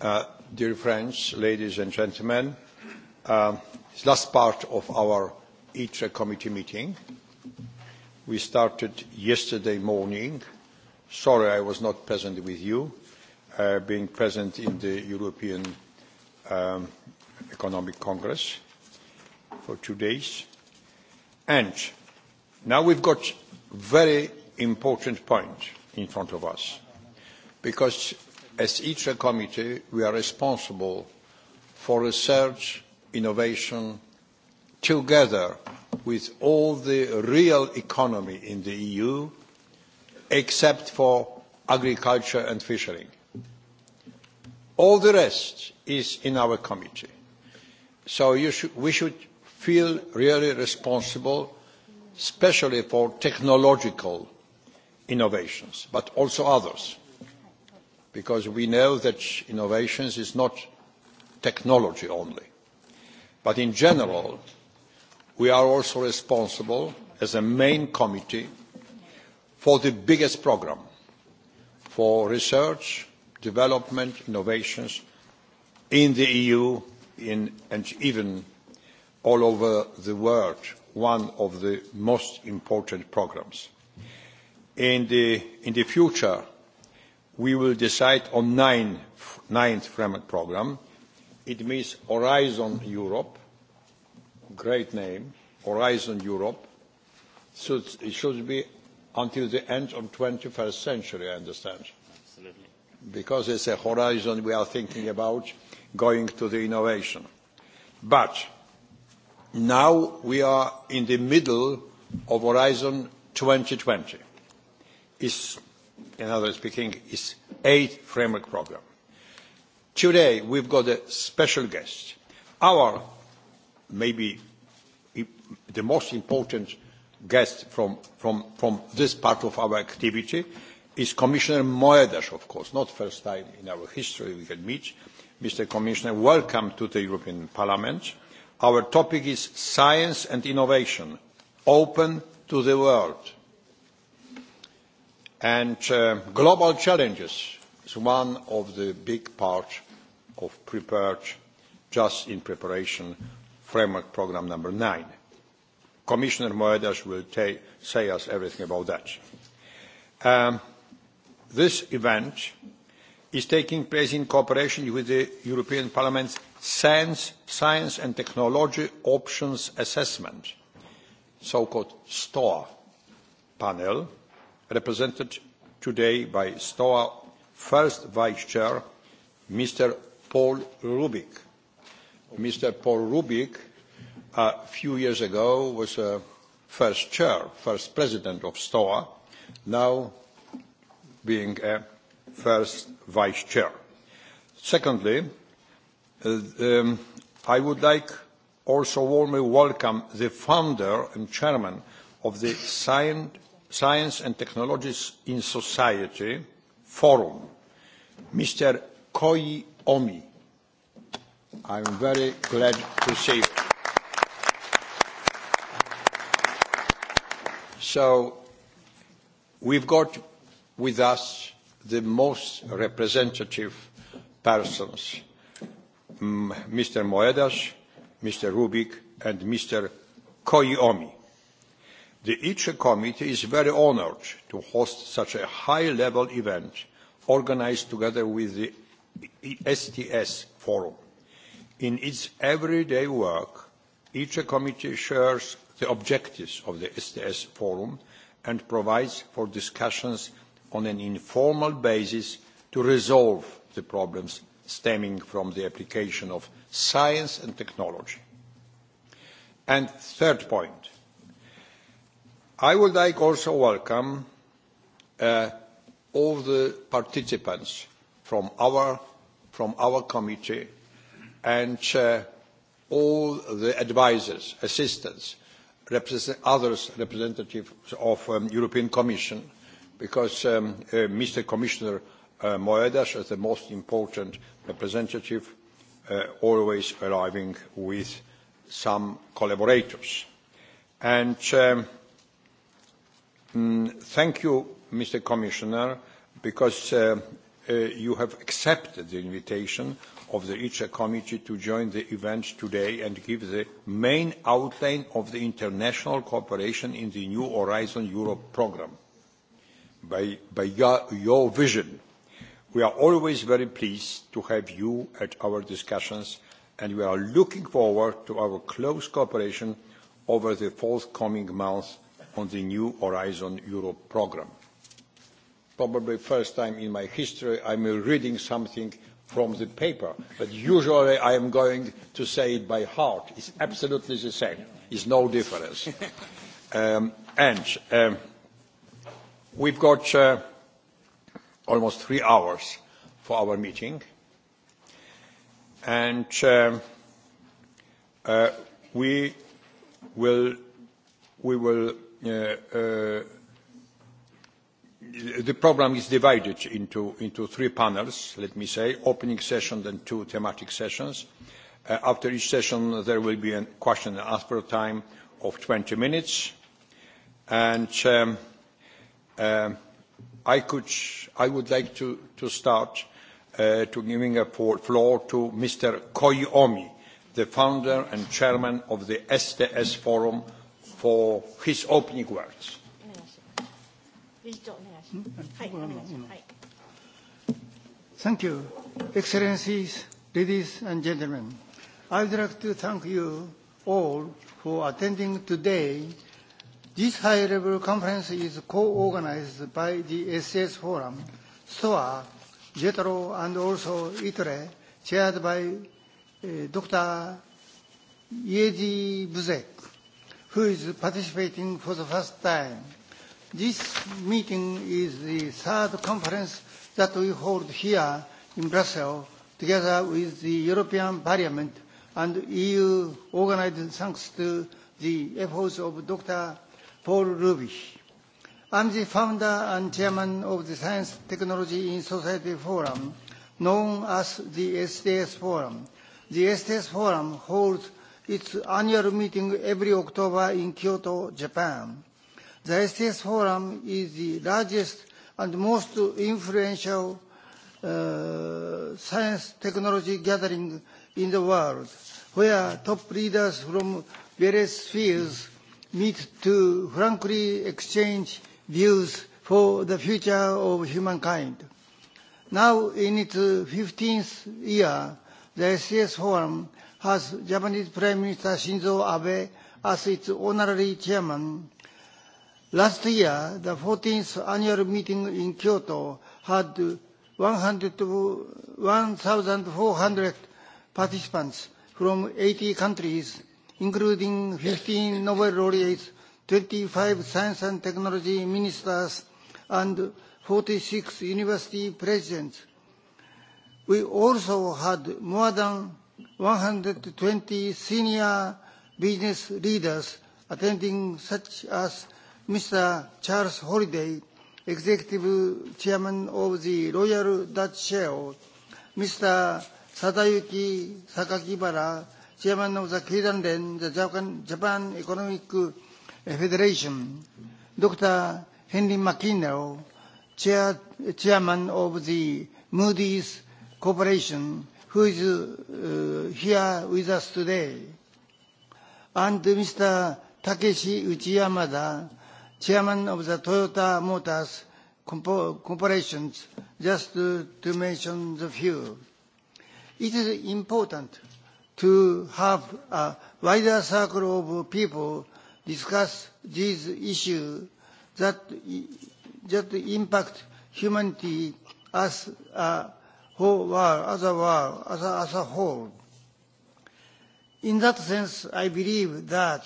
Uh, dear friends, ladies and gentlemen, um, it's last part of our ITRE committee meeting. We started yesterday morning. Sorry, I was not present with you, uh, being present in the European um, Economic Congress for two days. And now we've got very important point in front of us, because as each committee, we are responsible for research, innovation, together with all the real economy in the EU, except for agriculture and fishing. All the rest is in our committee. So you sh we should feel really responsible, especially for technological innovations, but also others because we know that innovations is not technology only. But in general, we are also responsible as a main committee for the biggest program for research, development, innovations in the EU in, and even all over the world, one of the most important programs. In the, in the future, we will decide on the ninth framework programme. it means horizon europe great name horizon europe so it should be until the end of the twenty first century i understand because it's a horizon we are thinking about going to the innovation. but now we are in the middle of horizon two thousand and twenty it's in other words, speaking, is eight framework program. Today we've got a special guest, our maybe the most important guest from, from, from this part of our activity is Commissioner Moedas, of course, not first time in our history we can meet. Mr. Commissioner, welcome to the European Parliament. Our topic is science and innovation, open to the world and uh, global challenges is one of the big parts of the prepared just in preparation framework programme number nine. commissioner moedas will say us everything about that. Um, this event is taking place in cooperation with the european parliament's science, science and technology options assessment so called STOR panel represented today by stoa first vice chair mr paul rubig. mr paul rubig a few years ago was the uh, first chair first president of stoa now being a uh, first vice chair. secondly uh, um, i would like also warmly welcome the founder and chairman of the science science and technologies in society forum mr koi omi i am very glad to see you. so we have got with us the most representative persons mr mm, moedas mr rbig and mr koi omi. The ICE committee is very honored to host such a high-level event organized together with the STS e Forum. In its everyday work, ICE committee shares the objectives of the STS e Forum and provides for discussions on an informal basis to resolve the problems stemming from the application of science and technology. And third point, I would like also welcome uh, all the participants from our, from our committee and uh, all the advisors, assistants, represent others, representatives of um, European Commission, because um, uh, Mr. Commissioner uh, Moedas is the most important representative, uh, always arriving with some collaborators. And... Um, Mm, thank you, Mr. Commissioner, because uh, uh, you have accepted the invitation of the ICHA committee to join the event today and give the main outline of the international cooperation in the New Horizon Europe program. By, by your, your vision, we are always very pleased to have you at our discussions and we are looking forward to our close cooperation over the forthcoming months on the new Horizon Europe programme. Probably first time in my history I'm reading something from the paper, but usually I am going to say it by heart. It's absolutely the same. It's no difference. Um, and um, we've got uh, almost three hours for our meeting. And uh, uh, we will, we will Uh, uh, the problem is divided into into three panels let me say opening session then two thematic sessions uh, after each session there will be a question and answer time of 20 minutes and um, um, i could i would like to to start uh, to giving a floor to mr koyomi the founder and chairman of the sts forum for his opening words. Thank you, Excellencies, ladies and gentlemen. I would like to thank you all for attending today. This high-level conference is co-organized by the SS Forum, SOA, JETRO, and also ITRE, chaired by uh, eh, Dr. Yeji Buzek who is participating for the first time. This meeting is the third conference that we hold here in Brussels together with the European Parliament and EU organized thanks to the efforts of Dr. Paul Rubich. I'm the founder and chairman of the Science Technology in Society Forum, known as the STS Forum. The STS Forum holds its annual meeting every October in Kyoto, Japan. The STS Forum is the largest and most influential uh, science technology gathering in the world, where top leaders from various spheres meet to frankly exchange views for the future of humankind. Now, in its 15th year, the STS Forum as Japanese Prime Minister Shinzo Abe as its honorary chairman. Last year, the 14th annual meeting in Kyoto had 1,400 participants from 80 countries, including 15 Nobel laureates, 25 science and technology ministers, and 46 university presidents. We also had more than 120 senior business leaders attending, such as Mr. Charles Holiday, Executive Chairman of the Royal Dutch Shell, Mr. Sadayuki Sakakibara, Chairman of the Kidanren, the Japan, Japan Economic Federation, Dr. Henry McKinnell, Chair, Chairman of the Moody's Corporation, who is uh, here with us today. And Mr. Takeshi Uchiyamada, chairman of the Toyota Motors Corporation, just to, to mention the few. It is important to have a wider circle of people discuss these issues that, that impact humanity as a uh, who were, other were, other, other whole. In that sense, I believe that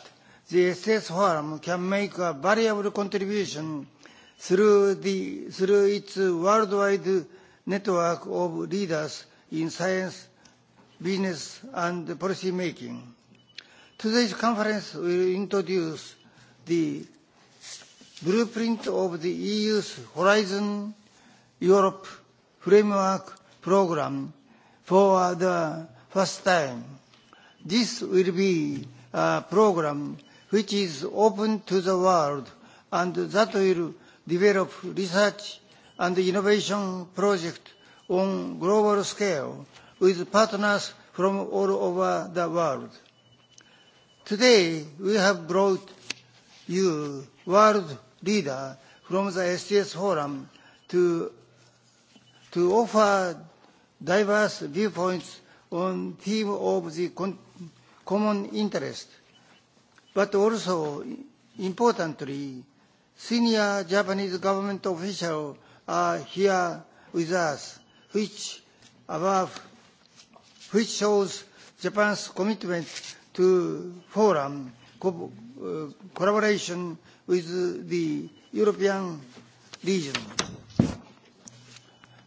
the SS Forum can make a variable contribution through, the, through its worldwide network of leaders in science, business, and policy making. Today's conference will introduce the blueprint of the EU's Horizon Europe framework 2020 program for the first time. This will be a program which is open to the world and that will develop research and innovation project on global scale with partners from all over the world. Today, we have brought you world leader from the STS Forum to, to offer diverse viewpoints on theme of the con common interest, but also, importantly, senior Japanese government officials are here with us, which above, which shows Japan's commitment to forum co uh, collaboration with the European region.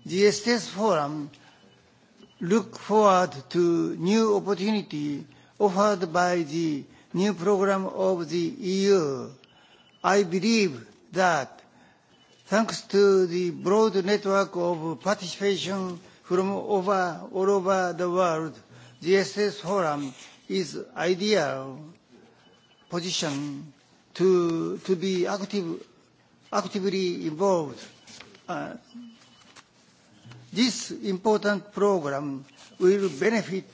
The STS forum look forward to new opportunity offered by the new program of the EU. I believe that thanks to the broad network of participation from over, all over the world, the SS Forum is ideal position to, to be active, actively involved. Uh, This important program will benefit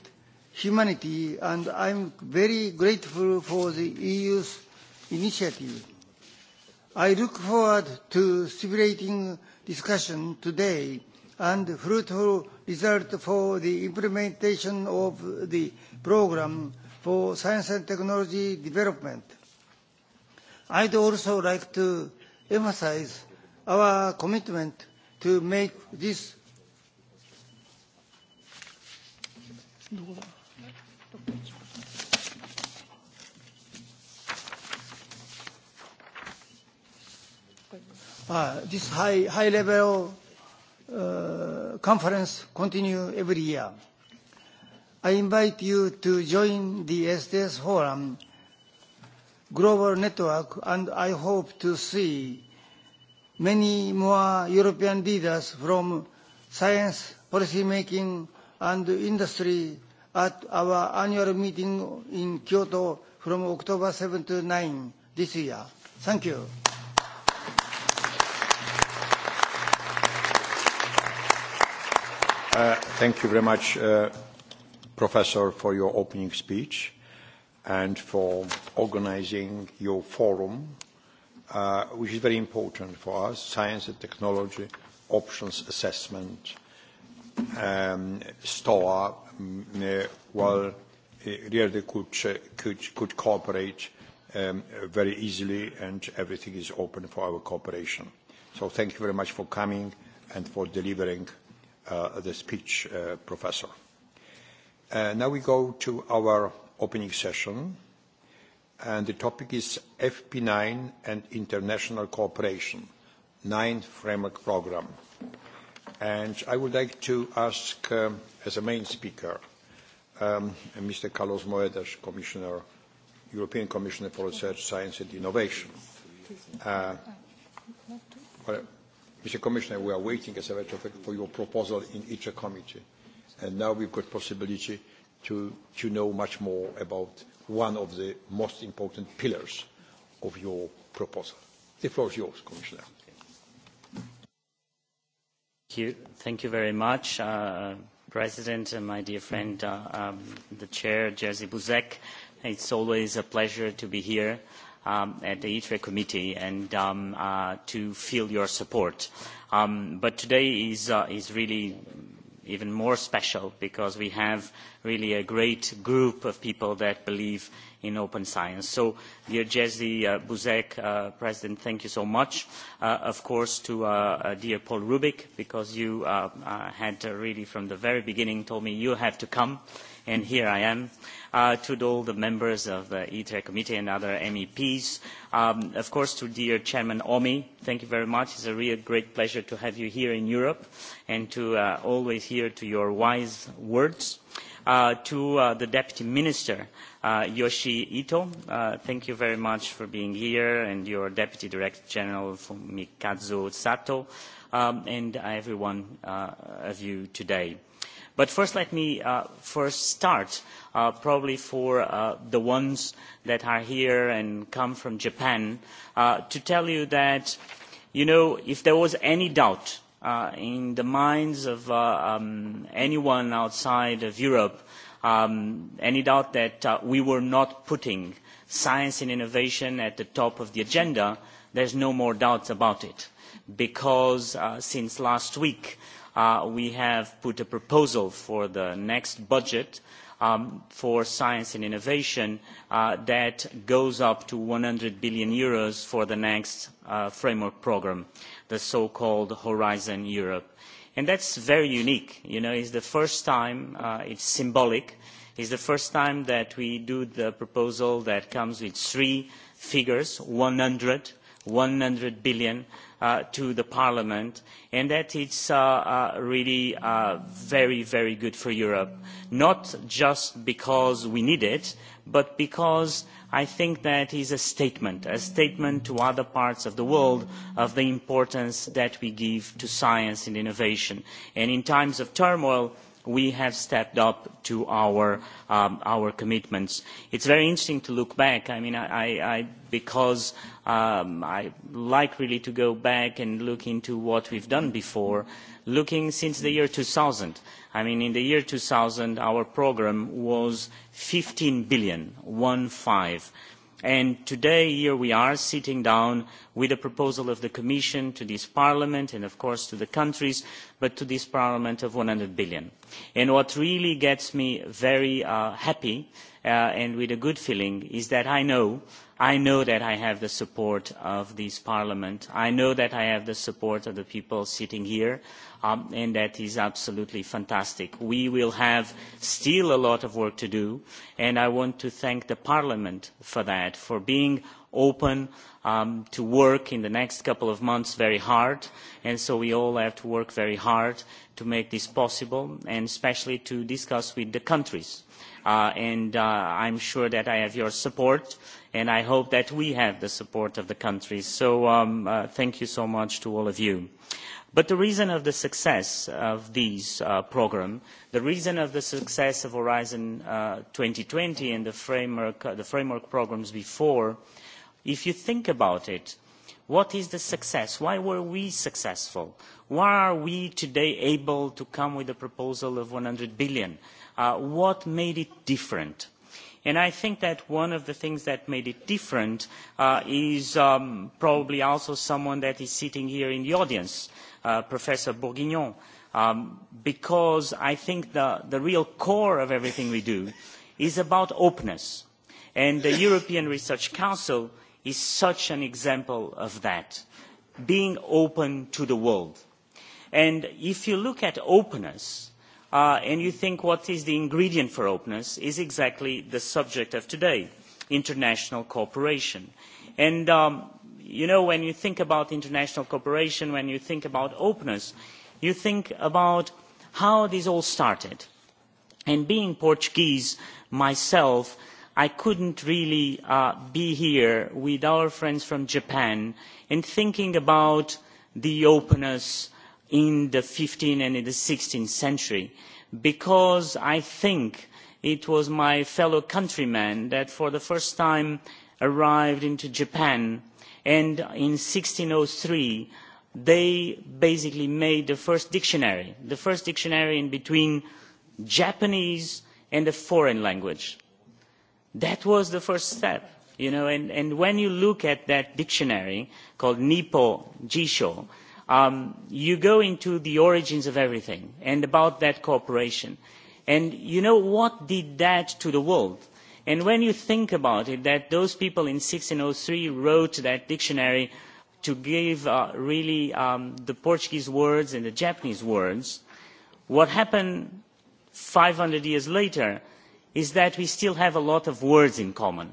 humanity, and I'm very grateful for the EU's initiative. I look forward to stimulating discussion today and fruitful result for the implementation of the program for science and technology development. I'd also like to emphasize our commitment to make this Nora. Uh, this high, high level uh, conference continues every year. I invite you to join the SDS Forum Global Network, and I hope to see many more European leaders from science, policy making, and industry at our annual meeting in Kyoto from October 7 to 9 this year. Thank you. Uh, thank you very much, uh, Professor, for your opening speech and for organizing your forum, uh, which is very important for us, science and technology options assessment store while Riedel could cooperate ehm, very easily, and everything is open for our cooperation. So thank you very much for coming and for delivering uh, the speech, uh, Professor. Uh, now we go to our opening session, and the topic is FP9 and international cooperation, ninth framework program and I would like to ask, um, as a main speaker, um, Mr. Carlos Moedas, Commissioner, European Commissioner for Research, Science and Innovation. Uh, well, Mr. Commissioner, we are waiting, as a matter of fact, for your proposal in each committee, and now we've got possibility to, to know much more about one of the most important pillars of your proposal. The floor is yours, Commissioner. Okay. Thank you very much, uh, uh, President, and my dear friend, uh, um, the Chair, Jerzy Buzek. It's always a pleasure to be here um, at the ITRE Committee and um, uh, to feel your support. Um, but today is, uh, is really even more special because we have really a great group of people that believe in open science. So, dear Jesse uh, Buzek, uh, President, thank you so much. Uh, of course, to uh, uh, dear Paul Rubik, because you uh, uh, had uh, really from the very beginning told me you have to come. Uh, and here i am uh, to all the members of the iter e committee and other meps um, of course to dear chairman omi thank you very much it's a real great pleasure to have you here in europe and to uh, always hear to your wise words uh, to uh, the deputy minister uh, Yoshi Ito, uh, thank you very much for being here, and your deputy director general Mikazu Sato, um, and everyone uh, of you today but first let me uh, first start uh, probably for uh, the ones that are here and come from japan to tell you that if there was any doubt in the minds of um, anyone outside of europe um, any doubt that we were not putting science and innovation at the top of the agenda there is no more doubt about it because since last week Uh, we have put a proposal for the next budget um, for science and innovation uh, that goes up to eur one hundred billion for the next uh, framework programme the so called horizon europe. that is very unique. it is the first time it is symbolic it is the first time that we have made a proposal that comes with three figures one hundred one hundred billion uh, to parliament and that is uh, uh, really very very good for europe not just because we need it but because i think that is a statement a statement to other parts of the world of the importance that we give to science and innovation and in times of turmoil we have stepped up to our um, our commitments. It's very interesting to look back. I mean, I, I because um, I like really to go back and look into what we've done before, looking since the year 2000. I mean, in the year 2000, our program was 15 billion, one five and today here we are sitting down with a proposal of the commission to this parliament and of course to the countries but to this parliament of eur one hundred billion. and what really gets me very uh, happy uh, and with a good feeling is that i know i know that i have the support of this parliament i know that i have the support of the people sitting here. Um, and that is absolutely fantastic. we will still have a lot of work to do and i want to thank parliament for that for being open um, to work in the next couple of months very hard and so we all have to work very hard to make this possible and especially to discuss with the countries uh, and uh, i am sure that i have your support and i hope that we have the support of the countries so um, uh, thank you so much to all of you but the reason for the success of this uh, programme the reason for the success of horizon two thousand and twenty and the framework uh, programmes before if you think about it what is the success? why were we successful? why are we today able to come with a proposal of eur one hundred billion? Uh, what made it different? i think that one of the things that made it different is um, probably also someone who is sitting here in the audience. Uh, Professor Bourguignon, um, because I think the, the real core of everything we do is about openness. And the European Research Council is such an example of that, being open to the world. And if you look at openness, uh, and you think what is the ingredient for openness, is exactly the subject of today, international cooperation. And um, when you think about international cooperation when you think about openness you think about how this all started and being portuguese myself i could not really uh, be here with our friends from japan and thinking about the openness in the fifteenth and in the sixteenth century because i think it was my fellow countrymen that for the first time arrived in japan and in sixteen oh three they basically made the first dictionary the first dictionary between japanese and a foreign language. that was the first step you know and when you look at that dictionary called nippo jisho um, you go into the origins of everything and about that cooperation and you know what did that to the world? and when you think about it that those people in one thousand six hundred oh and three wrote that dictionary to give uh, really um, the portuguese words and the japanese words what happened five hundred years later is that we still have a lot of words in common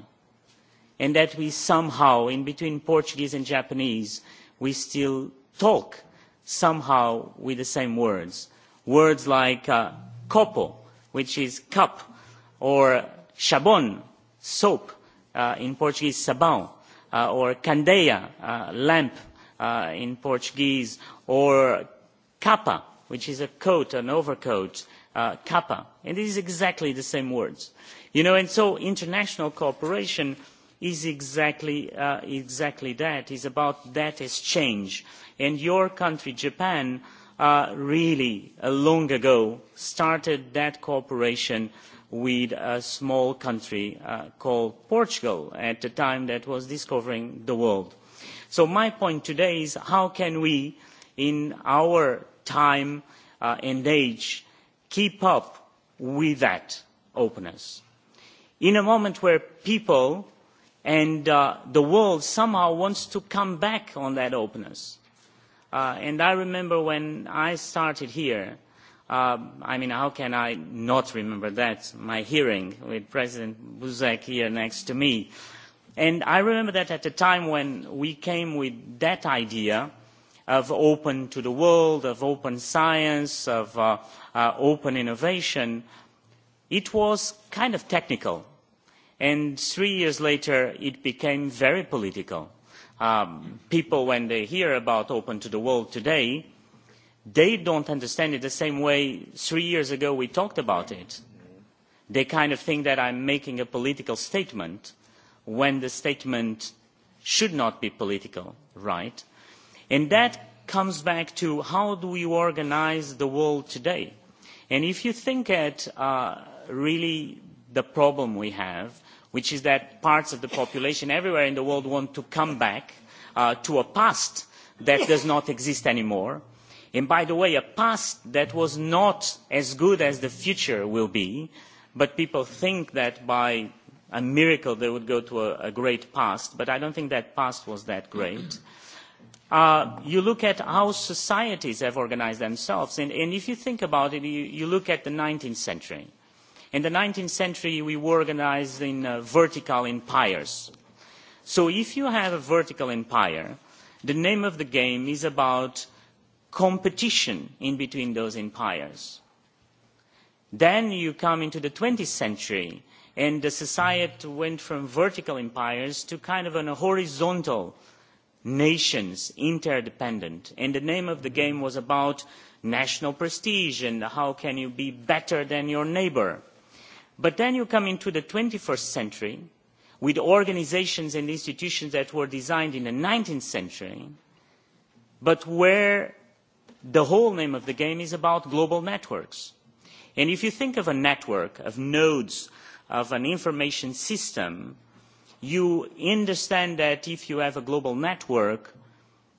and that we somehow in between portuguese and japanese we still talk somehow with the same words words like uh, copo which is cup or shabon soap uh, in Portuguese sabão, uh, or candeia uh, lamp uh, in Portuguese, or capa, which is a coat, an overcoat, uh, capa. Uh, and these are exactly the same words. You know, and so international cooperation is exactly, uh, exactly that, is about that exchange. And your country, Japan, uh, really uh, long ago started that cooperation uh, with a small country uh, called portugal at a time when it was discovering the world. so my point today is how can we in our time uh, and age keep up with that openness in a moment where people and uh, the world somehow want to come back on that openness? i remember when i started here Um, i mean how can i not remember that my hearing with president buzek here next to me and i remember that at the time when we came with that idea of open to the world of open science of uh, uh open innovation it was kind of technical and three years later it became very political um, people when they hear about open to the world today uh, they don't understand it the same way three years ago we talked about it. They kind of think that I'm making a political statement when the statement should not be political, right? And that comes back to how do we organize the world today? And if you think at uh, really the problem we have, which is that parts of the population everywhere in the world want to come back uh, to a past that does not exist anymore, and by the way a past that was not as good as the future will be but people think that by a miracle they would go to a, a great past but i don't think that past was that great uh, you look at how societies have organized themselves and, and if you think about it you, you look at the 19th century in the 19th century we were organized in uh, vertical empires so if you have a vertical empire the name of the game is about competition in between those empires. Then you come into the 20th century and the society went from vertical empires to kind of an horizontal nations interdependent and the name of the game was about national prestige and how can you be better than your neighbor. But then you come into the 21st century with organizations and institutions that were designed in the 19th century but where the whole name of the game is about global networks. And if you think of a network of nodes of an information system, you understand that if you have a global network,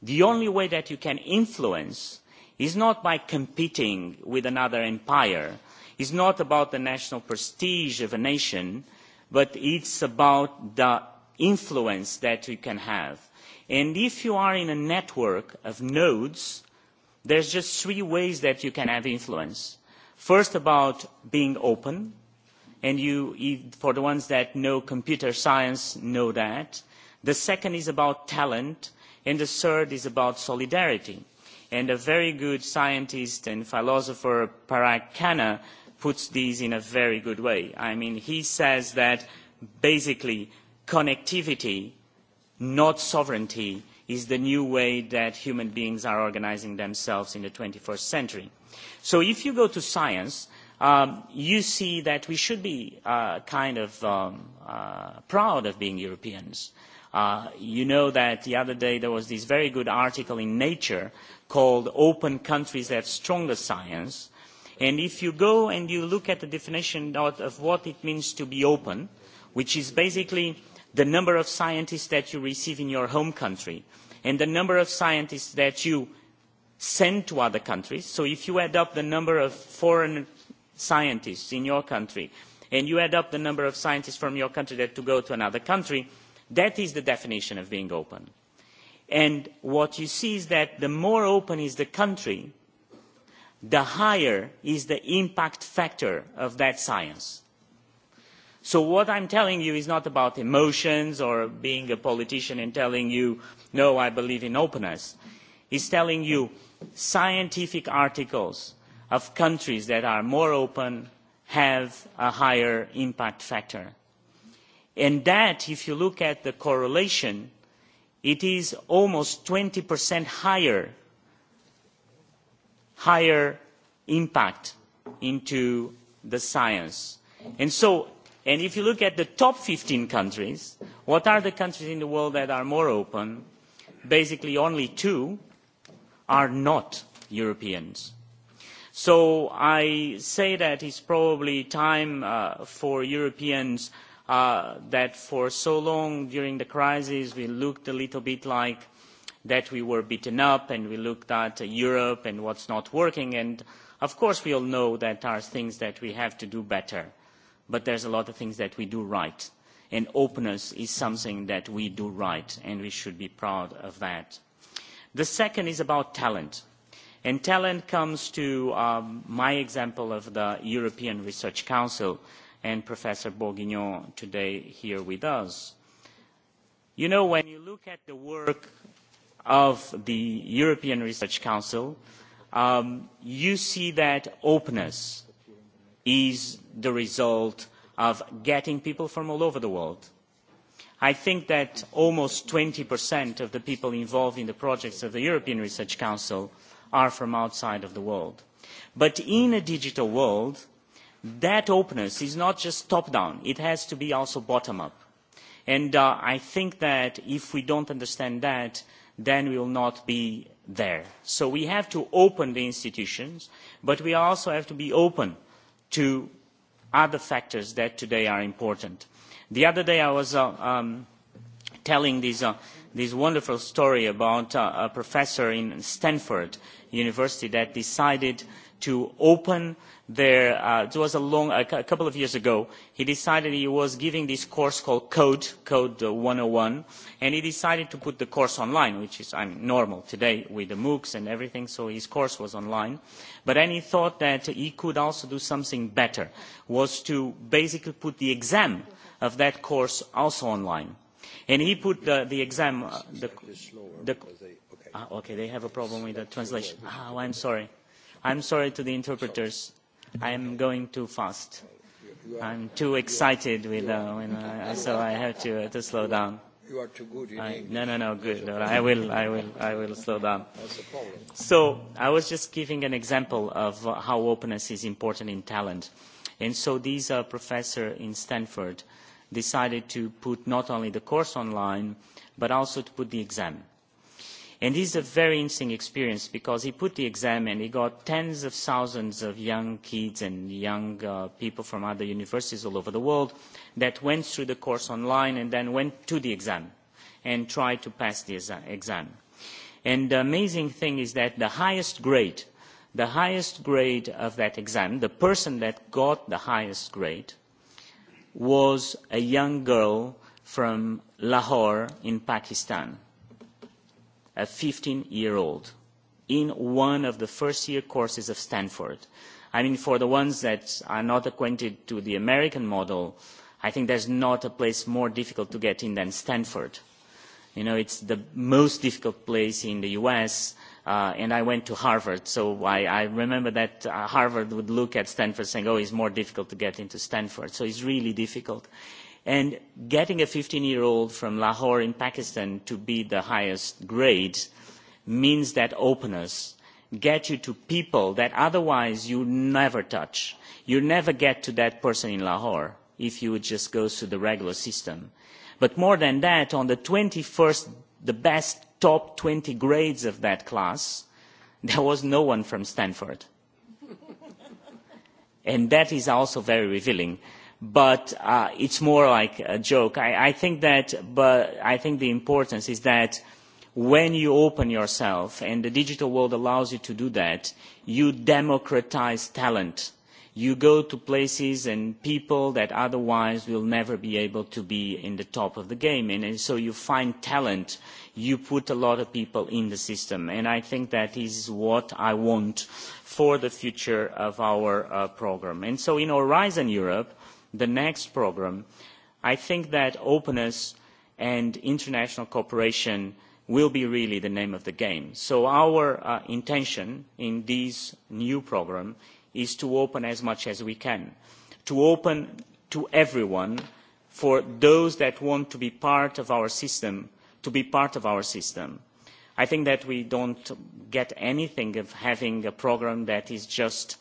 the only way that you can influence is not by competing with another empire, it's not about the national prestige of a nation, but it's about the influence that you can have. And if you are in a network of nodes, there are just three ways that you can have influence. First, about being open, and you, e, for the ones that know computer science, know that. The second is about talent, and the third is about solidarity. And a very good scientist and philosopher, Parag Khanna, puts these in a very good way. I mean, he says that basically connectivity, not sovereignty, is the new way that human beings are organizing themselves in the 21st century. So if you go to science, um, you see that we should be uh, kind of um, uh, proud of being Europeans. Uh, you know that the other day there was this very good article in Nature called Open Countries Have Stronger Science. And if you go and you look at the definition of what it means to be open, which is basically uh, the number of scientists that you receive in your home country and the number of scientists that you send to other countries so if you add up the number of foreign scientists in your country and you add up the number of scientists from your country that to go to another country that is the definition of being open and what you see is that the more open is the country the higher is the impact factor of that science so what i'm telling you is not about emotions or being a politician and telling you no i believe in openness it's telling you scientific articles of countries that are more open have a higher impact factor and that if you look at the correlation it is almost 20% higher higher impact into the science and so if you look at the top fifteen countries what are the countries in the world that are more open basically only two are not europeans. so i say that it is probably time uh, for europeans uh, that for so long during the crisis we looked a little bit like we were beaten up and we looked at uh, europe and what is not working and of course we all know that there are things that we have to do better but there's a lot of things that we do right. And openness is something that we do right, and we should be proud of that. The second is about talent. And talent comes to um, my example of the European Research Council and Professor Bourguignon today here with us. You know, when you look at the work of the European Research Council, um, you see that openness is the result of getting people from all over the world. I think that almost 20% of the people involved in the projects of the European Research Council are from outside of the world. But in a digital world, that openness is not just top-down, it has to be also bottom-up. And uh, I think that if we don't understand that, then we will not be there. So we have to open the institutions, but we also have to be open to other factors that today are important. the other day i was uh, um, telling uh, this wonderful story about uh, a professor at stanford university who decided to open there uh, it was a long a couple of years ago he decided he was giving this course called code code one hundred oh and one and he decided to put the course online which is normal today with the moocs and everything so his course was online but then he thought that he could also do something better was to basically put the exam of that course also online and he put the, the exam uh, the, the, ah, okay they have a problem with the translation oh, i'm sorry i'm sorry to the interpreters I am going too fast. I'm too excited with uh, when I, so I have to, uh, to slow down. You are too good in English. I, no, no, no, good. No, no, I will, I will, I will slow down. So I was just giving an example of uh, how openness is important in talent. And so this uh, professor in Stanford decided to put not only the course online, but also to put the exam. Uh, and this is a very interesting experience because he put the exam and he got tens of thousands of young kids and young uh, people from other universities all over the world that went through the course online and then went to the exam and tried to pass the exam. And the amazing thing is that the highest grade, the highest grade of that exam, the person that got the highest grade, was a young girl from Lahore in Pakistan a 15-year-old, in one of the first-year courses of Stanford. I mean, for the ones that are not acquainted to the American model, I think there's not a place more difficult to get in than Stanford. You know, it's the most difficult place in the U.S., uh, and I went to Harvard, so I, I remember that uh, Harvard would look at Stanford saying, oh, it's more difficult to get into Stanford, so it's really difficult and getting a fifteen year old from lahore in pakistan to be the highest grade means that openness gets you to people that otherwise you never touch you never get to that person in lahore if you just go through the regular system but more than that on the 21st the best top 20 grades of that class there was no one from stanford and that is also very revealing but uh, it's more like a joke. I, I think that, but I think the importance is that when you open yourself and the digital world allows you to do that, you democratize talent. You go to places and people that otherwise will never be able to be in the top of the game. And, and so you find talent, you put a lot of people in the system. And I think that is what I want for the future of our uh, program. And so in Horizon Europe, the next programme i think that openness and international cooperation will be really the name of the game so our uh, intention in this new programme is to open as much as we can to open to everyone for those that want to be part of our system to be part of our system. i think that we do not get anything out of having a programme that is just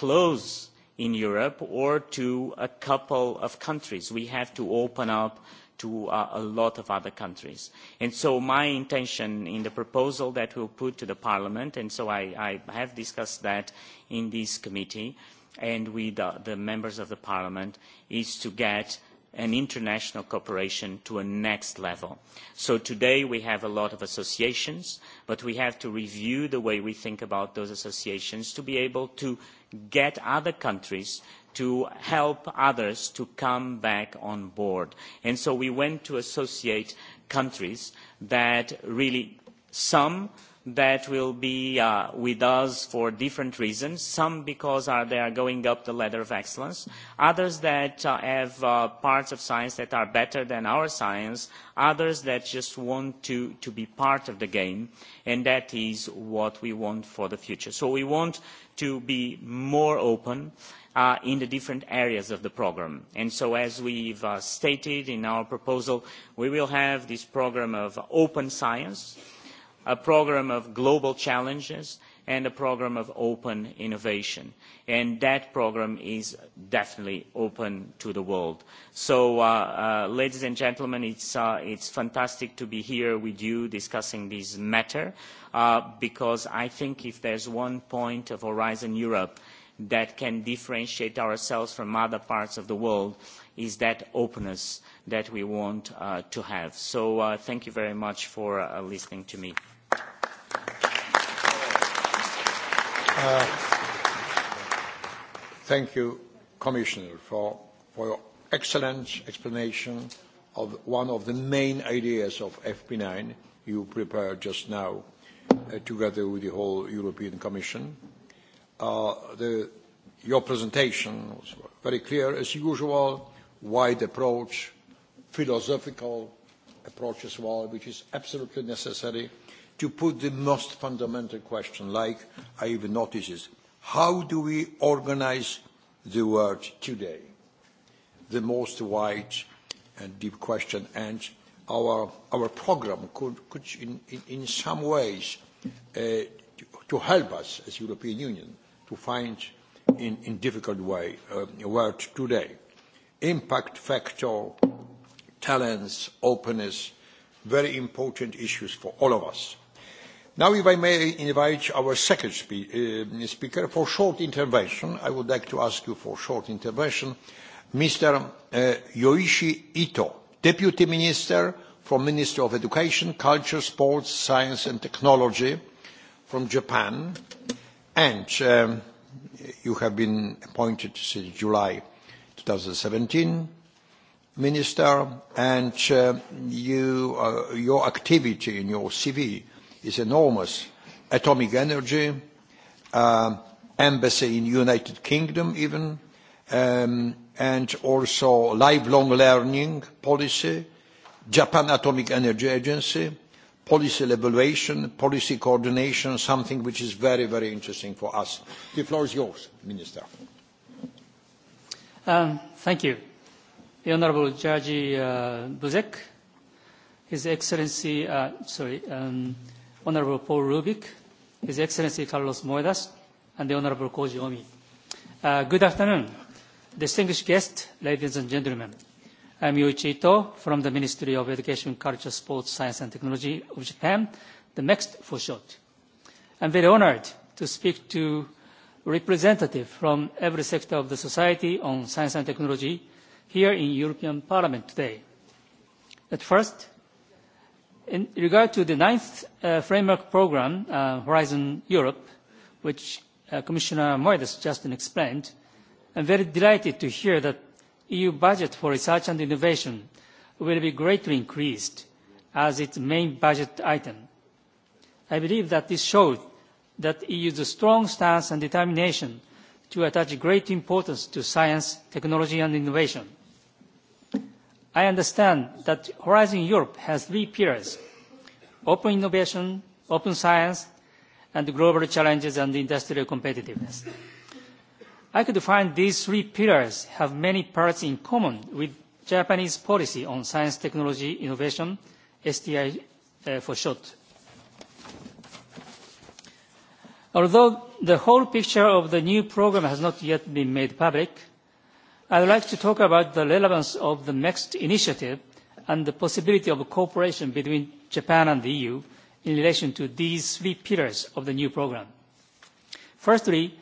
closed in europe or to a couple of countries we have to open up to uh, a lot of other countries and so my intention in the proposal that we will put to parliament and so i have discussed that in this committee and with the members of parliament is to get and international cooperation to a next level. So today we have a lot of associations, but we have to review the way we think about those associations to be able to get other countries to help others to come back on board. And so we went to associate countries that really some that will be uh, with us for different reasons some because uh, they are going up the ladder of excellence others that uh, have parts of science that are better than our science others that just want to be part of the game and that is what we want for the future. so we want to be more open in the different areas of the programme and so as we have stated in our proposal we will have this programme of open science a programme of global challenges and a programme of open innovation and that programme is definitely open to the world. so uh, uh, ladies and gentlemen it uh, is fantastic to be here with you discussing this matter because i think if there is one point of horizon europe that can differentiate ourselves from other parts of the world it is that openness that we want to have. so thank you very much for listening to me. Uh, thank you, Commissioner, for, for your excellent explanation of one of the main ideas of FP9 you prepared just now, uh, together with the whole European Commission. Uh, the, your presentation was very clear, as usual, wide approach, philosophical approach as well, which is absolutely necessary to put the most fundamental question, like I've noticed, how do we organize the world today? The most wide and deep question, and our, our program could, could in, in, in some ways, uh, to, to help us as European Union to find in, in difficult way uh, a world today. Impact factor talents, openness, very important issues for all of us. Now, if I may invite our second spe- uh, speaker for short intervention, I would like to ask you for short intervention, Mr. Uh, Yoishi Ito, Deputy Minister from Ministry of Education, Culture, Sports, Science and Technology from Japan. And um, you have been appointed since July 2017. Minister, and uh, you, uh, your activity in your CV is enormous. Atomic energy, uh, embassy in United Kingdom even, um, and also lifelong learning policy, Japan Atomic Energy Agency, policy evaluation, policy coordination, something which is very, very interesting for us. The floor is yours, Minister. Um, thank you. The Honorable Jaji uh, Buzek, His Excellency, uh, sorry, um, Honorable Paul Rubik, His Excellency Carlos Moedas, and the Honorable Koji Omi. Uh, good afternoon, distinguished guests, ladies and gentlemen. I'm Yoichi Ito from the Ministry of Education, Culture, Sports, Science and Technology of Japan, the MEXT for short. I'm very honored to speak to representatives from every sector of the society on science and technology here in european parliament today. at first in regard to the ninth uh, framework programme uh, horizon europe which uh, commissioner moedas just explained i'm very delighted to hear that eu budget for research and innovation will be greatly increased as its main budget item. i believe that this shows that eu's strong stance and determination to attach great importance to science, technology and innovation. I understand that Horizon Europe has three pillars, open innovation, open science, and global challenges and industrial competitiveness. I could find these three pillars have many parts in common with Japanese policy on science technology innovation, STI uh, for short. Although the whole picture of the new program has not yet been made public, I would like to talk about the relevance of the next initiative and the possibility of cooperation between Japan and the EU in relation to these three pillars of the new program. Firstly,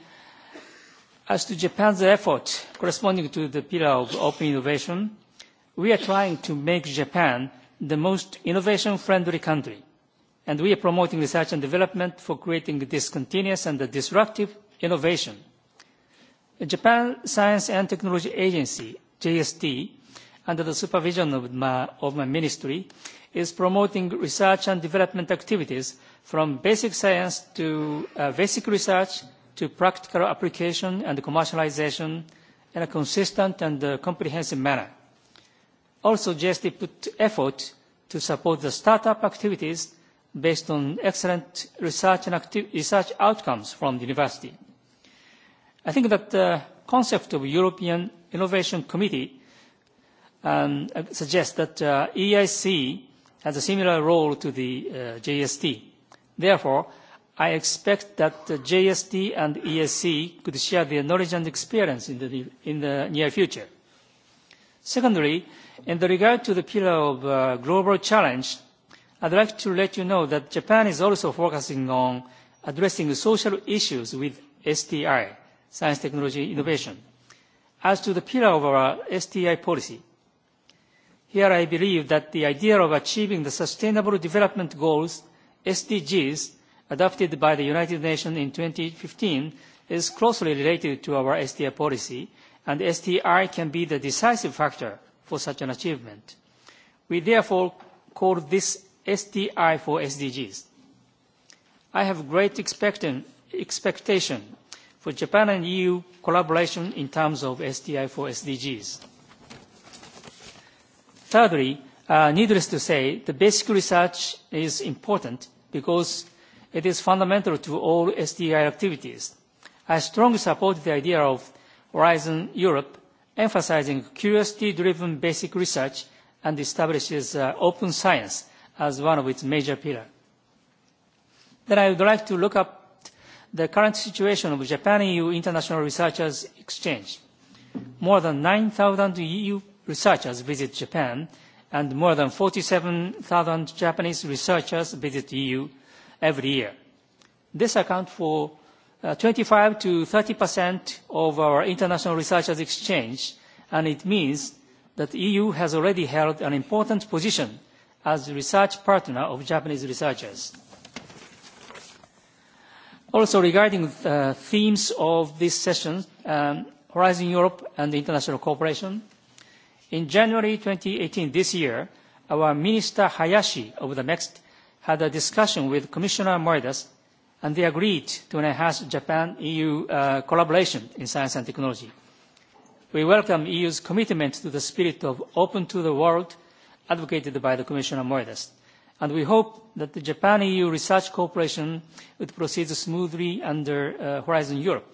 as to Japan's effort corresponding to the pillar of open innovation, we are trying to make Japan the most innovation-friendly country, and we are promoting research and development for creating discontinuous and disruptive innovation. Japan Science and Technology Agency, JST, under the supervision of my, of my ministry, is promoting research and development activities from basic science to uh, basic research to practical application and commercialization in a consistent and uh, comprehensive manner. Also, JST put effort to support the startup activities based on excellent research, and acti research outcomes from the university. I think that the concept of European Innovation Committee um, uh, suggests that uh, EIC has a similar role to the uh, JST. Therefore, I expect that the JST and EIC could share their knowledge and experience in the, in the near future. Secondly, in the regard to the pillar of uh, global challenge, I'd like to let you know that Japan is also focusing on addressing social issues with STI science technology innovation. As to the pillar of our STI policy, here I believe that the idea of achieving the Sustainable Development Goals, SDGs, adopted by the United Nations in 2015 is closely related to our STI policy, and STI can be the decisive factor for such an achievement. We therefore call this STI for SDGs. I have great expectation for Japan and EU collaboration in terms of SDI for SDGs. Thirdly, uh, needless to say, the basic research is important because it is fundamental to all SDI activities. I strongly support the idea of Horizon Europe emphasizing curiosity-driven basic research and establishes uh, open science as one of its major pillars. Then I would like to look up the current situation of Japan-EU international researchers exchange. More than 9,000 EU researchers visit Japan, and more than 47,000 Japanese researchers visit the EU every year. This accounts for uh, 25 to 30 percent of our international researchers exchange, and it means that the EU has already held an important position as a research partner of Japanese researchers. Also, regarding the uh, themes of this session, um, Horizon Europe and International Cooperation, in January 2018, this year, our Minister Hayashi of the Next had a discussion with Commissioner Moridas, and they agreed to enhance Japan-EU uh, collaboration in science and technology. We welcome EU's commitment to the spirit of open to the world advocated by the Commissioner Moridas and we hope that the japan eu research cooperation would proceed smoothly under uh, horizon europe.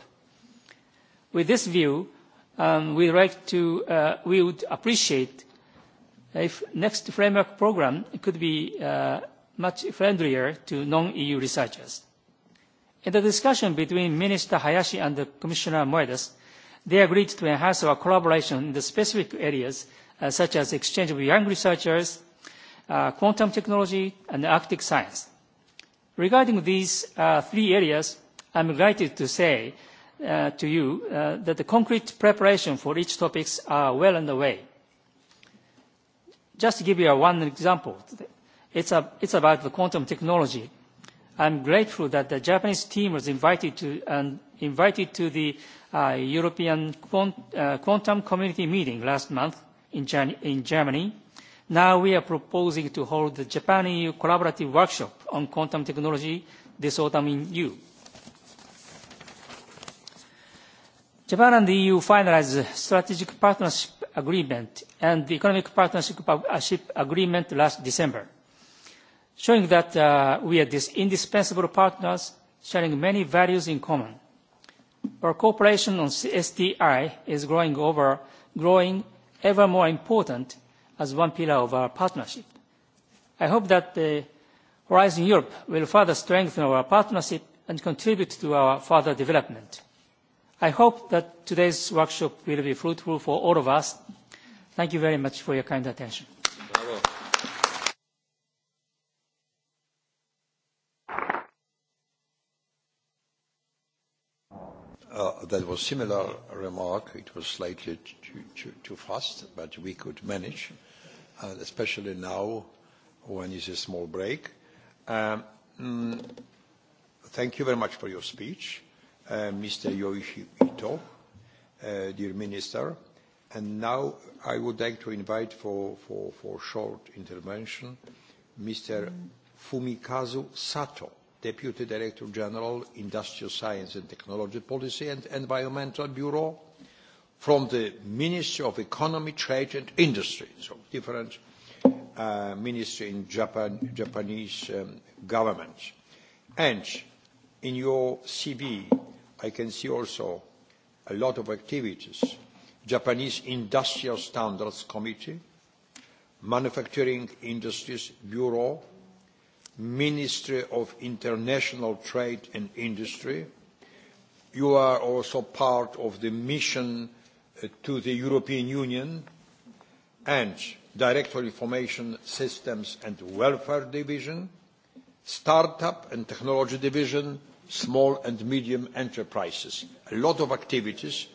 with this view um, uh, we would appreciate it if the next framework programme could be uh, much friendlier to non eu researchers. in the discussion between minister hayashi and commissioner moedas they agreed to enhance our collaboration in specific areas such as exchange of young researchers Uh, quantum technology, and Arctic science. Regarding these uh, three areas, I'm delighted to say uh, to you that the concrete preparation for each topics are well underway. Just to give you one example, it's about the quantum technology. I'm grateful that the Japanese team was invited to the European Quantum Community meeting last month in Germany. Now we are proposing to hold the Japan-EU collaborative workshop on quantum technology this autumn in EU. Japan and the EU finalized the strategic partnership agreement and the economic partnership uh, agreement last December, showing that uh, we are this indispensable partners sharing many values in common. Our cooperation on CSDI is growing over growing ever more important as one pillar of our partnership. I hope that uh, Horizon Europe will further strengthen our partnership and contribute to our further development. I hope that today's workshop will be fruitful for all of us. Thank you very much for your kind attention. Bravo. Uh, that was similar remark. It was slightly too fast, but we could manage especially now when it's a small break. Um, mm, thank you very much for your speech, uh, Mr. Yoichi Ito, uh, dear minister. Now I would like to invite for short intervention Mr. Mm. Fumikazu Sato, Deputy Director General, Industrial Science and Technology Policy and Environmental Bureau, from the Ministry of Economy, Trade and Industry, so different uh, ministry in Japan, Japanese um, government. And in your CV, I can see also a lot of activities. Japanese Industrial Standards Committee, Manufacturing Industries Bureau, Ministry of International Trade and Industry. You are also part of the mission to the European Union and Directory Information Systems and Welfare Division, Startup and Technology Division, Small and Medium Enterprises. A lot of activities,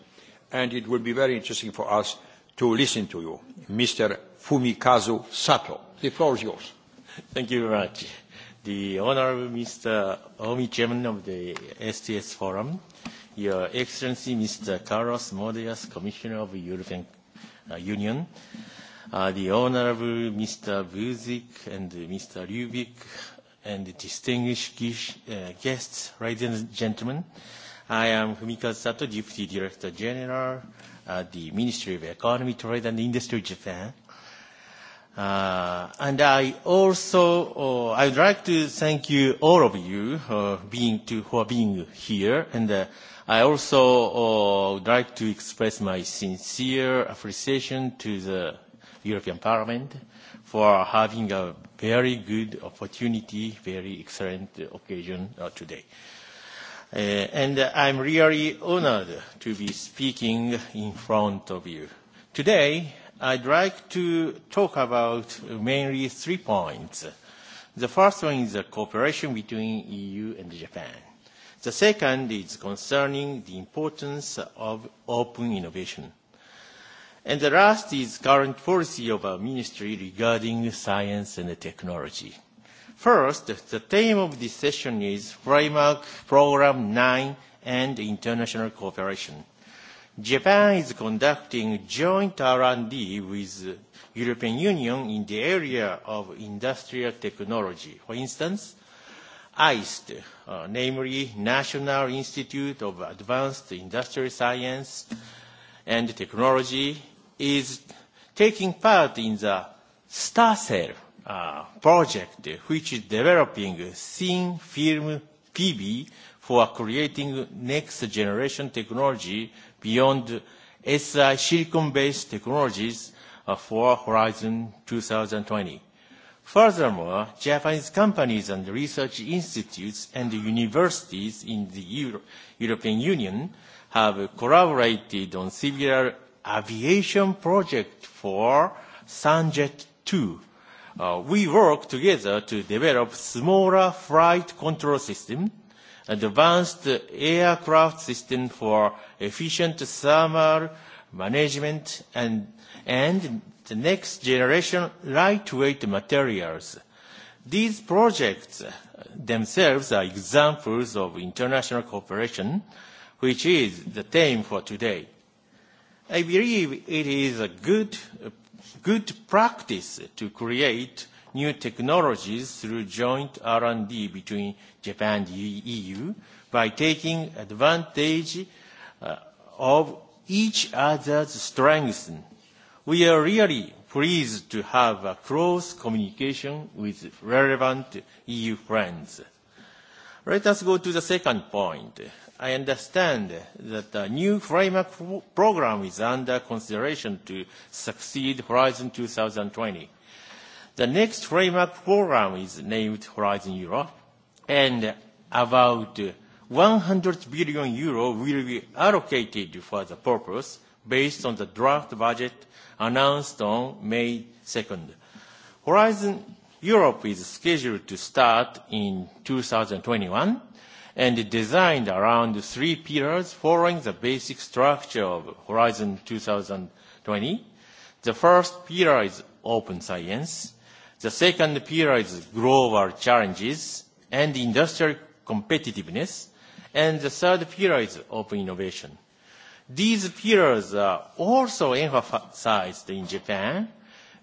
and it will be very interesting for us to listen to you, Mr. Fumikazu Sato. The floor is yours. Thank you very much. The Honorable Mr. Omi, Chairman of the STS Forum. Uh, Your Excellency Mr. Carlos Moedas, Commissioner of the European uh, Union, uh, the Honorable Mr. Buzik and Mr. Lubik, and the distinguished uh, guests, ladies and gentlemen, I am Fumikazu Sato, Deputy Director General at the Ministry of Economy, Trade and Industry, Japan. Uh, and I also uh, I would like to thank you all of you uh, being to for being here, and uh, I also uh, would like to express my sincere appreciation to the European Parliament for having a very good opportunity, very excellent occasion uh, today. Uh, and uh, I'm really honored to be speaking in front of you. Today, I'd like to talk about mainly three points. The first one is the cooperation between EU and Japan. The second is concerning the importance of open innovation. The last is current policy of our ministry regarding science and technology. First, the theme of this session is Framework Program 9 and International Cooperation. Japan is conducting joint R&D with European Union in the area of industrial technology. For instance, NIST, uh, namely National Institute of Advanced Industrial Science and Technology, is taking part in the STARCELL uh, project, which is developing thin film PV for creating next generation technology beyond SI silicon-based technologies uh, for Horizon 2020. Furthermore, Japanese companies and research institutes and universities in the European Union have collaborated on civil aviation project for SANJET2. Uh, we work together to develop smaller flight control system advanced aircraft system for efficient thermal management and, and the next generation lightweight materials. These projects themselves are examples of international cooperation, which is the theme for today. I believe it is a good, good practice to create new technologies through joint R&D between Japan and EU by taking advantage uh, of each other's strengths. We are really pleased to have a close communication with relevant EU friends. Let us go to the second point. I understand that the new framework program is under consideration to succeed Horizon 2020. The next framework program is named Horizon Europe, and about 100 billion euro will be allocated for the purpose based on the draft budget announced on May 2nd. Horizon Europe is scheduled to start in 2021 and designed around three pillars following the basic structure of Horizon 2020. The first pillar is open science. The second pillar is global challenges and industrial competitiveness, and the third pillar is open innovation. These pillars are also emphasized in Japan.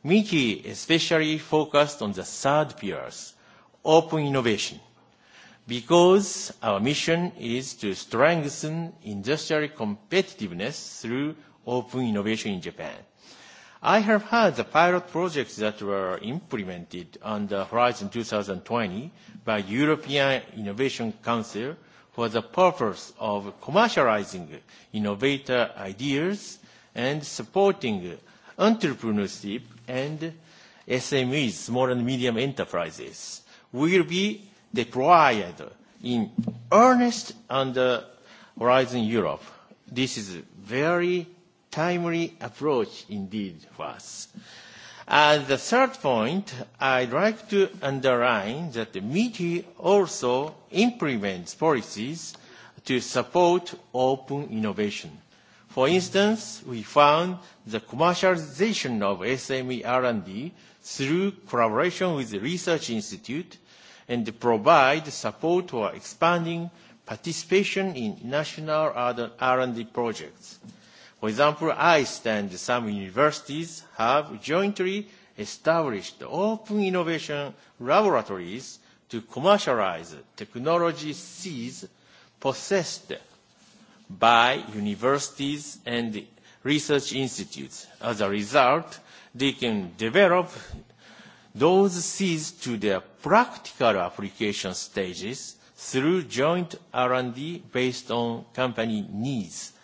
MIKI especially focused on the third pillars, open innovation, because our mission is to strengthen industrial competitiveness through open innovation in Japan. I have heard the pilot projects that were implemented on the Horizon 2020 by European Innovation Council for the purpose of commercializing innovator ideas and supporting entrepreneurship and SMEs, small and medium enterprises, will be deployed in earnest under Horizon Europe. This is very timely approach indeed was. The third point, I'd like to underline that the MITI also implements policies to support open innovation. For instance, we found the commercialization of SME R&D through collaboration with the research institute and provide support for expanding participation in national R&D projects. For example, Iceland and some universities have jointly established open innovation laboratories to commercialize technology seeds possessed by universities and research institutes. As a result, they can develop those seeds to their practical application stages through joint R&D based on company needs.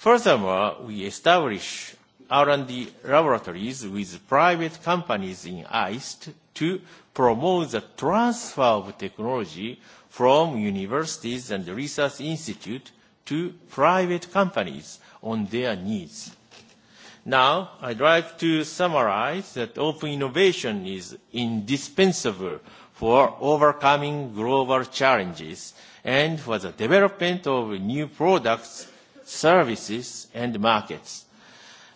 Furthermore, we establish R&D laboratories with private companies in AIST to promote the transfer of technology from universities and research institute to private companies on their needs. Now, I'd like to summarize that open innovation is indispensable for overcoming global challenges and for the development of new products services and markets.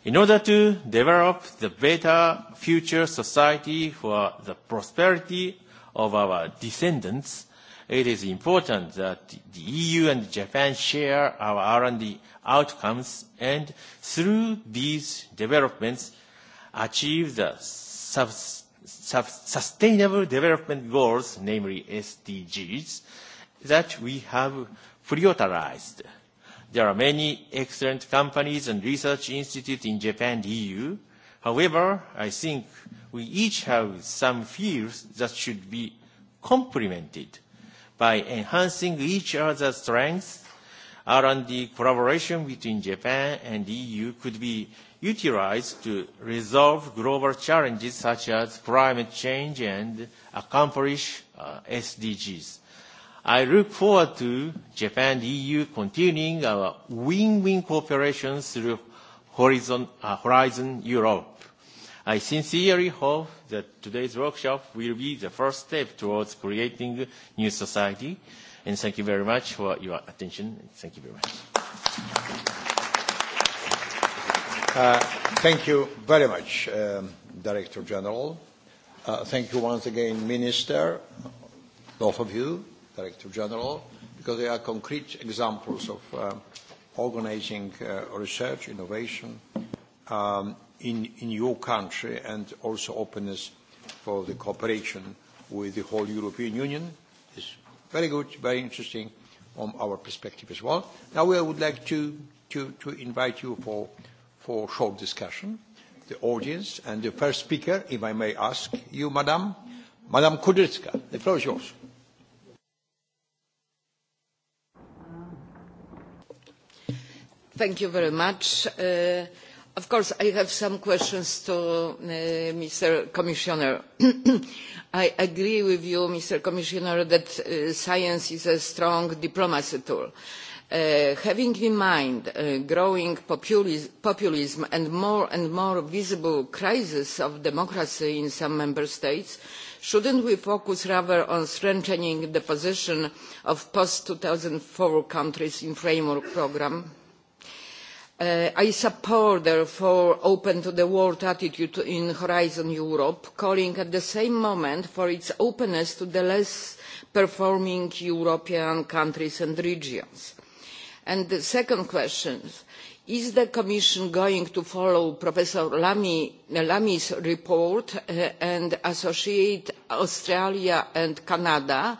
In order to develop the better future society for the prosperity of our descendants, it is important that the EU and Japan share our R&D outcomes, and through these developments, achieve the sustainable development goals, namely SDGs, that we have prioritized. There are many excellent companies and research institutes in Japan and EU. However, I think we each have some fields that should be complemented by enhancing each other's strengths. R&D collaboration between Japan and EU e could be utilized to resolve global challenges such as climate change and accomplish uh, SDGs. I look forward to Japan EU continuing our win-win cooperation through uh, Horizon Europe. I sincerely hope that today's workshop will be the first step towards creating a new society, and thank you very much for your attention. Thank you very much. Uh, thank you very much, um, Director General. Uh, thank you once again, Minister, both of you. Director General, because they are concrete examples of uh, organizing uh, research, innovation um, in, in your country and also openness for the cooperation with the whole European Union. It's very good, very interesting from our perspective as well. Now we would like to, to, to invite you for, for a short discussion, the audience and the first speaker, if I may ask you, Madam, Madam Kudrytska, the floor is yours. Uh, of course i have some questions to uh, mr commissioner. i agree with you mr commissioner that uh, science is a strong diplomacy tool. having in mind growing populism and more and more visible crises of democracy in some member states should we not focus rather on strengthening the position of post two thousand and four countries in the framework programme? Uh, i support therefore an open to the world attitude in horizon europe calling at the same moment for its openness to the less performing european countries and regions. the second question is is the commission going to follow professor lamy's report uh, and associate australia and canada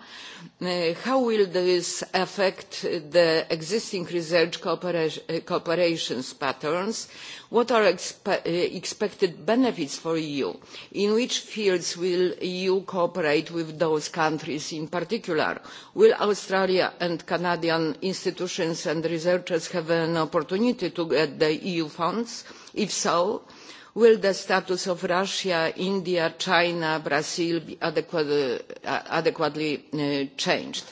uh, how will this affect the existing research uh, cooperation patterns what are the uh, expected benefits for the eu in which fields will the eu cooperate with those countries in particular? will australia and canadian institutions and researchers have an opportunity to get eu e funds? if so will the status of russia india china and brazil be uh, adequately uh, changed?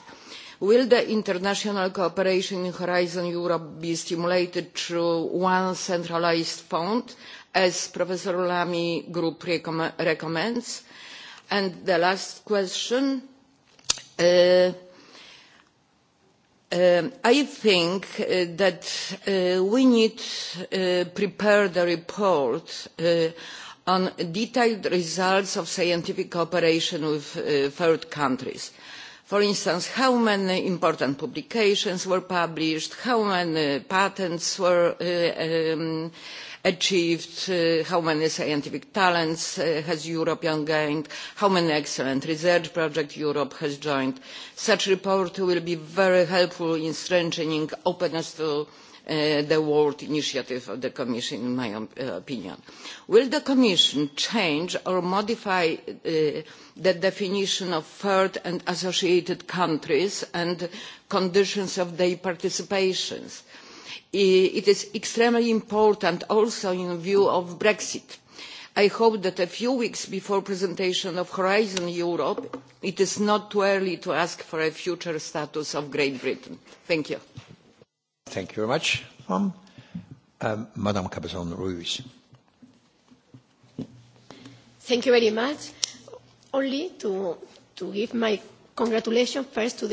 will the international cooperation in horizon europe be stimulated through one centralised fund as professor lamy's group recommends? and the last question uh, Um, i think uh, that uh, we need to uh, prepare the report on detailed results of scientific cooperation with third countries for instance how many important publications were published how many patents were um, achieved uh, how many scientific talents uh, has europe gained how many excellent research projects europe has joined. such a report will be very helpful in strengthening openness to uh, the world initiative of the commission in my opinion. will the commission change or modify the definition of third and associated countries and conditions of their participation? it is extremely important also in view of brexit. i hope that a few weeks before the presentation of horizon europe it is not too early to ask for a future status of great britain. thank you. thank you very much. Um, um, madam cabezon ruiz. thank you very much. only to give my congratulations first to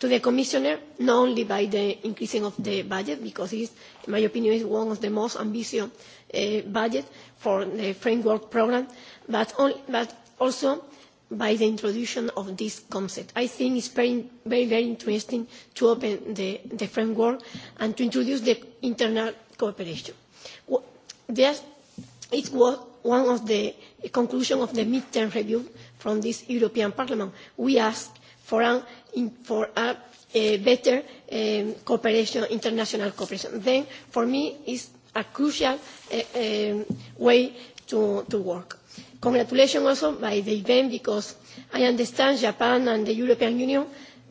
to the commissioner not only by the increasing of the budget because it is in my opinion one of the most ambitious uh, budget for the framework programme but, but also by the introduction of this concept. I think it's very, very, very interesting to open the, the framework and to introduce the internal cooperation. This, it was one of the conclusions of the midterm review from this European Parliament. We asked for an for a better um, cooperation international cooperation then for me it is a crucial uh, um, way to work. congratulations also on the event because i understand japan and the european union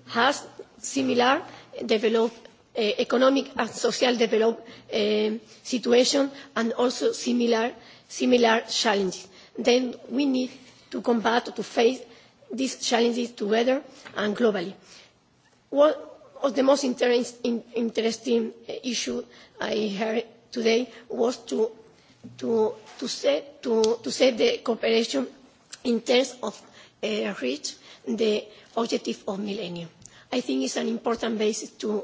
have similar uh, economic and social development um, situations and also similar challenges that we need to combat to face these challenges together and globally. one of the most interesting uh, issues i heard today was to set the cooperation in terms of uh, reaching the objective of the millennium. i think it is an important basis to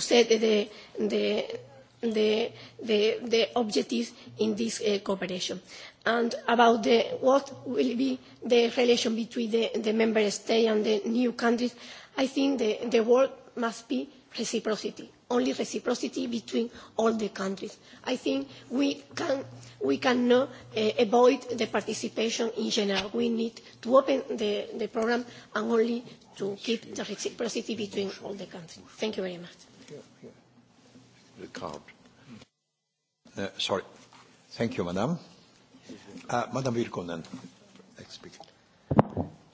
set the objectives in this uh, cooperation and about what will be the relation between the member states and the new countries i think the word must be reciprocity only reciprocity between all the countries. i think we can we cannot eh, avoid the participation in general. we need to open the programme and only to keep the reciprocity between all the countries. thank you very much. The card. Uh, sorry. Thank you, madam. Uh, madam Virkonen, next speaker.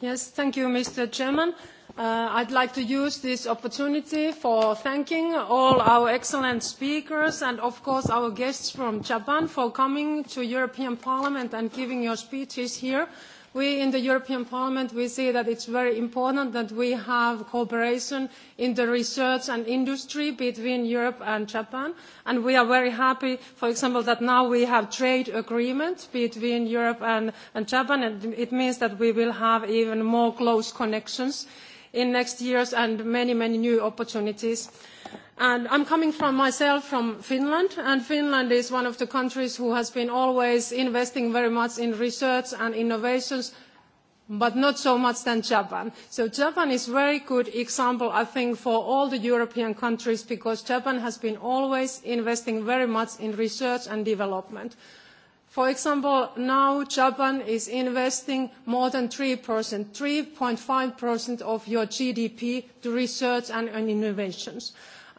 Yes, thank you, Mr. Chairman. Uh, I'd like to use this opportunity for thanking all our excellent speakers and, of course, our guests from Japan for coming to European Parliament and giving your speeches here. We in the European Parliament, we see that it's very important that we have cooperation in the research and industry between Europe and Japan. And we are very happy, for example, that now we have trade agreements between Europe and, and Japan, and it means that we will have even more close connections in next years and many, many new opportunities. And I'm coming from myself from Finland, and Finland is one of the countries who has been always investing very much in research and innovations, but not so much than Japan. So Japan is a very good example, I think, for all the European countries, because Japan has been always investing very much in research and development. For example, now Japan is investing more than 3%, 3.5% of your GDP to research and innovations.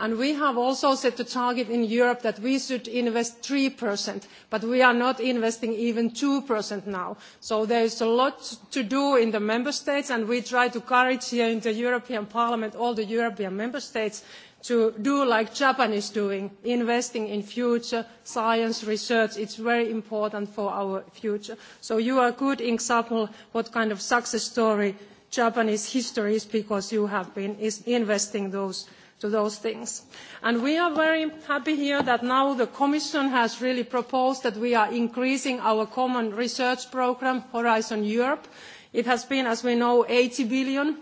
We have also set a target in Europe that we should invest 3%, but we are not investing even 2% now. There is a lot to do in the member states, and we try to encourage here in the European Parliament, all the European member states, to do like Japan is doing, investing in future science research. It's very important for our future. You are a good example what kind of success story Japanese history is because you have been investing those to those things. And we are very happy here that now the Commission has really proposed that we are increasing our common research program, Horizon Europe. It has been, as we know, 80 billion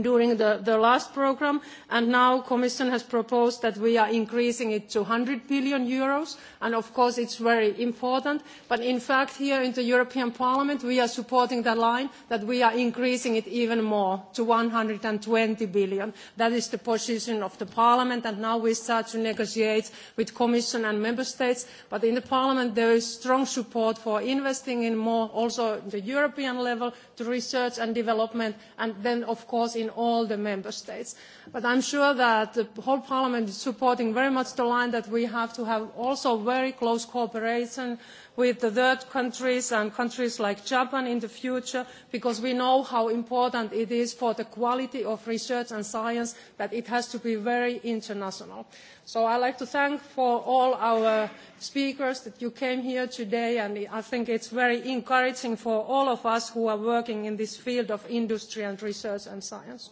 during the last program. Now Commission has proposed that we are increasing it to 100 billion euros. Of course, it's very important. In fact, here in the European Parliament, we are supporting the line that we are increasing it even more to 120 billion. That is the position of the Parliament, and now we start to negotiate with Commission and member states. In the Parliament, there is strong support for investing in more, also the European level, to research and development, and then, of course, in all the member states. But I'm sure that the whole parliament is supporting very much the line that we have to have also very close cooperation with the third countries and countries like Japan in the future, because we know how important it is for the quality of research and science that it has to be very international. So I'd like to thank for all our speakers that you came here today, and I think it's very encouraging for all of us who are working in this field of industry and research and science.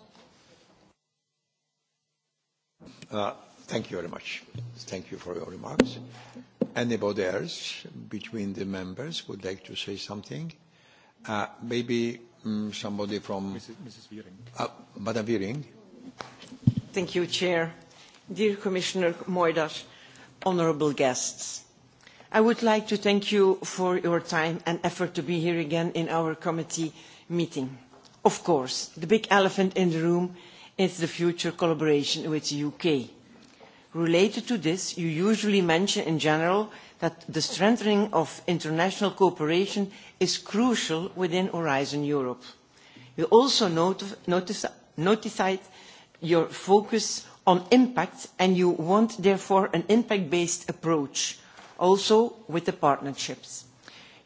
Uh, thank you very much. Thank you for your remarks. Thank you anybody else between the members would like to say something? Uh, maybe um, somebody from... Mrs. Mrs. Viering. Uh, Madam Viering. Thank you, Chair. Dear Commissioner Moidas, honourable guests, I would like to thank you for your time and effort to be here again in our committee meeting. Of course, the big elephant in the room is the future collaboration with the UK. Related to this, you usually mention in general that the strengthening of international cooperation is crucial within Horizon Europe. You also notified your focus on impact and you want therefore an impact-based approach also with the partnerships.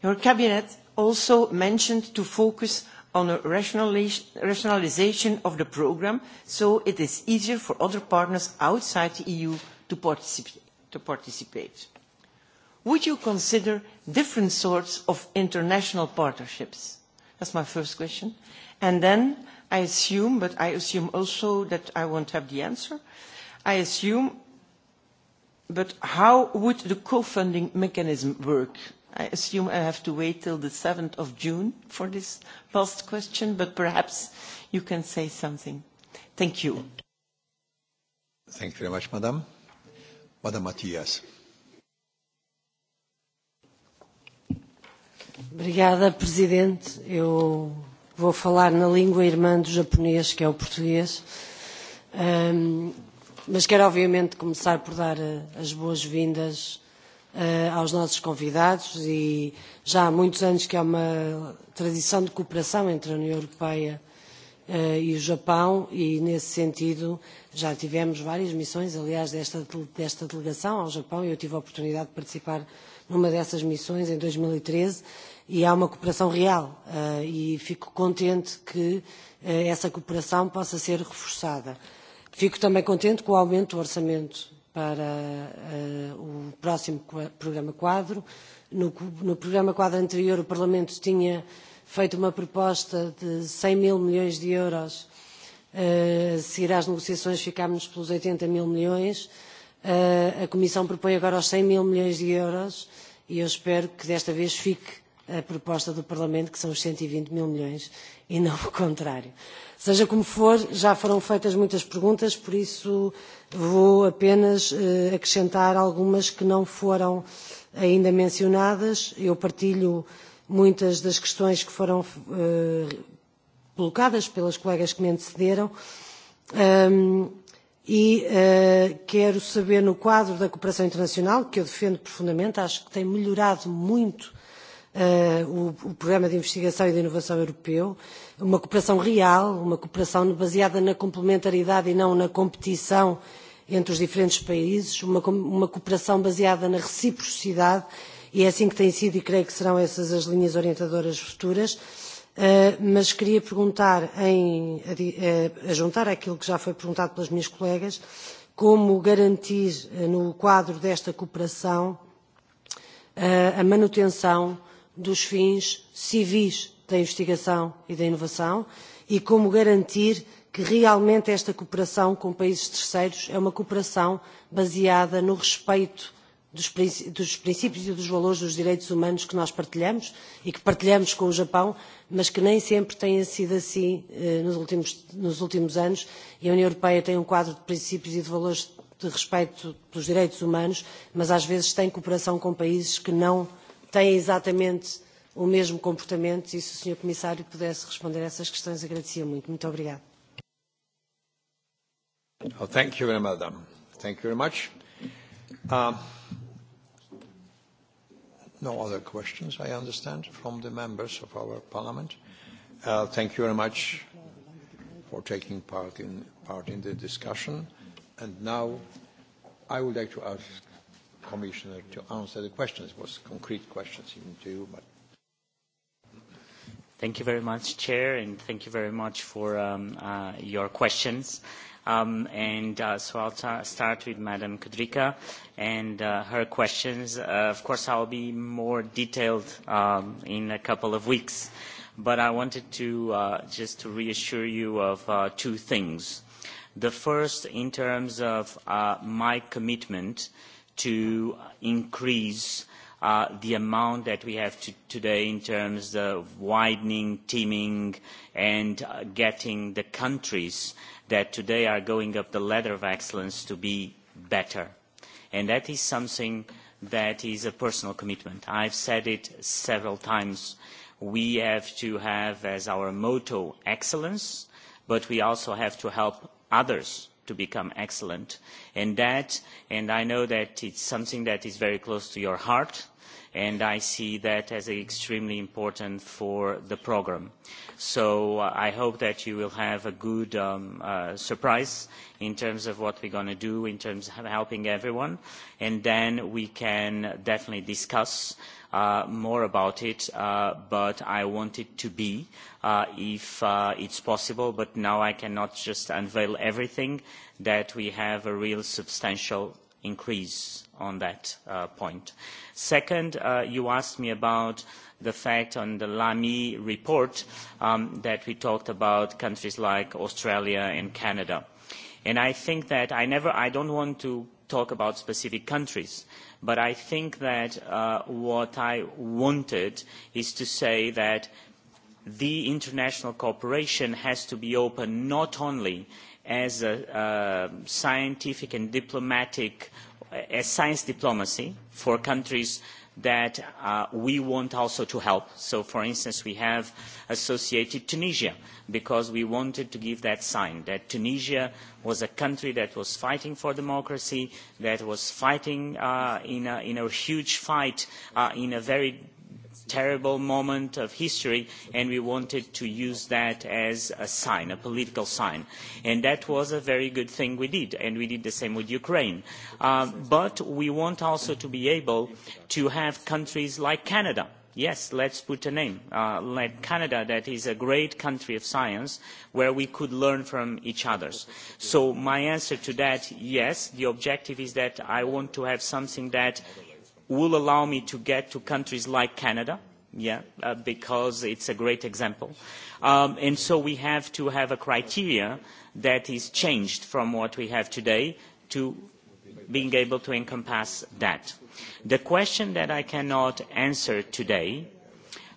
Your cabinet also mentioned to focus on a rationalisation of the programme so it is easier for other partners outside the eu to participate. would you consider different sorts of international partnerships? that is my first question. and then i assume, but i assume also that i won't have the answer, i assume, but how would the co-funding mechanism work? I assume I have to wait till the 7th of June for this last question, but perhaps you can say something. Thank you. Thank you very much, Madam. Madam Matias. Obrigada, Presidente. Eu vou falar na língua irmã do japonês, que é o português. Um, mas quero, obviamente, começar por dar eh, as boas-vindas uh, aos nossos convidados e já há muitos anos que há uma tradição de cooperação entre a União Europeia uh, e o Japão e nesse sentido já tivemos várias missões, aliás, desta, desta delegação ao Japão e eu tive a oportunidade de participar numa dessas missões em 2013 e, e há uma cooperação real uh, e fico contente que uh, essa cooperação possa ser reforçada. Fico também contente com o aumento do orçamento para uh, o próximo programa quadro. No, no programa quadro anterior, o Parlamento tinha feito uma proposta de 100 mil milhões de euros. Uh, se ir às negociações, ficámos pelos 80 mil milhões. Uh, a Comissão propõe agora os 100 mil milhões de euros e eu espero que desta vez fique a proposta do Parlamento, que são os 120 e mil milhões, e não o contrário. Seja como for, já foram feitas muitas perguntas, por isso vou apenas uh, acrescentar algumas que não foram ainda mencionadas. Eu partilho muitas das questões que foram uh, colocadas pelas colegas que me antecederam. Um, e uh, quero saber, no quadro da cooperação internacional, que eu defendo profundamente, acho que tem melhorado muito uh, uh, o, o Programa de Investigação e de Inovação Europeu, uma cooperação real, uma cooperação baseada na complementaridade e não na competição entre os diferentes países, uma, uma cooperação baseada na reciprocidade, e é assim que tem sido e creio que serão essas as linhas orientadoras futuras. Uh, mas queria perguntar, em, a, a, eh, a juntar aquilo que já foi perguntado pelas minhas colegas, como garantir uh, no quadro desta cooperação uh, a manutenção uh, dos fins civis da investigação e da inovação e como garantir que realmente esta cooperação com países terceiros é uma cooperação baseada no respeito dos princípios e dos valores dos direitos humanos que nós partilhamos e que partilhamos com o Japão, mas que nem sempre têm sido assim eh, nos últimos, nos últimos anos. E a União Europeia tem um quadro de princípios e de valores de respeito dos direitos humanos, mas às vezes tem cooperação com países que não uh, têm exatamente o mesmo comportamento e se o Sr. Comissário pudesse responder a essas questões, agradecia muito. Muito obrigado. Well, thank you, madam. Thank you very much. Um, no other questions, I understand, from the members of our parliament. Uh, thank you very much for taking part in, part in the discussion. And now I would like to ask commissioner to answer the questions. It was concrete questions even to you, but. Thank you very much, Chair, and thank you very much for um, uh, your questions. Um, and uh, so I'll start with Madam Kudrika and uh, her questions. Uh, of course, I'll be more detailed um, in a couple of weeks, but I wanted to uh, just to reassure you of uh, two things. The first, in terms of uh, my commitment, uh, to increase uh, the amount that we have today in terms of widening, teaming, and uh, getting the countries that today are going up the ladder of excellence to be better. That is something that is a personal commitment. I've said it several times. We have to have as our motto excellence, but we also have to help others to become excellent and that and i know that it is something that is very close to your heart and i see that as extremely important for the programme so uh, i hope that you will have a good um, uh, surprise in terms of what we are going to do in terms of helping everyone and then we can definitely discuss uh, Uh, more about it uh, but i want it to be uh, if it is possible but now i cannot just unveil everything that we have a real substantial increase on that point. second you asked me about the fact on the lamy report um, that we talked about countries like australia and canada and i think that i never i do not want talk about specific countries. But I think that uh, what I wanted is to say that the international cooperation has to be open not only as a, a uh, scientific and diplomatic, uh, as science diplomacy for countries that uh, we want also to help. So, for instance, we have associated Tunisia because we wanted to give that sign that Tunisia was a country that was fighting for democracy, that was fighting uh, in, a, in a huge fight uh, in a very terrible moment of history and we wanted to use that as a sign, a political sign. And that was a very good thing we did, and we did the same with Ukraine. Uh, but we want also to be able to have countries like Canada. Yes, let's put a name. Uh, like Canada, that is a great country of science where we could learn from each other. So my answer to that, yes, the objective is that I want to have something that will allow me to get to countries like Canada, yeah, uh, because it's a great example. Um, and so we have to have a criteria that is changed from what we have today to being able to encompass that. The question that I cannot answer today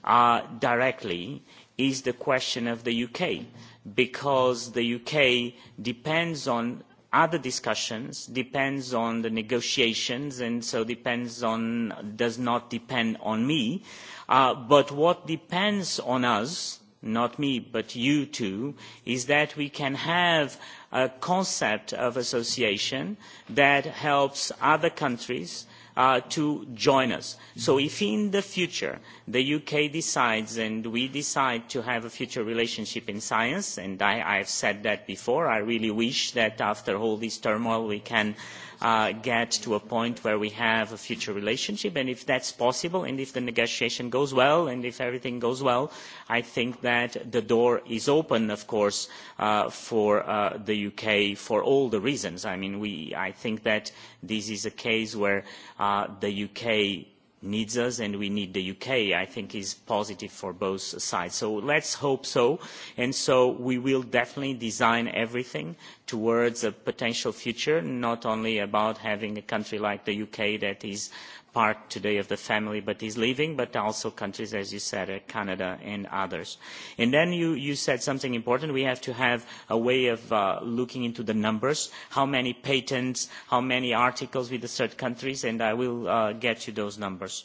uh, directly is the question of the UK, because the UK depends on other discussions depends on the negotiations and so depends on does not depend on me uh, but what depends on us not me but you too is that we can have a concept of association that helps other countries uh, uh, to join us. So if in the future the UK decides and we decide to have a future relationship in science, and I, I've said that before, I really wish that after all this turmoil we can uh, Uh, get to a point where we have a future relationship and if that's possible and if the negotiation goes well and if everything goes well i think that the door is open of course uh, for uh, the uk for all the reasons i mean we i think that this is a case where uh, the uk needs us and we need the UK, I think is positive for both sides. So let's hope so. And so we will definitely design everything towards a potential future, not only about having a country like the UK that is uh, part today of the family but is leaving but also countries as you said uh, canada and others and then you, you said something important we have to have a way of uh, looking into the numbers how many patents how many articles with the third countries and i will uh, get you those numbers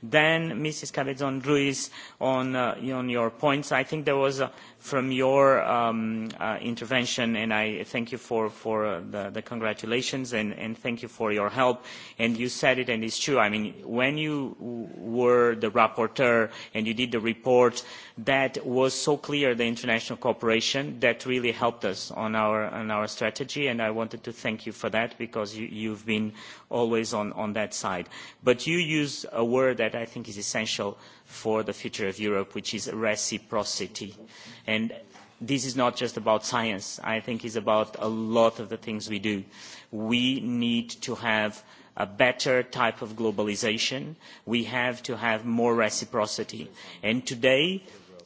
then mrs cabezon ruiz on, uh, on your points i think there was a, from your um, uh, intervention, and I thank you for, for uh, the, the congratulations and, and thank you for your help. And you said it, and it's true. I mean, when you were the rapporteur and you did the report, that was so clear, the international cooperation, that really helped us on our, on our strategy, and I wanted to thank you for that because you, you've been always on, on that side. But you use a word that I think is essential, for the future of Europe, which is reciprocity. And this is not just about science. I think it's about a lot of the things we do. We need to have a better type of globalization. We have to have more reciprocity. And today,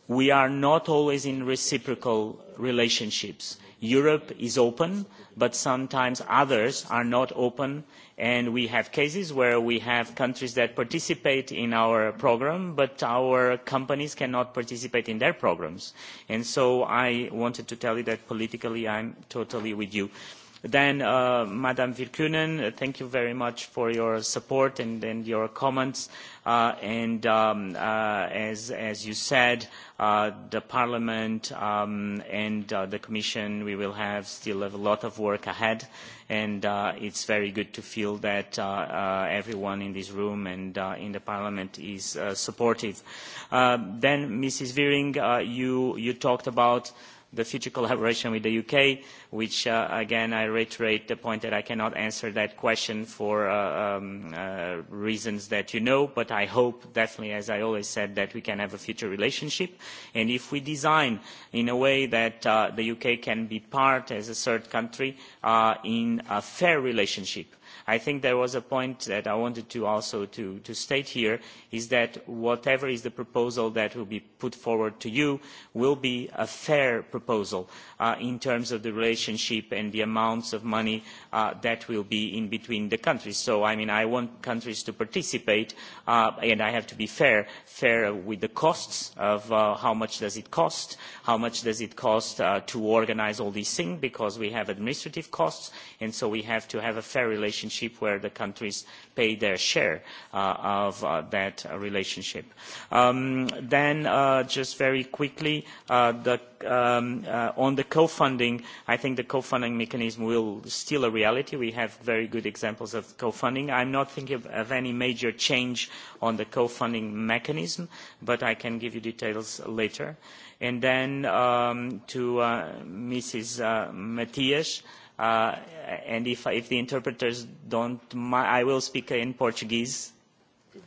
we are not always in reciprocal relationships europe is open but sometimes others are not open and we have cases where we have countries that participate in our programme but our companies cannot participate in their programmes and so i wanted to tell you that politically i am totally with you then uh, madam virkkunen uh, thank you very much for your support and your comments uh, and um, as you said parliament um, and the commission we will still have a lot of work ahead and it is very good to feel that everyone in this room and in parliament is supportive. then ms viring you talked about the future collaboration with the UK, which, uh, again, I reiterate the point that I cannot answer that question for uh, um, uh, reasons that you know, but I hope, definitely, as I always said, that we can have a future relationship. And if we design in a way that uh, the UK can be part as a third country uh, in a fair relationship, i think there was a point that i wanted to also to state here is that whatever is the proposal that will be put forward to you will be a fair proposal uh, in terms of the relationship and the amounts of money uh, that will be in between the countries. so i mean i want countries to participate uh, and i have to be fair fair with the costs of how much does it cost how much does it cost to organise all these things because we have administrative costs and so we have to have a fair relationship relationship where the countries pay their share uh, of uh, that uh, relationship. Um, then, uh, just very quickly, uh, the, um, uh, on the co-funding, I think the co-funding mechanism will still a reality. We have very good examples of co-funding. I'm not thinking of, of any major change on the co-funding mechanism, but I can give you details later. And then um, to uh, Mrs. Uh, Matthias, Uh, and if if the interpreters don't mind, I will speak in Portuguese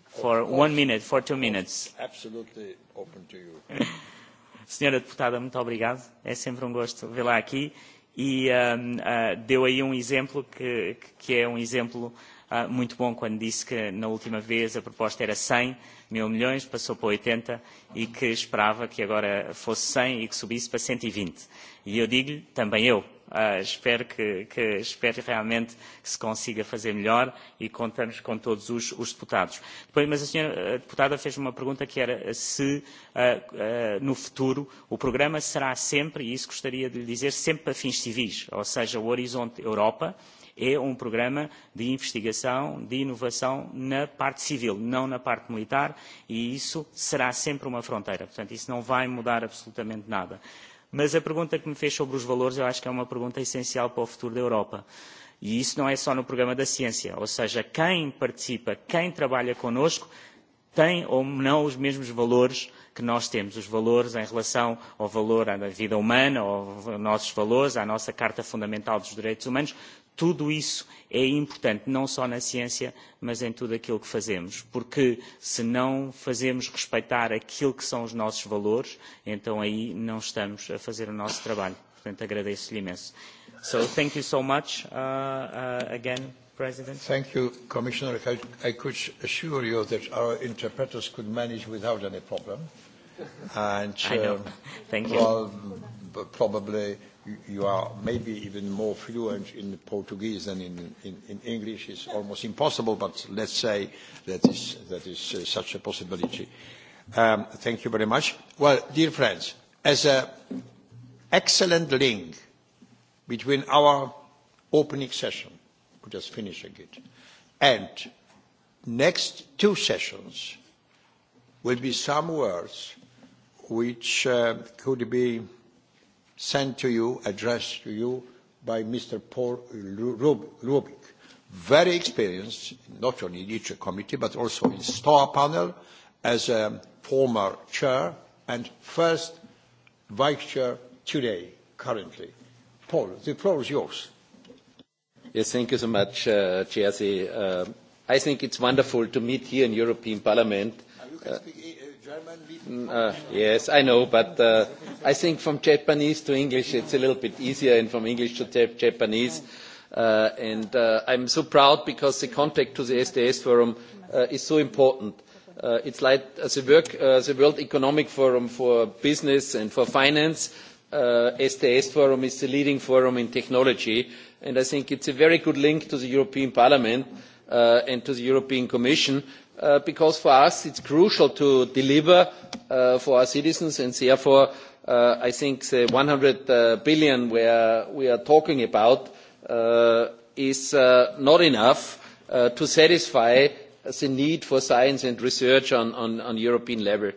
for of one minute, for two minutes. Absolutely open to you. Senhora deputada, muito obrigado. É sempre um gosto vê-la aqui. E um, uh, deu aí um exemplo que, que é um exemplo uh, Ah, muito bom quando disse que na última vez a proposta era 100 mil milhões, passou para 80 e que esperava que agora fosse 100 e que subisse para 120. E, e eu digo-lhe, também eu, uh, espero, que, que, espero realmente que se consiga fazer melhor e contamos com todos os, os deputados. Depois, mas a senhora a deputada fez uma pergunta que era se uh, uh, no futuro o programa será sempre, e isso gostaria de lhe dizer, sempre para fins civis, ou seja, o Horizonte Europa, é um programa de investigação de inovação na parte civil não na parte militar e isso será sempre uma fronteira portanto isso não vai mudar absolutamente nada mas a pergunta que me fez sobre os valores eu acho que é uma pergunta essencial para o futuro da Europa e isso não é só no programa da ciência ou seja quem participa quem trabalha connosco tem ou não os mesmos valores que nós temos, os valores em relação ao valor da vida humana, aos nossos valores, à nossa Carta Fundamental dos Direitos Humanos, tudo isso é importante não só na ciência mas em tudo aquilo que fazemos porque se não fazemos respeitar aquilo que são os nossos valores então aí não estamos a fazer o nosso trabalho portanto agradeço lhe imenso so thank you so much uh, uh, again president thank you commissioner I, i could assure you that our interpreters could manage without any problem and um, I know. Um, thank you well, probably you are maybe even more fluent in Portuguese than in, in, in English. It's almost impossible, but let's say that is, that is uh, such a possibility. Um, thank you very much. Well, dear friends, as an excellent link between our opening session, we just finished it, and next two sessions will be some words which uh, could be sent to you, addressed to you by Mr. Paul Lubick, very experienced, not only in each committee, but also in STAR panel as a former chair and first vice chair today, currently. Paul, the floor is yours. Yes, thank you so much, uh, Jersey. Uh, I think it's wonderful to meet here in European Parliament. Uh, you can uh, speak, uh, German mm, uh, yes, I know, but uh, I think from Japanese to English it's a little bit easier, and from English to Japanese. Uh, and uh, I'm so proud because the contact to the SDS Forum uh, is so important. Uh, it's like uh, the, work, uh, the World Economic Forum for business and for finance. Uh, SDS Forum is the leading forum in technology. And I think it's a very good link to the European Parliament uh, and to the European Commission. Uh, because for us it is crucial to deliver uh, for our citizens and therefore uh, i think the eur one hundred billion we are talking about is not enough to satisfy the need for science and research on a european level.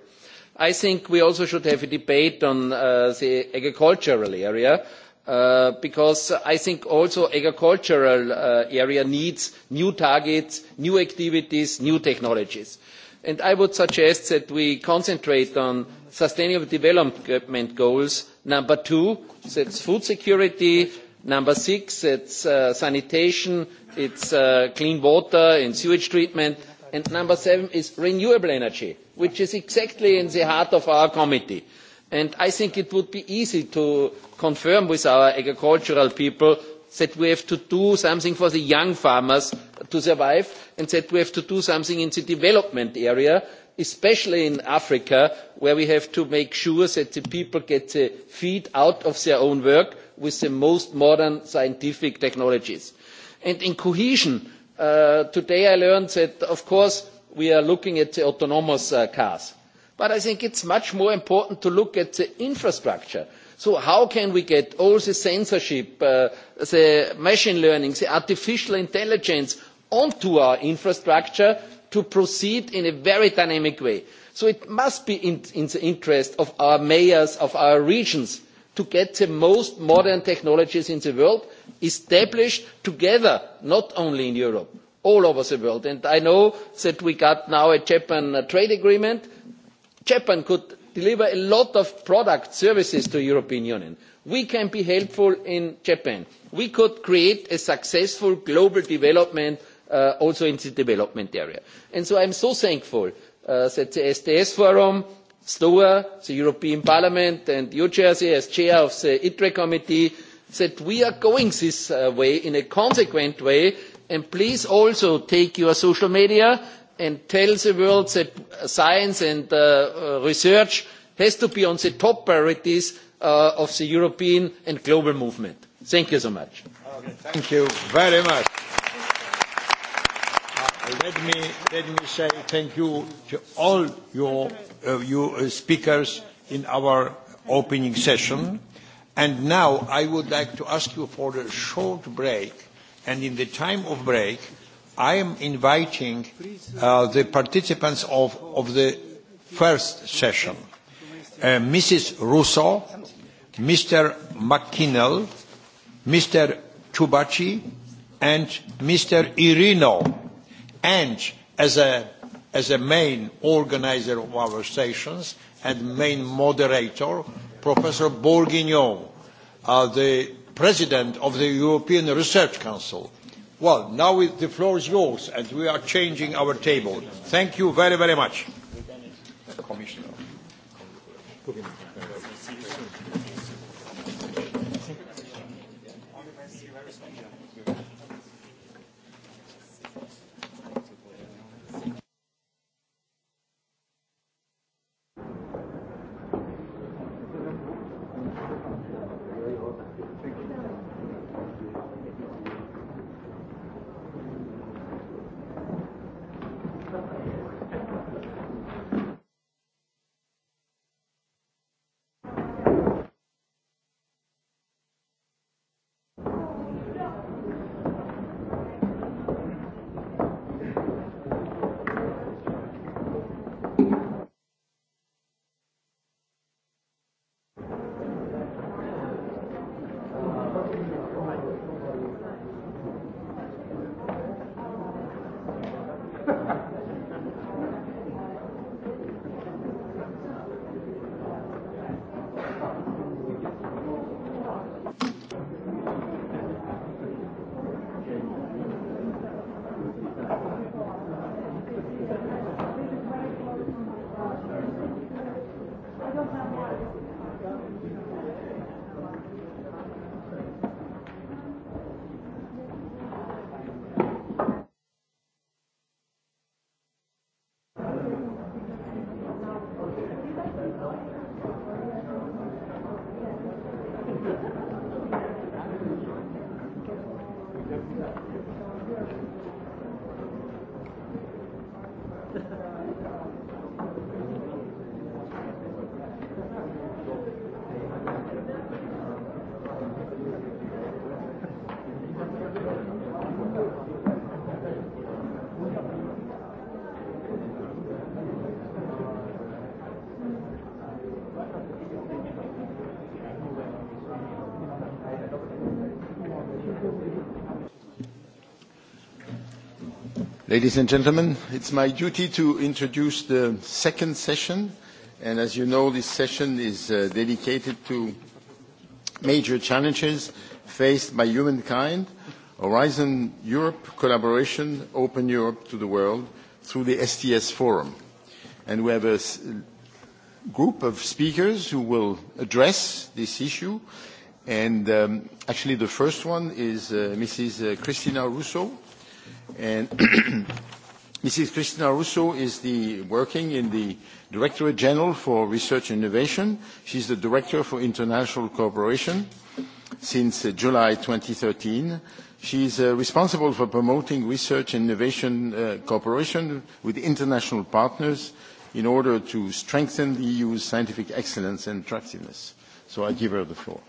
i think we also should have a debate on the agricultural area uh, because I think also agricultural uh, area needs new targets, new activities, new technologies. And I would suggest that we concentrate on sustainable development goals. Number two, that's food security. Number six, it's uh, sanitation, it's uh, clean water and sewage treatment. And number seven is renewable energy, which is exactly in the heart of our committee. Uh, and i think it would be easy to confirm with our agricultural people that we have to do something for the young farmers to survive and that we have to do something in the development area especially in africa where we have to make sure that the people get the feed out of their own work with the most modern scientific technologies. and in cohesion uh, today i learned that of course we are looking at the autonomous uh, cars but I think it's much more important to look at the infrastructure. So how can we get all the censorship, uh, the machine learning, the artificial intelligence onto our infrastructure to proceed in a very dynamic way? So it must be in, in the interest of our mayors, of our regions, to get the most modern technologies in the world established together, not only in Europe, all over the world. And I know that we got now a Japan trade agreement, japan could deliver a lot of products and services to the european union we can be helpful in japan we could create a successful global development uh, also in the development area. so i am so thankful uh, that the sts forum stoa the european parliament and you jerzy as chair of the itre committee that we are going this uh, way in a consequent way and please also take your social media and tell the world that science and uh, uh, research has to be on the top priorities uh, of the european and global movement. thank you so much. thank you very much. let me, let me say thank you to all your, uh, you speakers in our opening session. and now i would like to ask you for a short break. and in the time of break, I am inviting uh, the participants of, of the first session, uh, Mrs. Russo, Mr. McKinnell, Mr. Chubachi, and Mr. Irino. And as a, as a main organizer of our sessions and main moderator, Professor Bourguignon, uh, the president of the European Research Council, well now the floor is yours and we are changing our table thank you very very much commissioner Ladies and gentlemen, it's my duty to introduce the second session. And as you know, this session is uh, dedicated to major challenges faced by humankind, Horizon Europe collaboration, Open Europe to the world, through the STS Forum. And we have a s- group of speakers who will address this issue. And um, actually, the first one is uh, Mrs. Uh, Christina Rousseau. ms cristina russo is working in the directorate general for research and innovation. she is the director for international cooperation since uh, july two thousand and thirteen. she is uh, responsible for promoting research and innovation uh, cooperation with international partners in order to strengthen the eu's scientific excellence and attractiveness. so i give her the floor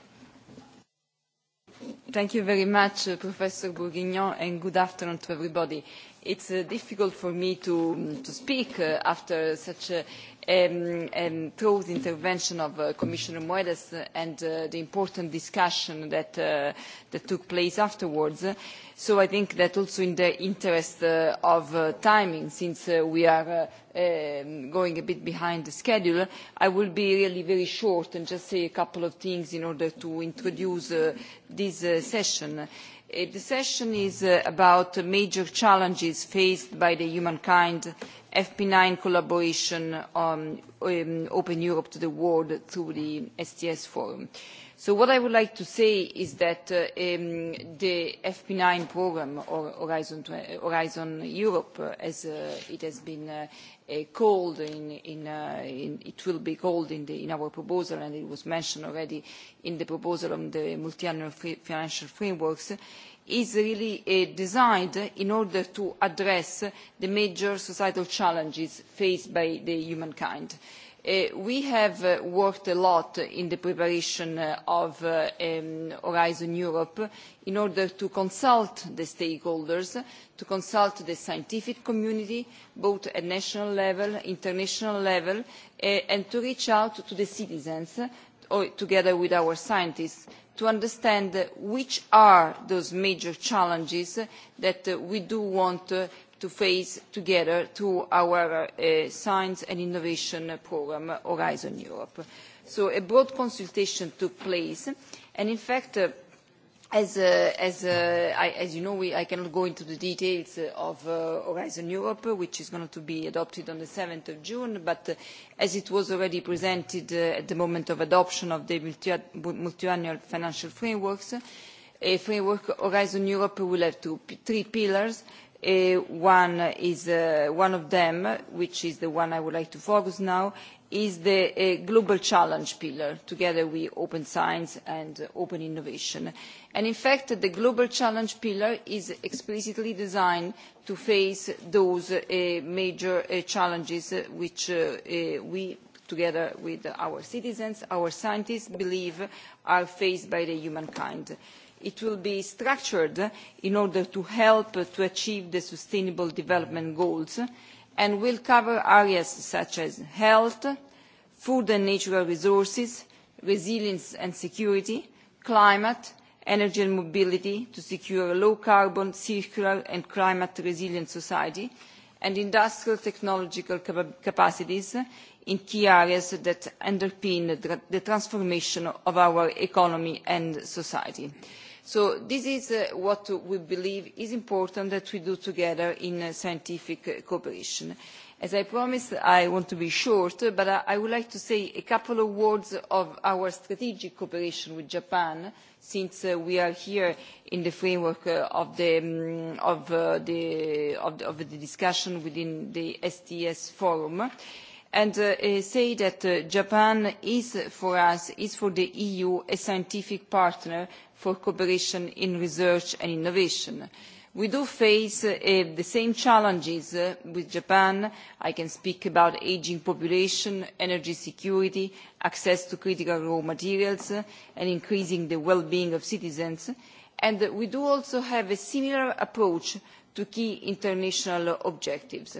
thank you very much uh, professor bourguignon and good afternoon to everybody it is uh, difficult for me to mm, speak uh, after such a um, um, close intervention by uh, commissioner moedas and the important discussion that took place afterwards so i think that also in the interest of timing since we are um, going a bit behind the schedule i will be really very short and just say a couple of things in order to introduce this part of the session the session is uh, about the major challenges faced by humankind fp nine collaboration on um, opening europe to the world through the sts forum so what i would like to say is that uh, um, the fp nine programme or uh, horizon europe uh, as it has been called it will be called in our proposal and it was mentioned already in the proposal on the multiannual financial framework is really designed in order to address the major societal challenges faced by humankind. Uh, we have uh, worked a lot in the preparation uh, of um, horizon europe in order to consult the stakeholders to consult the scientific community both at national level and international level and to reach out to the citizens together with our scientists to understand which are those major challenges that we do want to face together through our uh, science and innovation programme horizon europe. so a broad consultation took place and in fact uh, uh, as you know i cannot go into the details of horizon europe which is going to be adopted on seven june but as it was already presented at the moment of adoption of the multiannual financial framework horizon europe will have three pillars. Uh, one of them which is the one i would like to focus on now is the uh, global challenge pillar together with open science and open innovation. in fact the global challenge pillar is explicitly designed to face those uh, major challenges which we together with our citizens our scientists believe are faced by humankind it will be structured in order to help to achieve the sustainable development goals and will cover areas such as health food and natural resources resilience and security climate energy and mobility to secure a low carbon circular and climate resilient society and industrial technological cap capacities in key areas that underpin the transformation of our economy and society so this is uh, what we believe is important that we do together in uh, scientific uh, cooperation. as i promised i want to be short but i would like to say a couple of words on our strategic cooperation with japan since we are here in the framework um, of the discussion within the sts forum and uh, say that uh, japan is for us is for the eu a scientific partner for cooperation in research and innovation. we do face uh, the same challenges with japan i can speak about ageing population energy security access to critical raw materials and increasing the well being of citizens and we do also have a similar approach to key international objectives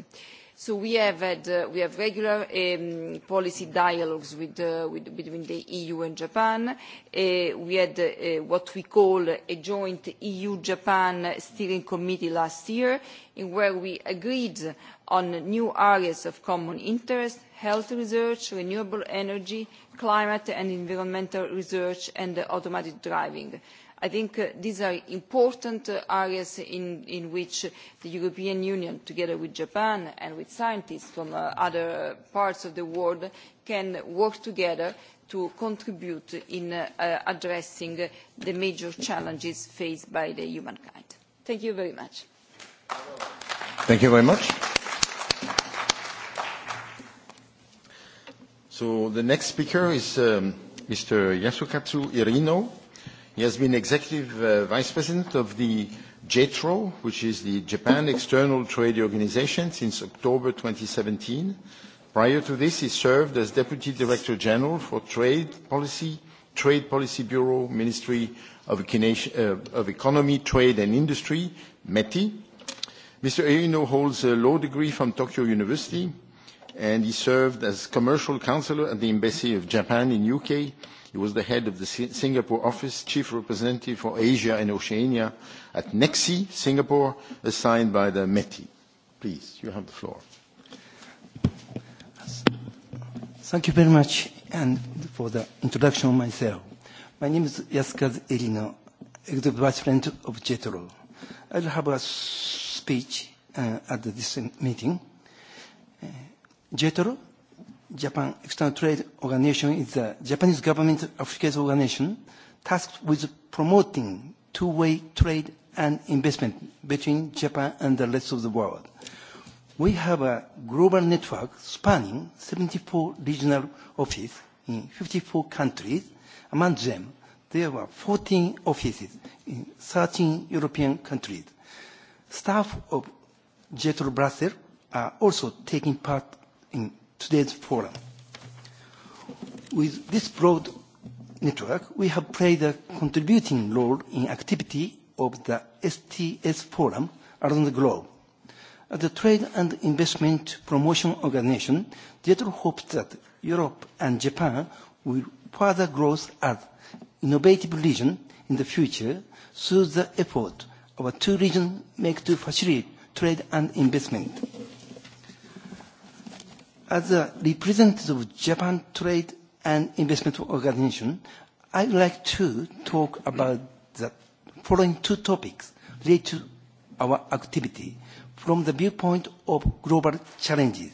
so we have had uh, we have regular um, policy dialogues with, uh, with between the EU and Japan uh, we had uh, what we call a joint EU Japan steering committee last year in where we agreed on new areas of common interest health research renewable energy climate and environmental research and uh, automatic driving i think uh, these are important uh, areas in which the european union together with japan and with scientists from uh, other parts of the world can work together to contribute in addressing the major challenges faced by humankind. thank you very much. thank you very much. the next speaker is mr um, yasukatsu irino. He has been Executive uh, Vice President of the JETRO, which is the Japan External Trade Organization, since October 2017. Prior to this, he served as Deputy Director General for Trade Policy, Trade Policy Bureau, Ministry of, uh, of Economy, Trade and Industry, METI. Mr. Eino holds a law degree from Tokyo University and he served as commercial counsellor at the embassy of japan in the uk. he was the head of the singapore office chief representative for asia and oceania at nexi singapore assigned by the meti. please you have the floor. thank you very much and for the introduction of myself. my name is yaskaz irino, executive vice president of jetro. i'll have a speech uh, at this meeting. Uh, JETRO, Japan External Trade Organization, is a Japanese government affiliated organization tasked with promoting two-way trade and investment between Japan and the rest of the world. We have a global network spanning 74 regional offices in 54 countries. Among them, there were 14 offices in 13 European countries. Staff of JETRO Brussels are also taking part in today's forum. With this broad network, we have played a contributing role in activity of the STS Forum around the globe. As a trade and investment promotion organization, Dietro hopes that Europe and Japan will further grow as innovative region in the future through the effort our two regions make to facilitate trade and investment. As a representative of Japan Trade and Investment Organization, I'd like to talk about the following two topics related to our activity from the viewpoint of global challenges.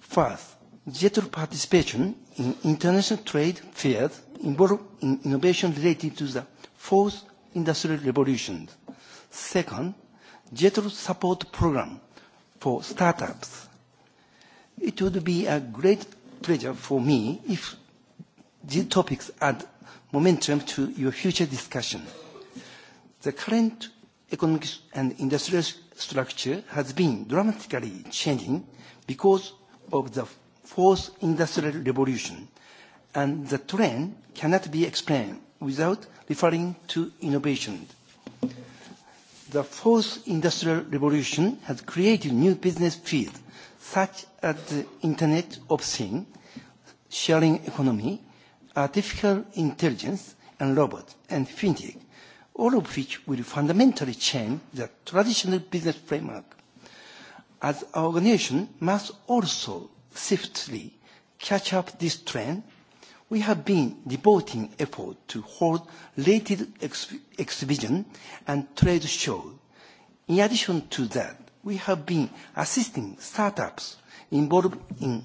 First, JETRO participation in international trade fairs involved in innovation related to the fourth industrial revolution. Second, JETRO support program for startups it would be a great pleasure for me if these topics add momentum to your future discussion. The current economic and industrial structure has been dramatically changing because of the fourth industrial revolution, and the trend cannot be explained without referring to innovation. The fourth industrial revolution has created new business fields such as the internet of things, sharing economy, artificial intelligence, and robot and fintech, all of which will fundamentally change the traditional business framework. As our organization must also swiftly catch up this trend, we have been devoting effort to hold related ex exhibition and trade show. In addition to that, we have been assisting startups involved in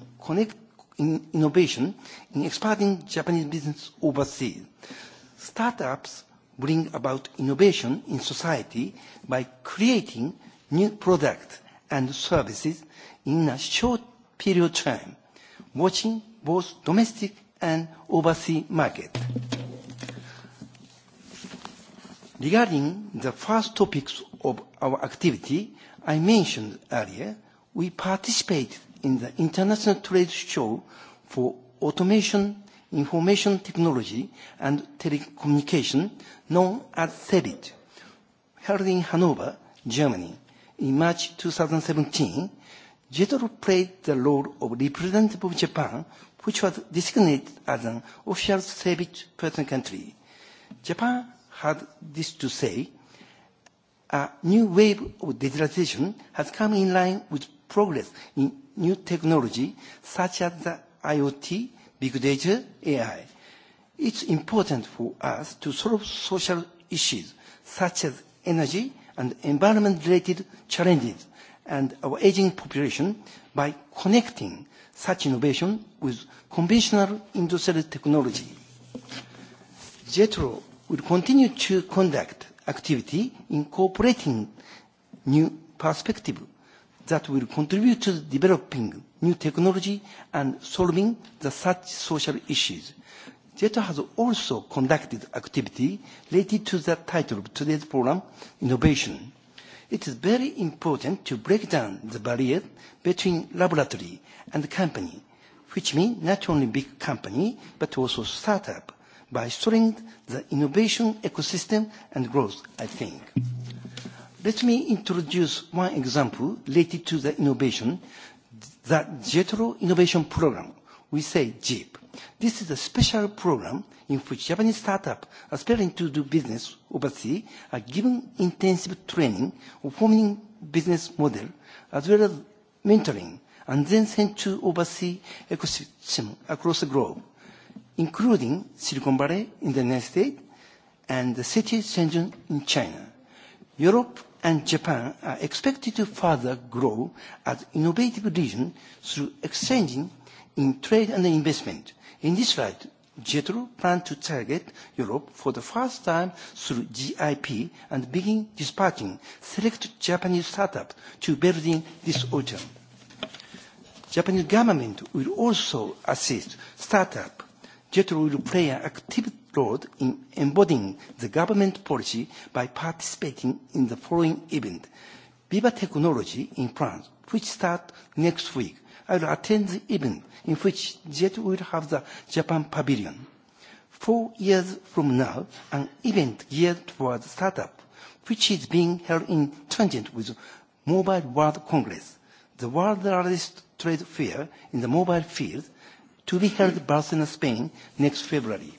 innovation in expanding Japanese business overseas. Startups bring about innovation in society by creating new products and services in a short period of time, watching both domestic and overseas market. Regarding the first topics of our activity, I mentioned earlier, we participated in the international trade show for automation, information technology, and telecommunication, known as CeBIT, held in Hanover, Germany. In March 2017, JETRO played the role of representative of Japan, which was designated as an official CeBIT partner country. Japan had this to say: a new wave of digitalization has come in line with progress in new technology, such as the IoT, big data, AI. It's important for us to solve social issues such as energy and environment-related challenges and our aging population by connecting such innovation with conventional industrial technology. JETRO will continue to conduct activity incorporating new perspective that will contribute to developing new technology and solving the such social issues. JETO has also conducted activity related to the title of today's program, Innovation. It is very important to break down the barrier between laboratory and company, which means not only big company, but also startup by strengthening the innovation ecosystem and growth, I think. Let me introduce one example related to the innovation, the JETRO Innovation Program. We say JIP. This is a special program in which Japanese startup aspiring to do business overseas are given intensive training on forming business model, as well as mentoring, and then sent to overseas ecosystem across the globe including Silicon Valley in the United States and the city Shenzhen in China. Europe and Japan are expected to further grow as innovative region through exchanging in trade and investment. In this light, JETRO plan to target Europe for the first time through GIP and begin dispatching select Japanese startup to Berlin this autumn. Japanese government will also assist startup JETRO will play an active role in embodying the government policy by participating in the following event, Viva Technology in France, which starts next week. I will attend the event in which JETRO will have the Japan pavilion. Four years from now, an event geared towards startup, which is being held in tangent with Mobile World Congress, the world's largest trade fair in the mobile field, to be held in Barcelona, Spain next February.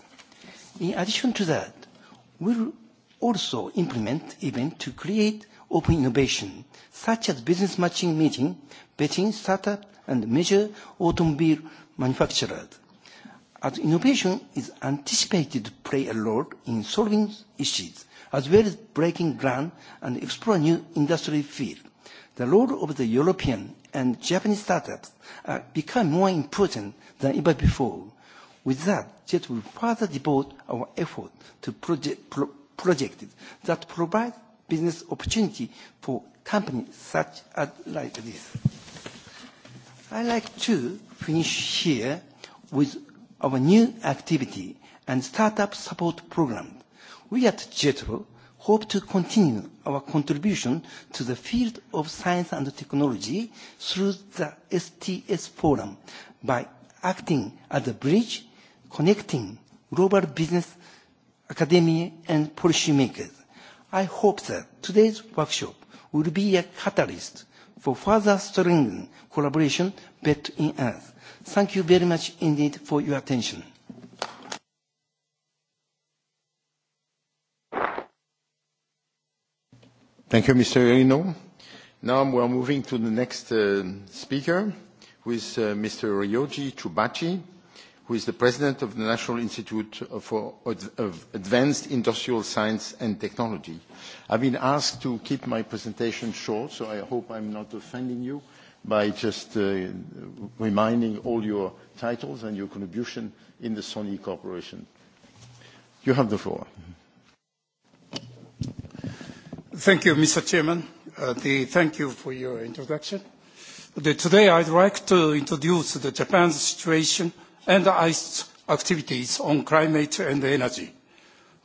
In addition to that, we'll also implement events to create open innovation, such as business matching meeting between startup and major automobile manufacturers. As innovation is anticipated to play a role in solving issues, as well as breaking ground and explore new industry fields, the role of the European and Japanese startups are uh, becoming more important than ever before. With that, JET will further devote our effort to project, projects that provide business opportunity for companies such as like this. I'd like to finish here with our new activity and startup support program. We at JET will hope to continue our contribution to the field of science and technology through the STS Forum by acting as a bridge connecting global business, academia, and policymakers. I hope that today's workshop will be a catalyst for further strengthening collaboration between us. Thank you very much indeed for your attention. Thank you, Mr. Iannone. We are moving to the next uh, speaker, who is uh, Mr. Ryoji Tsubachi, who is the President of the National Institute for Advanced Industrial Science and Technology. I've been asked to keep my presentation short, so I hope I'm not offending you by just uh, reminding all your titles and your contribution in the Sony Corporation. You have the floor. Thank you, Thank you, Mr. Chairman. Uh, thank you for your introduction. Today, I'd like to introduce Japan's situation and ICE activities on climate and energy.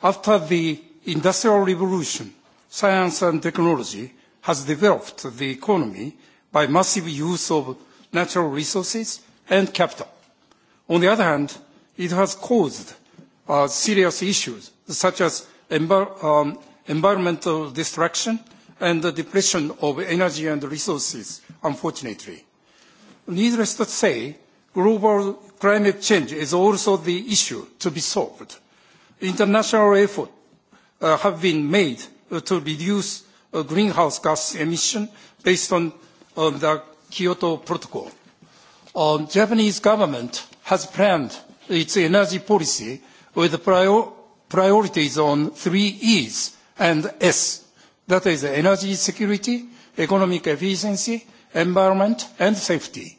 After the Industrial Revolution, science and technology has developed the economy by massive use of natural resources and capital. On the other hand, it has caused uh, serious issues such as environmental um, environmental destruction and the depletion of energy and resources, unfortunately. Needless to say, global climate change is also the issue to be solved. International efforts uh, have been made uh, to reduce uh, greenhouse gas emissions based on um, the Kyoto Protocol. Um, Japanese government has planned its energy policy with prior priorities on three E's, and S. That is energy security, economic efficiency, environment, and safety.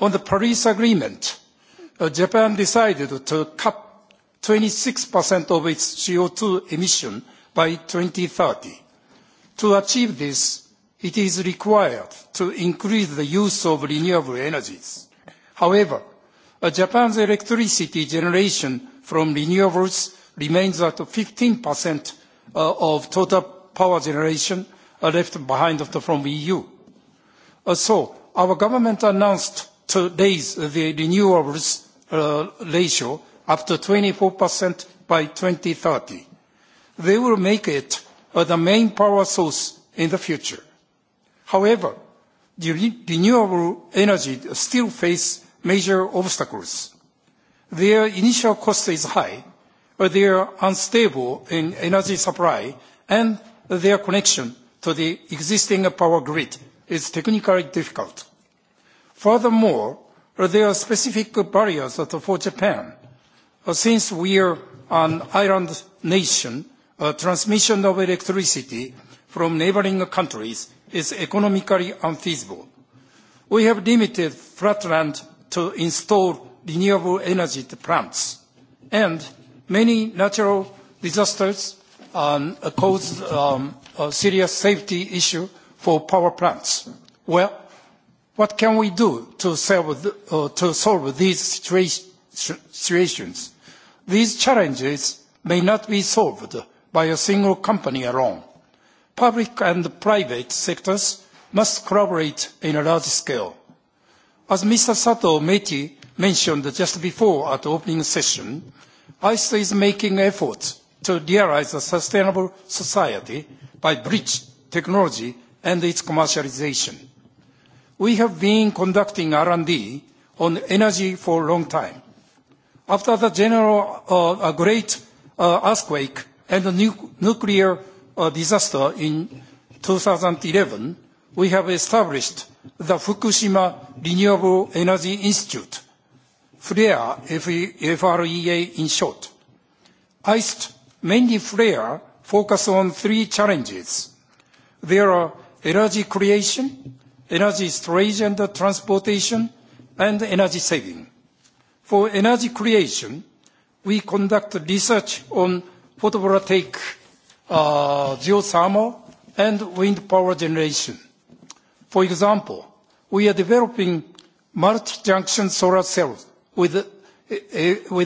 On the Paris Agreement, uh, Japan decided to cap 26% of its CO2 emission by 2030. To achieve this, it is required to increase the use of renewable energies. However, uh, Japan's electricity generation from renewables remains at 15% Uh, of total power generation uh, left behind from the EU. Uh, our government announced to raise the renewables ratio up to 24% by 2030. They will make it the main power source in the future. However, the renewable energy still face major obstacles. Their initial cost is high, Uh, their unstable in energy supply and their connection to the existing power grid is technically difficult. Furthermore, uh, there are specific barriers for Japan. Uh, since we are an island nation, transmission of electricity from neighboring countries is economically unfeasible. We have limited flatland to install renewable energy plants, and many natural disasters um, pose um, a serious safety issue for power plants. Well, what can we do to solve, the, uh, to solve these situa- situations? These challenges may not be solved by a single company alone. Public and private sectors must collaborate in a large scale. As Mr. Sato Meti mentioned just before at the opening session, ICE is making efforts to realize a sustainable society by bridge technology and its commercialization. We have been conducting R&D on energy for a long time. After the general uh, great uh, earthquake and the nuclear uh, disaster in 2011, we have established the Fukushima Renewable Energy Institute, FLAIR, F-L-A-I-R, e in short. iced, mainly FLAIR, focus on three challenges. There are energy creation, energy storage and transportation, and energy saving. For energy creation, we conduct research on photovoltaic, uh, geothermal, and wind power generation. For example, we are developing multi-junction solar cells with uh, uh,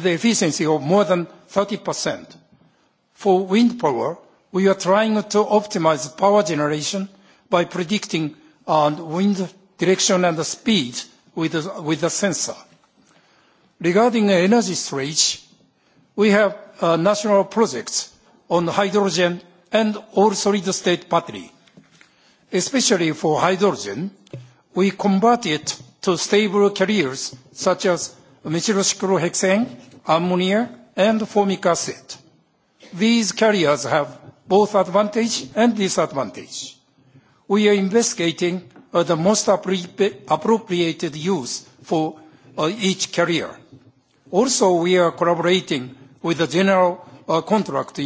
efficiency of more than 30%. For wind power, we are trying to optimize power generation by predicting uh, wind direction and speed with a sensor. Regarding energy storage, we have national projects on hydrogen and all-solid-state battery. Especially for hydrogen, we convert it to stable carriers such as methylcyclohexane, ammonia, and formic acid. These carriers have both advantage and disadvantage. We are investigating uh, the most appropriate use for uh, each carrier. Also, we are collaborating with a general uh, contractor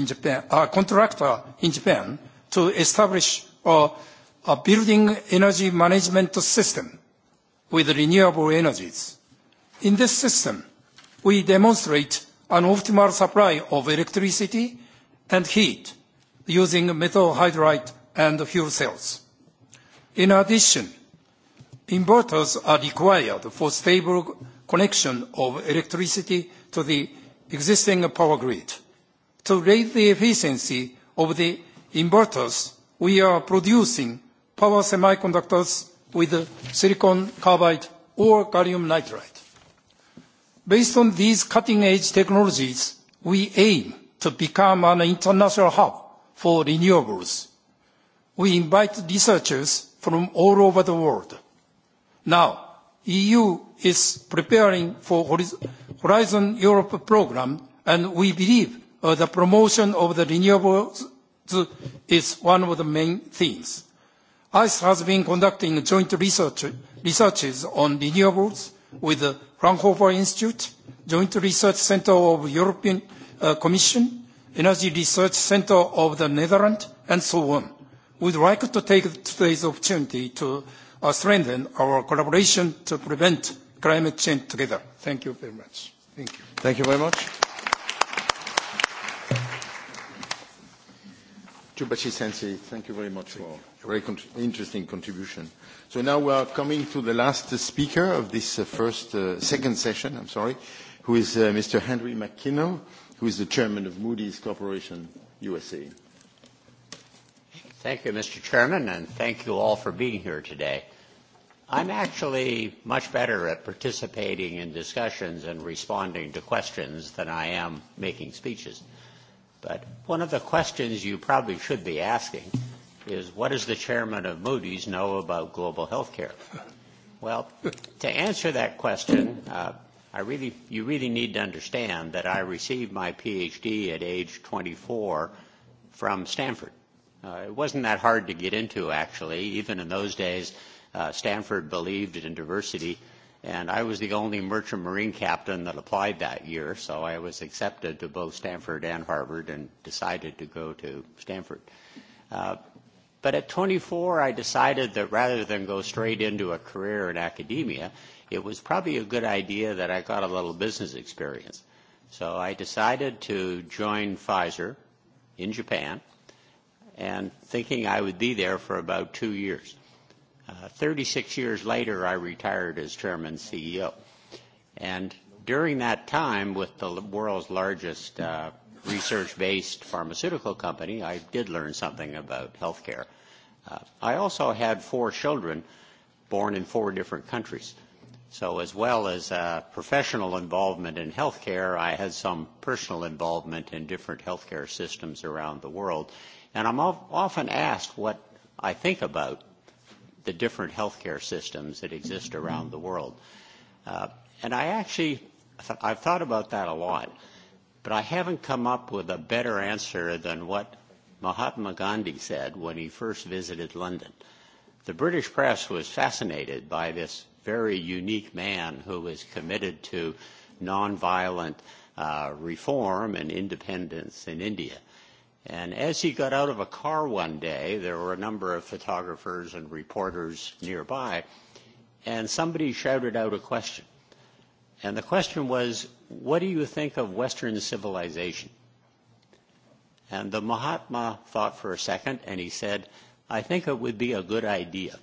in Japan to establish a building energy management system with renewable energies. In this system, we demonstrate an optimal supply of electricity and heat using methyl hydride and fuel cells. In addition, inverters are required for stable connection of electricity to the existing power grid. To raise the efficiency of the inverters, we are producing power semiconductors with silicon carbide or gallium nitride. Based on these cutting-edge technologies, we aim to become an international hub for renewables. We invite researchers from all over the world. Now, EU is preparing for Horizon Europe program, and we believe uh, the promotion of the renewables is one of the main themes. ICE has been conducting joint researches on renewables with the Fraunhofer Institute, Joint Research Center of European uh, Commission, Energy Research Center of the Netherlands, and so on. We'd like to take today's opportunity to uh, strengthen our collaboration to prevent climate change together. Thank you very much. Thank you. Thank you very much. Chubashi-sensei, thank you very much for a very con interesting contribution. So now we are coming to the last speaker of this uh, first, uh, second session, I'm sorry, who is uh, Mr. Henry McKinnell, who is the chairman of Moody's Corporation USA. Thank you, Mr. Chairman, and thank you all for being here today. I'm actually much better at participating in discussions and responding to questions than I am making speeches. But one of the questions you probably should be asking is what does the chairman of Moody's know about global health care? Well, to answer that question, uh, I really, you really need to understand that I received my PhD at age 24 from Stanford. Uh, it wasn't that hard to get into, actually. Even in those days, uh, Stanford believed in diversity. And I was the only merchant marine captain that applied that year, so I was accepted to both Stanford and Harvard and decided to go to Stanford. Uh, but at 24, I decided that rather than go straight into a career in academia, it was probably a good idea that I got a little business experience. So I decided to join Pfizer in Japan, and thinking I would be there for about two years. 36 uh, years later, I retired as chairman CEO. And during that time, with the world's largest uh, research based pharmaceutical company, I did learn something about healthcare. Uh, I also had four children born in four different countries. So, as well as uh, professional involvement in healthcare, I had some personal involvement in different healthcare systems around the world. And I'm of- often asked what I think about the different healthcare systems that exist around the world. Uh, and I actually, th- I've thought about that a lot, but I haven't come up with a better answer than what Mahatma Gandhi said when he first visited London. The British press was fascinated by this very unique man who was committed to nonviolent uh, reform and independence in India. And as he got out of a car one day, there were a number of photographers and reporters nearby, and somebody shouted out a question. And the question was, what do you think of Western civilization? And the Mahatma thought for a second, and he said, I think it would be a good idea.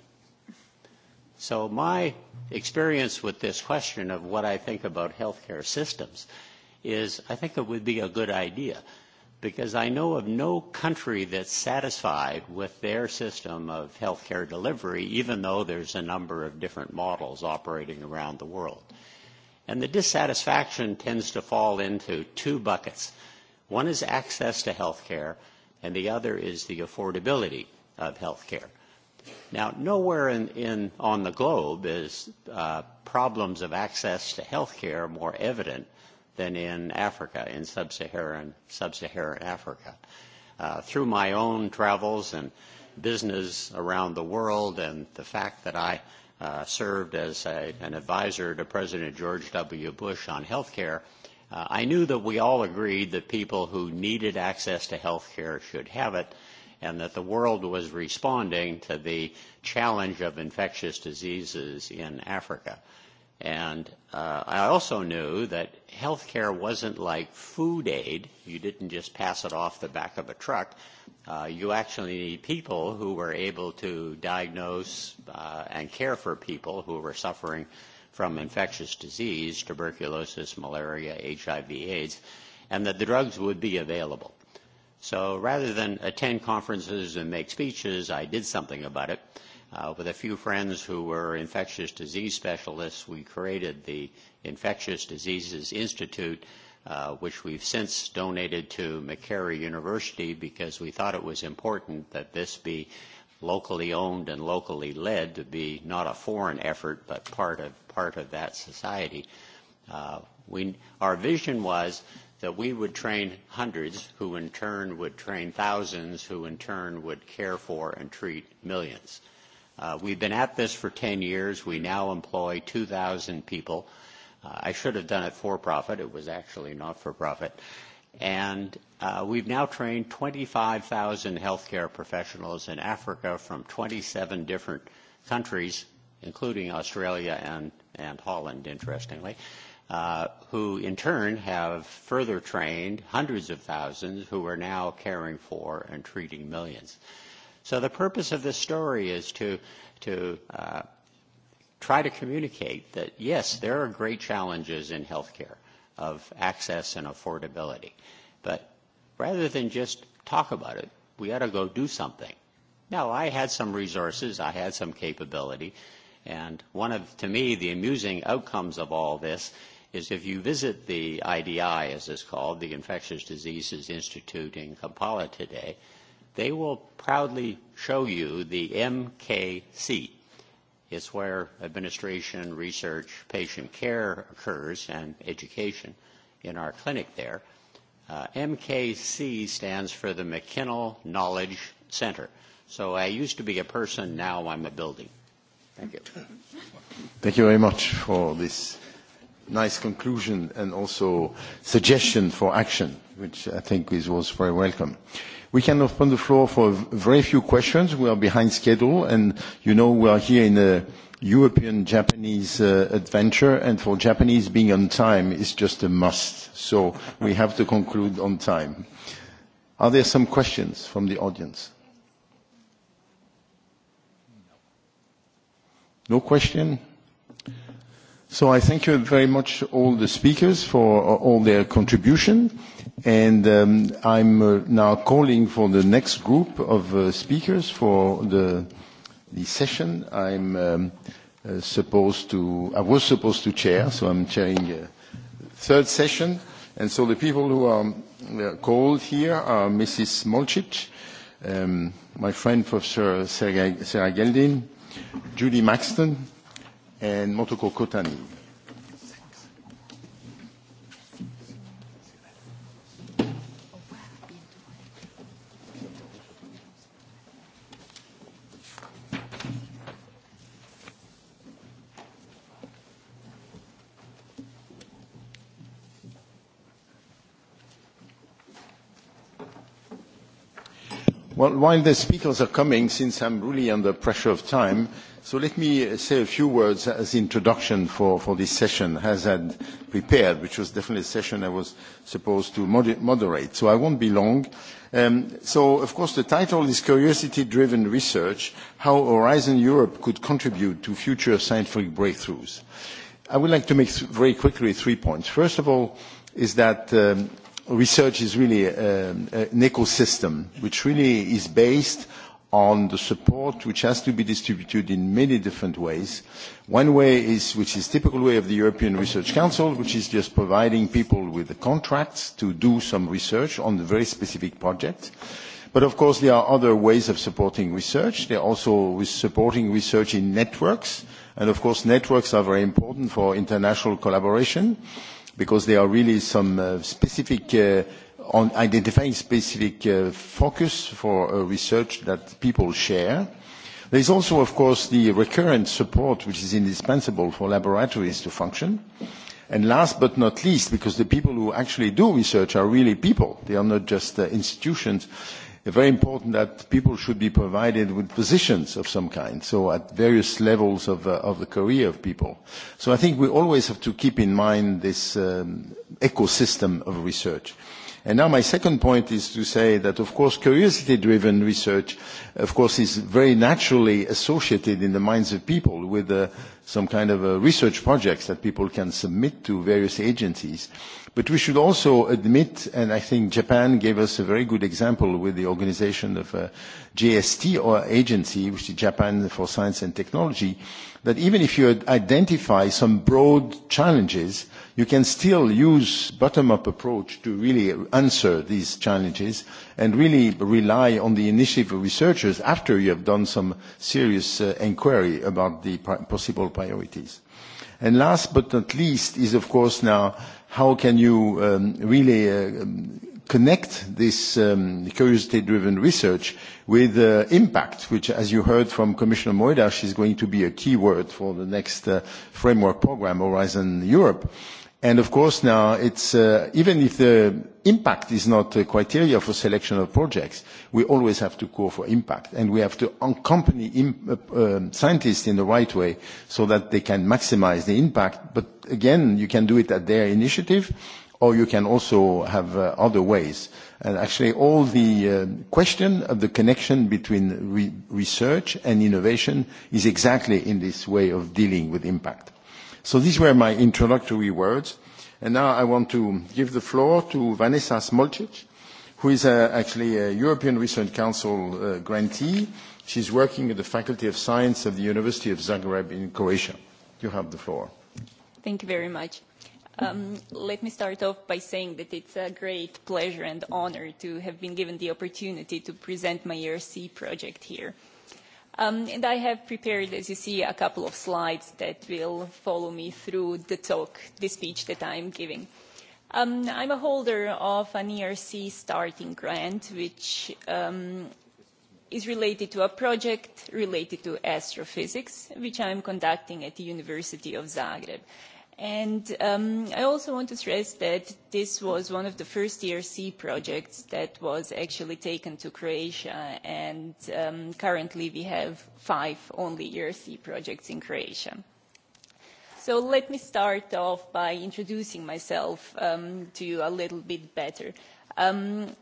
So my experience with this question of what I think about healthcare systems is I think it would be a good idea because I know of no country that's satisfied with their system of healthcare delivery, even though there's a number of different models operating around the world. And the dissatisfaction tends to fall into two buckets. One is access to healthcare, and the other is the affordability of healthcare. Now, nowhere in, in, on the globe is uh, problems of access to healthcare more evident uh, than in Africa, in sub-Saharan, sub-Saharan Africa. Uh, through my own travels and business around the world and the fact that I uh, served as a, an advisor to President George W. Bush on health care, uh, I knew that we all agreed that people who needed access to health care should have it and that the world was responding to the challenge of infectious diseases in Africa. Uh, And uh, I also knew that health care wasn't like food aid. You didn't just pass it off the back of a truck. Uh, you actually need people who were able to diagnose uh, and care for people who were suffering from infectious disease, tuberculosis, malaria, HIV, AIDS, and that the drugs would be available. So rather than attend conferences and make speeches, I did something about it. Uh, Uh, with a few friends who were infectious disease specialists, we created the Infectious Diseases Institute, uh, which we've since donated to McCary University because we thought it was important that this be locally owned and locally led to be not a foreign effort but part of, part of that society. Uh, we, our vision was that we would train hundreds who in turn would train thousands who in turn would care for and treat millions. Uh, Uh, we've been at this for 10 years. We now employ 2,000 people. Uh, I should have done it for profit. It was actually not for profit. And uh, we've now trained 25,000 healthcare professionals in Africa from 27 different countries, including Australia and Holland, interestingly, who in turn have further trained hundreds of thousands who are now caring for and treating millions. So the purpose of this story is to, to uh, try to communicate that, yes, there are great challenges in healthcare of access and affordability. But rather than just talk about it, we ought to go do something. Now, I had some resources, I had some capability, and one of, to me, the amusing outcomes of all this is if you visit the IDI, as it's called, the Infectious Diseases Institute in Kampala today, uh, they will proudly show you the MKC. It's where administration, research, patient care occurs, and education in our clinic there. Uh, MKC stands for the McKinnell Knowledge Center. So I used to be a person, now I'm a building. Thank you. Thank you very much for this nice conclusion and also suggestion for action, which I think is, was very welcome. We can open the floor for very few questions. We are behind schedule, and you know we are here in a European-Japanese uh, adventure, and for Japanese, being on time is just a must. So we have to conclude on time. Are there some questions from the audience? No question? I thank you very much all the speakers for uh, all their contribution. Um, I'm uh, now calling for the next group of uh, speakers for the session. I'm um, supposed to... I was supposed to chair, so I'm chairing third session. The people who are called here are Mrs. Molcic, um, my friend, Professor Sergei Geldin, Judy Maxton, and Motoko Kotani. While the speakers are coming, since I'm really under pressure of time, Let me say a few words as introduction for this session as I'd prepared, which was definitely a session I was supposed to moderate, so I won't be long. Um, of course, the title is Curiosity-Driven Research: How Horizon Europe Could Contribute to Future Scientific Breakthroughs. I would like to make very quickly three points. First of all is that um, research is really um, an ecosystem which really is based on the support which has to be distributed in many different ways. One way is, which is typical way of the European Research Council, which is just providing people with the contracts to do some research on the very specific project. But of course there are other ways of supporting research. They are also supporting research in networks. And of course networks are very important for international collaboration because there are really some uh, specific uh, on identifying specific uh, focus for uh, research that people share. There is also, of course, the recurrent support which is indispensable for laboratories to function. And last but not least, because the people who actually do research are really people, they are not just uh, institutions, it's very important that people should be provided with positions of some kind, so at various levels of, uh, of the career of people. So I think we always have to keep in mind this um, ecosystem of research. And now my second point is to say that, of course, curiosity-driven research, of course, is very naturally associated in the minds of people with uh, some kind of uh, research projects that people can submit to various agencies. But we should also admit, and I think Japan gave us a very good example with the organization of a uh, GST or agency, which is Japan for Science and Technology, uh, that even if you identify some broad challenges, you can still use bottom-up approach to really answer these challenges and really rely on the initiative of researchers after you have done some serious uh, inquiry about the pri possible priorities. And last but not least is, of course, now how can you um, really uh, um, connect this um, curiosity-driven research with uh, impact, which, as you heard from Commissioner Moidash, is going to be a key word for the next uh, framework program, Horizon Europe. And of course now, it's, uh, even if the impact is not a criteria for selection of projects, we always have to call for impact. And we have to accompany uh, um, scientists in the right way so that they can maximize the impact. But again, you can do it at their initiative or you can also have uh, other ways. And actually, all the uh, question of the connection between re- research and innovation is exactly in this way of dealing with impact. So these were my introductory words. And now I want to give the floor to Vanessa Smolcic, who is uh, actually a European Research Council uh, grantee. She's working at the Faculty of Science of the University of Zagreb in Croatia. You have the floor. Thank you very much. Um, let me start off by saying that it's a great pleasure and honor to have been given the opportunity to present my ERC project here. Um, and I have prepared, as you see, a couple of slides that will follow me through the talk, the speech that I'm giving. Um, I'm a holder of an ERC starting grant, which um, is related to a project related to astrophysics, which I'm conducting at the University of Zagreb. Um, i also want to stress that this was one of the first erc projects that was actually taken to croatia and um, currently we have only five erc projects in croatia. so let me start off by introducing myself um, to you a little bit better and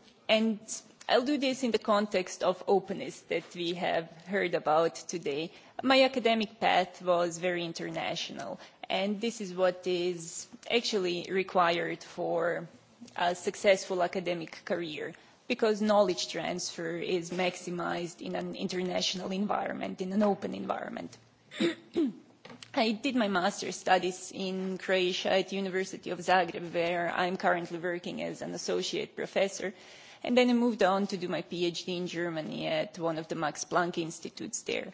i'll do this in the context of openness that we have heard about today. my academic path was very international and this is what is actually required for a successful academic career because knowledge transfer is maximized in an international environment, in an open environment. I did my master's studies in Croatia at the University of Zagreb, where I'm currently working as an associate professor. And then I moved on to do my PhD in Germany at one of the Max Planck Institutes there.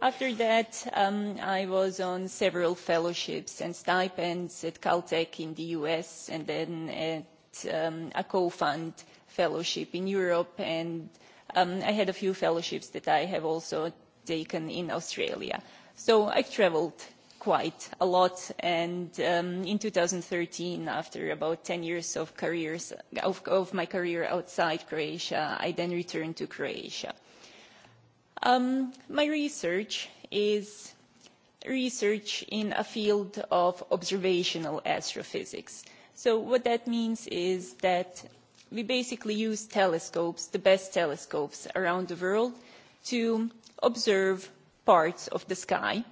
After that, um, I was on several fellowships and stipends at Caltech in the US and then at um, a co fund fellowship in Europe. And um, I had a few fellowships that I have also taken in Australia. So I traveled quite a lot. And um, in 2013, after about 10 years of, careers, of, of my career outside Croatia, I then returned to Croatia. Um, my research is research in a field of observational astrophysics. So what that means is that we basically use telescopes, the best telescopes around the world, to observe parts of the sky.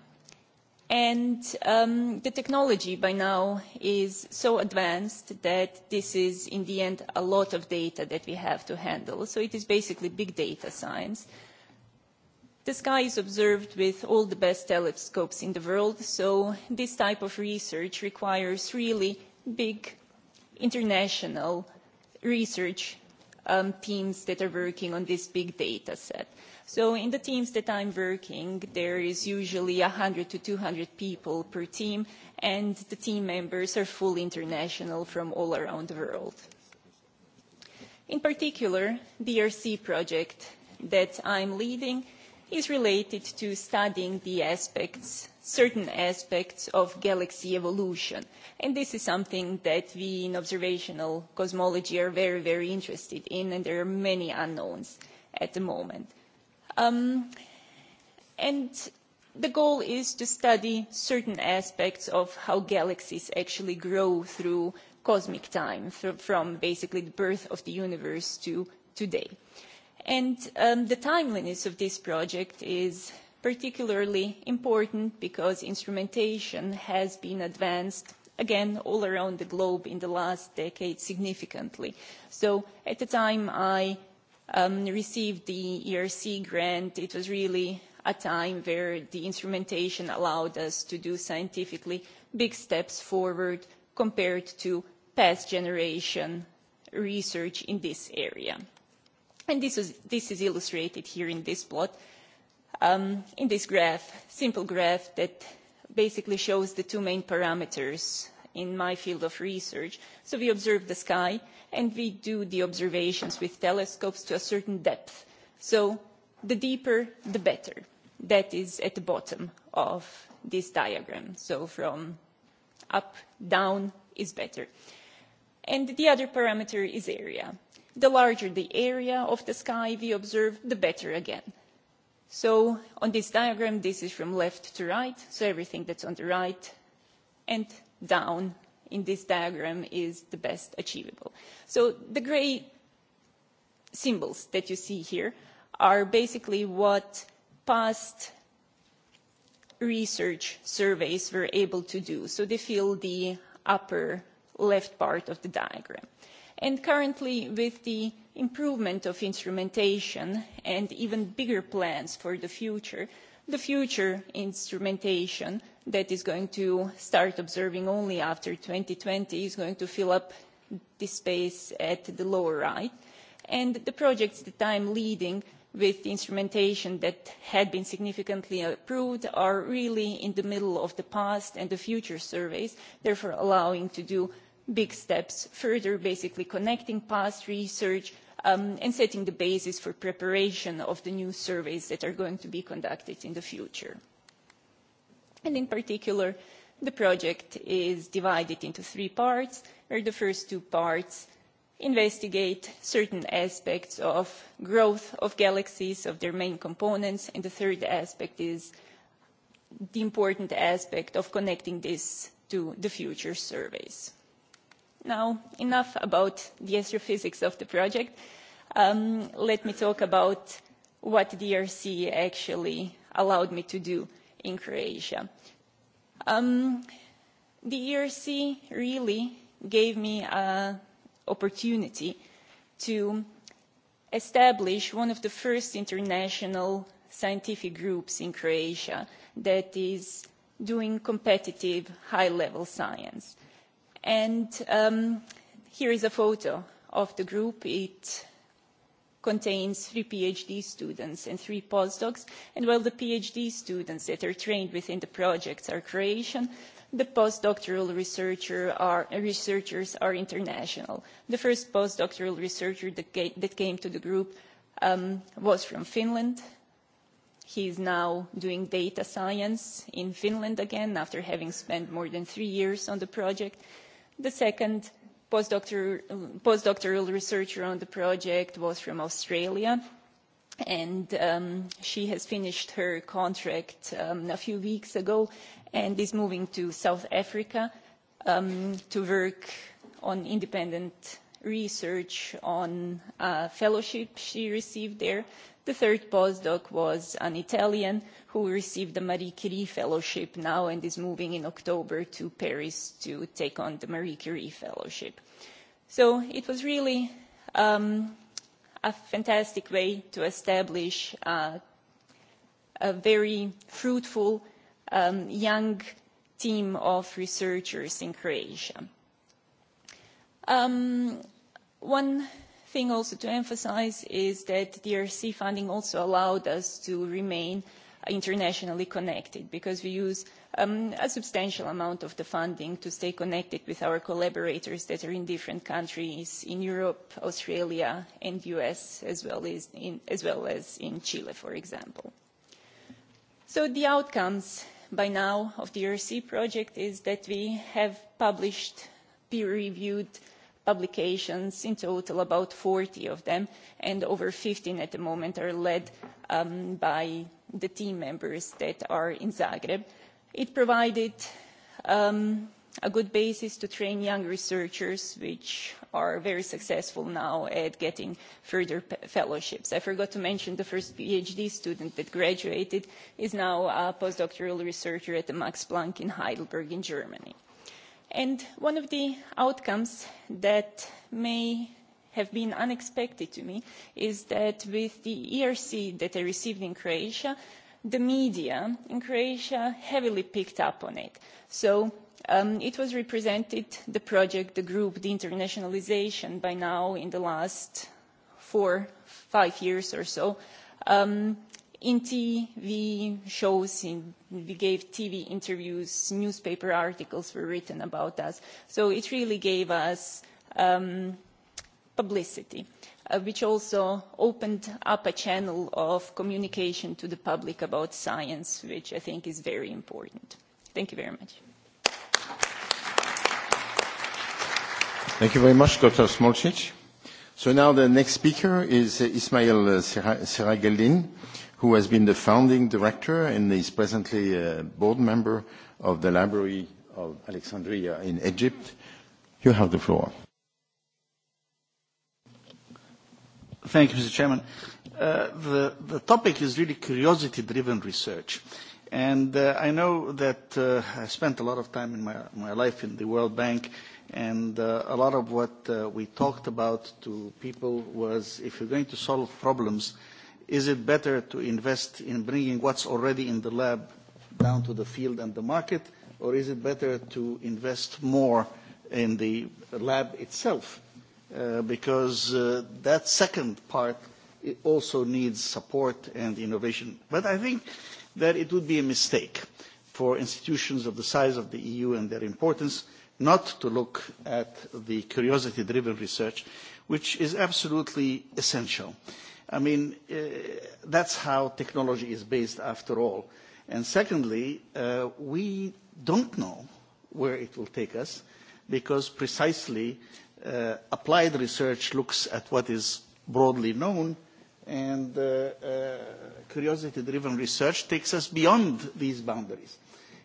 And um, the technology by now is so advanced that this is, in the end, a lot of data that we have to handle. So it is basically big data science. The sky is observed with all the best telescopes in the world, so this type of research requires really big international research um, teams that are working on this big data set. So in the teams that I'm working, there is usually 100 to 200 people per team, and the team members are full international from all around the world. In particular, the ERC project that I'm leading is related to studying the aspects, certain aspects of galaxy evolution. And this is something that we in observational cosmology are very, very interested in, and there are many unknowns at the moment. Um, and the goal is to study certain aspects of how galaxies actually grow through cosmic time, from basically the birth of the universe to today. Um, the timeliness of this project is particularly important because instrumentation has been advanced, again, all around the globe in the last decade significantly. At the time I um, received the ERC grant, it was really a time where the instrumentation allowed us to do scientifically big steps forward compared to past generation research in this area and this is illustrated here in this plot um, in this graph simple graph that basically shows the two main parameters in my field of research so we observe the sky and we do the observations with telescopes to a certain depth so the deeper the better that is at the bottom of this diagram so from up down is better and the other parameter is area the larger the area of the sky we observe the better again. so on this diagram this is from left to right so everything that's on the right and down in this diagram is the best achievable. so the gray symbols that you see here are basically what past research surveys were able to do so they fill the upper left part of the diagram and currently with the improvement of instrumentation and even bigger plans for the future, the future instrumentation that is going to start observing only after 2020 is going to fill up the space at the lower right. And the projects that I'm leading with the instrumentation that had been significantly approved are really in the middle of the past and the future surveys, therefore allowing to do big steps further basically connecting past research um, and setting the basis for preparation of the new surveys that are going to be conducted in the future. And in particular, the project is divided into three parts, where the first two parts investigate certain aspects of growth of galaxies, of their main components, and the third aspect is the important aspect of connecting this to the future surveys now enough about the astrophysics of the project. Um, let me talk about what the ERC actually allowed me to do in Croatia. Um, the ERC really gave me an opportunity to establish one of the first international scientific groups in Croatia that is doing competitive high-level science and um, here is a photo of the group it contains three phd students and three postdocs and while the phd students that are trained within the projects are croatian the postdoctoral researcher are, researchers are international. The first postdoctoral researcher that, ga- that came to the group um, was from Finland. He is now doing data science in Finland again after having spent more than three years on the project the second postdoctoral researcher on the project was from australia and um, she has finished her contract um, a few weeks ago and is moving to south africa um, to work on independent research on a fellowship she received there. the third postdoc was an italian who received the Marie Curie Fellowship now and is moving in October to Paris to take on the Marie Curie Fellowship. So it was really um, a fantastic way to establish uh, a very fruitful um, young team of researchers in Croatia. Um, one thing also to emphasize is that DRC funding also allowed us to remain internationally connected because we use um, a substantial amount of the funding to stay connected with our collaborators that are in different countries in Europe, Australia and US as well as in, as well as in Chile, for example. So the outcomes by now of the ERC project is that we have published peer-reviewed publications in total, about 40 of them, and over 15 at the moment are led um, by the team members that are in Zagreb. It provided um, a good basis to train young researchers, which are very successful now at getting further fellowships. I forgot to mention the first PhD student that graduated is now a postdoctoral researcher at the Max Planck in Heidelberg in Germany. And one of the outcomes that may have been unexpected to me is that with the ERC that I received in Croatia, the media in Croatia heavily picked up on it. So um, it was represented, the project, the group, the internationalization by now in the last four, five years or so, um, in TV shows, in, we gave TV interviews, newspaper articles were written about us. So it really gave us um, publicity uh, which also opened up a channel of communication to the public about science which i think is very important thank you very much thank you very much dr smolcic so now the next speaker is uh, ismail uh, seragaldin who has been the founding director and is presently a board member of the library of alexandria in egypt you have the floor Thank you, Mr. Chairman. Uh, the, the topic is really curiosity-driven research. And uh, I know that uh, I spent a lot of time in my, my life in the World Bank, and uh, a lot of what uh, we talked about to people was, if you're going to solve problems, is it better to invest in bringing what's already in the lab down to the field and the market, or is it better to invest more in the lab itself? Uh, because uh, that second part it also needs support and innovation. But I think that it would be a mistake for institutions of the size of the EU and their importance not to look at the curiosity-driven research, which is absolutely essential. I mean, uh, that's how technology is based after all. And secondly, uh, we don't know where it will take us because precisely uh, applied research looks at what is broadly known, and uh, uh, curiosity-driven research takes us beyond these boundaries.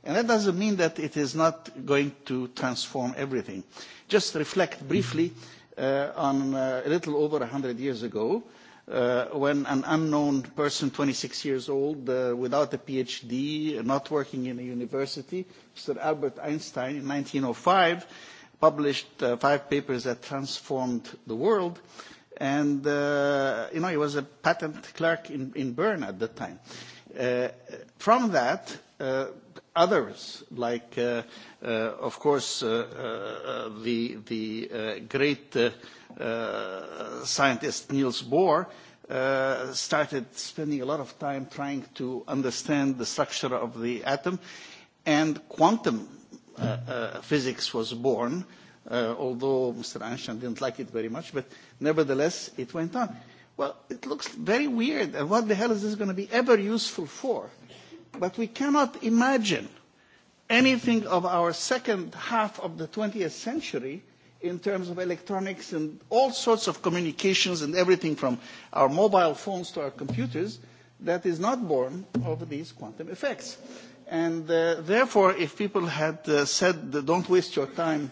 And that doesn't mean that it is not going to transform everything. Just reflect briefly uh, on uh, a little over 100 years ago, uh, when an unknown person, 26 years old, uh, without a PhD, not working in a university, Sir Albert Einstein, in 1905, published uh, five papers that transformed the world. And, uh, you know, he was a patent clerk in, in Bern at the time. Uh, from that, uh, others, like, uh, uh, of course, uh, uh, the, the uh, great uh, uh, scientist Niels Bohr, uh, started spending a lot of time trying to understand the structure of the atom. And quantum Uh, uh, physics was born, uh, although Mr. Einstein didn't like it very much, but nevertheless, it went on. Well, it looks very weird, and what the hell is this going to be ever useful for? But we cannot imagine anything of our second half of the 20th century in terms of electronics and all sorts of communications and everything from our mobile phones to our computers that is not born of these quantum effects. Uh, And uh, therefore, if people had uh, said, don't waste your time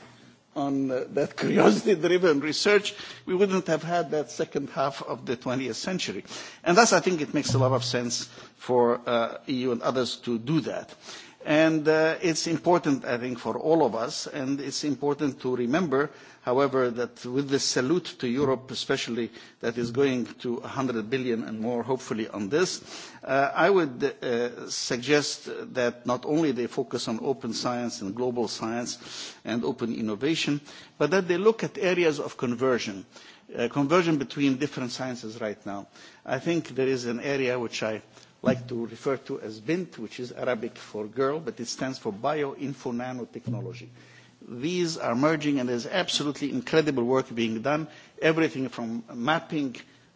on uh, that curiosity-driven research, we wouldn't have had that second half of the 20th century. And thus, I think it makes a lot of sense for uh, EU and others to do that and uh, it's important, I think, for all of us, and it's important to remember, however, that with the salute to Europe, especially that is going to 100 billion and more, hopefully, on this, uh, I would uh, suggest that not only they focus on open science and global science and open innovation, but that they look at areas of conversion, uh, conversion between different sciences right now. I think there is an area which I like to refer to as BINT, which is Arabic for girl, but it stands for Bio Info Nanotechnology. These are merging, and there's absolutely incredible work being done, everything from mapping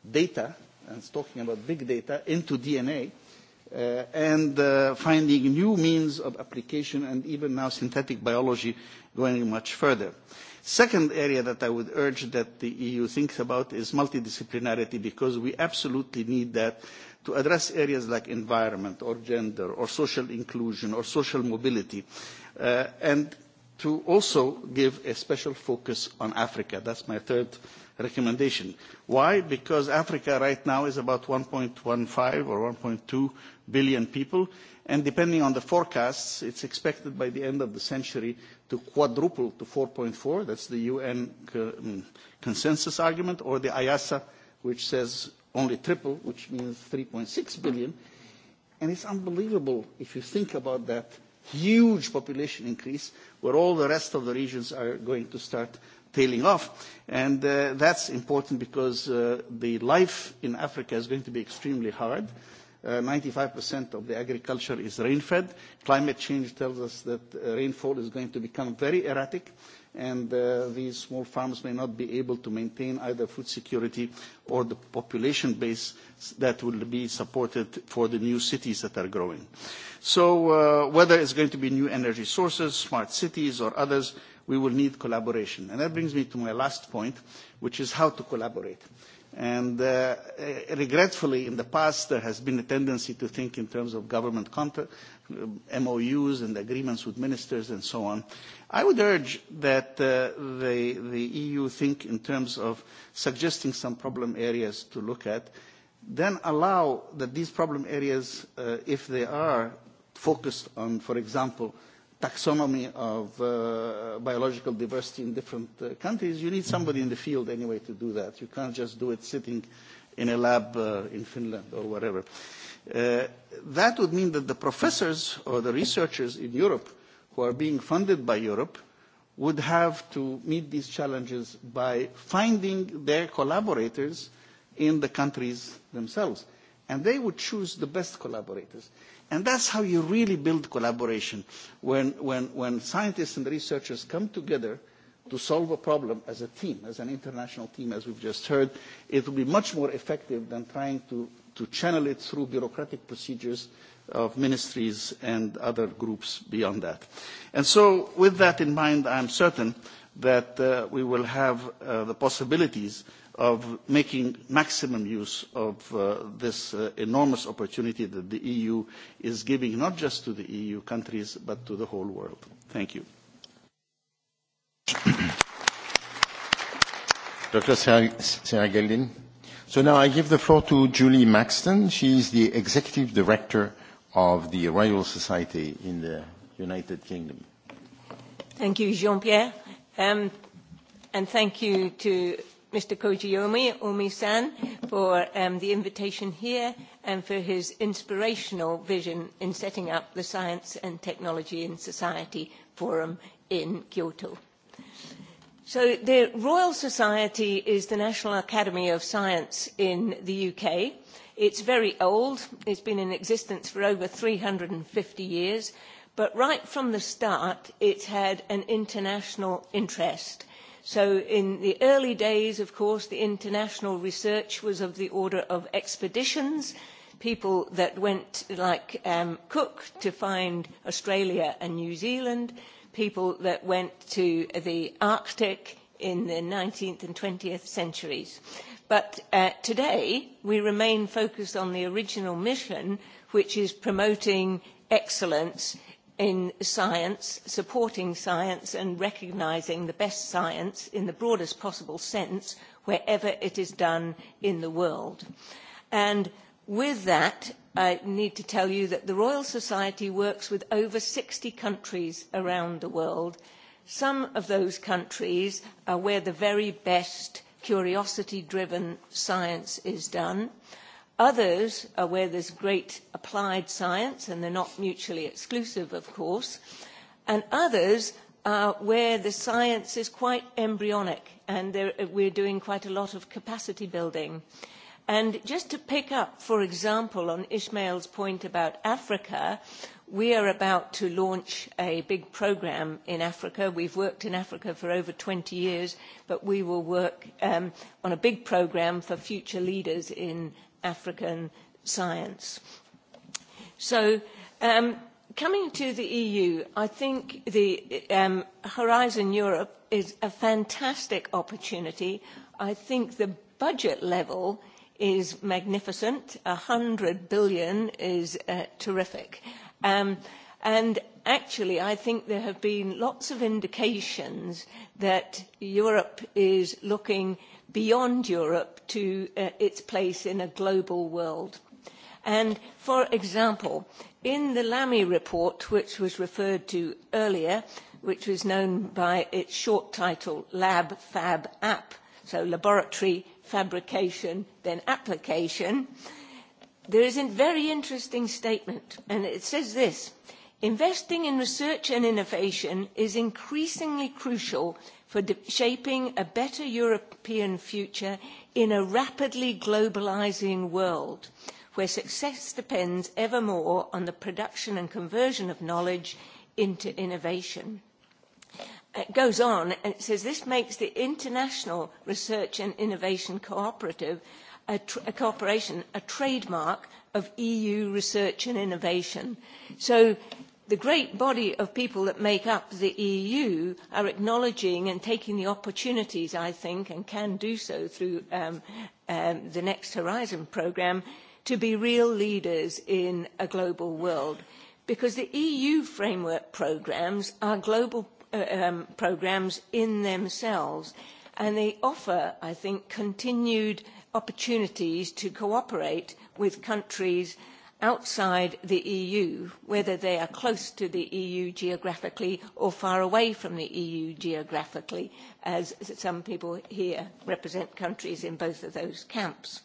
data, and it's talking about big data, into DNA, uh, and uh, finding new means of application, and even now synthetic biology going much further. Uh, second area that i would urge that the eu thinks about is multidisciplinarity because we absolutely need that to address areas like environment or gender or social inclusion or social mobility uh, and to also give a special focus on africa that's my third recommendation why because africa right now is about 1.15 or 1.2 billion people and depending on the forecasts it's expected by the end of the century to quadruple to 4.4, that's the UN um, mm, consensus argument, or the IASA, which says only triple, which means 3.6 billion. And it's unbelievable if you think about that huge population increase where all the rest of the regions are going to start tailing off. And uh, that's important because uh, the life in Africa is going to be extremely hard. Mm-hmm. 95% uh, of the agriculture is rain-fed. Climate change tells us that uh, rainfall is going to become very erratic, and uh, these small farms may not be able to maintain either food security or the population base that will be supported for the new cities that are growing. So uh, whether it's going to be new energy sources, smart cities or others, we will need collaboration. And that brings me to my last point, which is how to collaborate. Uh, And uh, eh, regretfully, in the past, there has been a tendency to think in terms of government contract, um, MOUs and agreements with ministers and so on. I would urge that uh, the, the EU think in terms of suggesting some problem areas to look at, then allow that these problem areas, uh, if they are focused on, for example, uh, taxonomy of uh, biological diversity in different uh, countries, you need somebody in the field anyway to do that. You can't just do it sitting in a lab uh, in Finland or whatever. Uh, that would mean that the professors or the researchers in Europe who are being funded by Europe would have to meet these challenges by finding their collaborators in the countries themselves. And they would choose the best collaborators. Uh, And that's how you really build collaboration, when, when, when scientists and researchers come together to solve a problem as a team, as an international team, as we've just heard, it will be much more effective than trying to, to channel it through bureaucratic procedures of ministries and other groups beyond that. And so with that in mind, I'm certain that uh, we will have uh, the possibilities of making maximum use of uh, this uh, enormous opportunity that the EU is giving not just to the EU countries but to the whole world. Thank you. Dr. Sergelin. So now I give the floor to Julie Maxton. She is the Executive Director of the Royal Society in the United Kingdom. Thank you, Jean-Pierre. Um, and thank you to Mr. Kojiomi Omi-san for um, the invitation here and for his inspirational vision in setting up the Science and Technology in Society Forum in Kyoto. So the Royal Society is the National Academy of Science in the UK. It's very old. It's been in existence for over 350 years. But right from the start, it's had an international interest – So in the early days, of course, the international research was of the order of expeditions, people that went like um, Cook to find Australia and New Zealand, people that went to the Arctic in the 19th and 20th centuries. But uh, today, we remain focused on the original mission, which is promoting excellence in science, supporting science and recognizing the best science in the broadest possible sense wherever it is done in the world. And with that, I need to tell you that the Royal Society works with over 60 countries around the world. Some of those countries are where the very best curiosity-driven science is done. Uh, others are where there is great applied science and they are not mutually exclusive of course and others are where the science is quite embryonic and we are doing quite a lot of capacity building and just to pick up for example on ishmael's point about africa we are about to launch a big program in africa we've worked in africa for over 20 years but we will work um, on a big program for future leaders in African science. So, um, coming to the EU, I think the um, Horizon Europe is a fantastic opportunity. I think the budget level is magnificent. A hundred billion is uh, terrific. Um, and actually, I think there have been lots of indications that Europe is looking uh, beyond Europe to uh, its place in a global world. And for example, in the Lamy report, which was referred to earlier, which was known by its short title, Lab Fab App, so laboratory, fabrication, then application, there is a very interesting statement, and it says this, investing in research and innovation is increasingly crucial for shaping a better European future in a rapidly globalizing world where success depends ever more on the production and conversion of knowledge into innovation. It goes on and it says this makes the International Research and Innovation Cooperative a, tr a cooperation, a trademark of EU research and innovation. So the great body of people that make up the EU are acknowledging and taking the opportunities, I think, and can do so through um, um, the Next Horizon programme, to be real leaders in a global world. Because the EU framework programmes are global uh, um, programmes in themselves, and they offer, I think, continued opportunities to cooperate with countries outside the EU, whether they are close to the EU geographically or far away from the EU geographically, as some people here represent countries in both of those camps.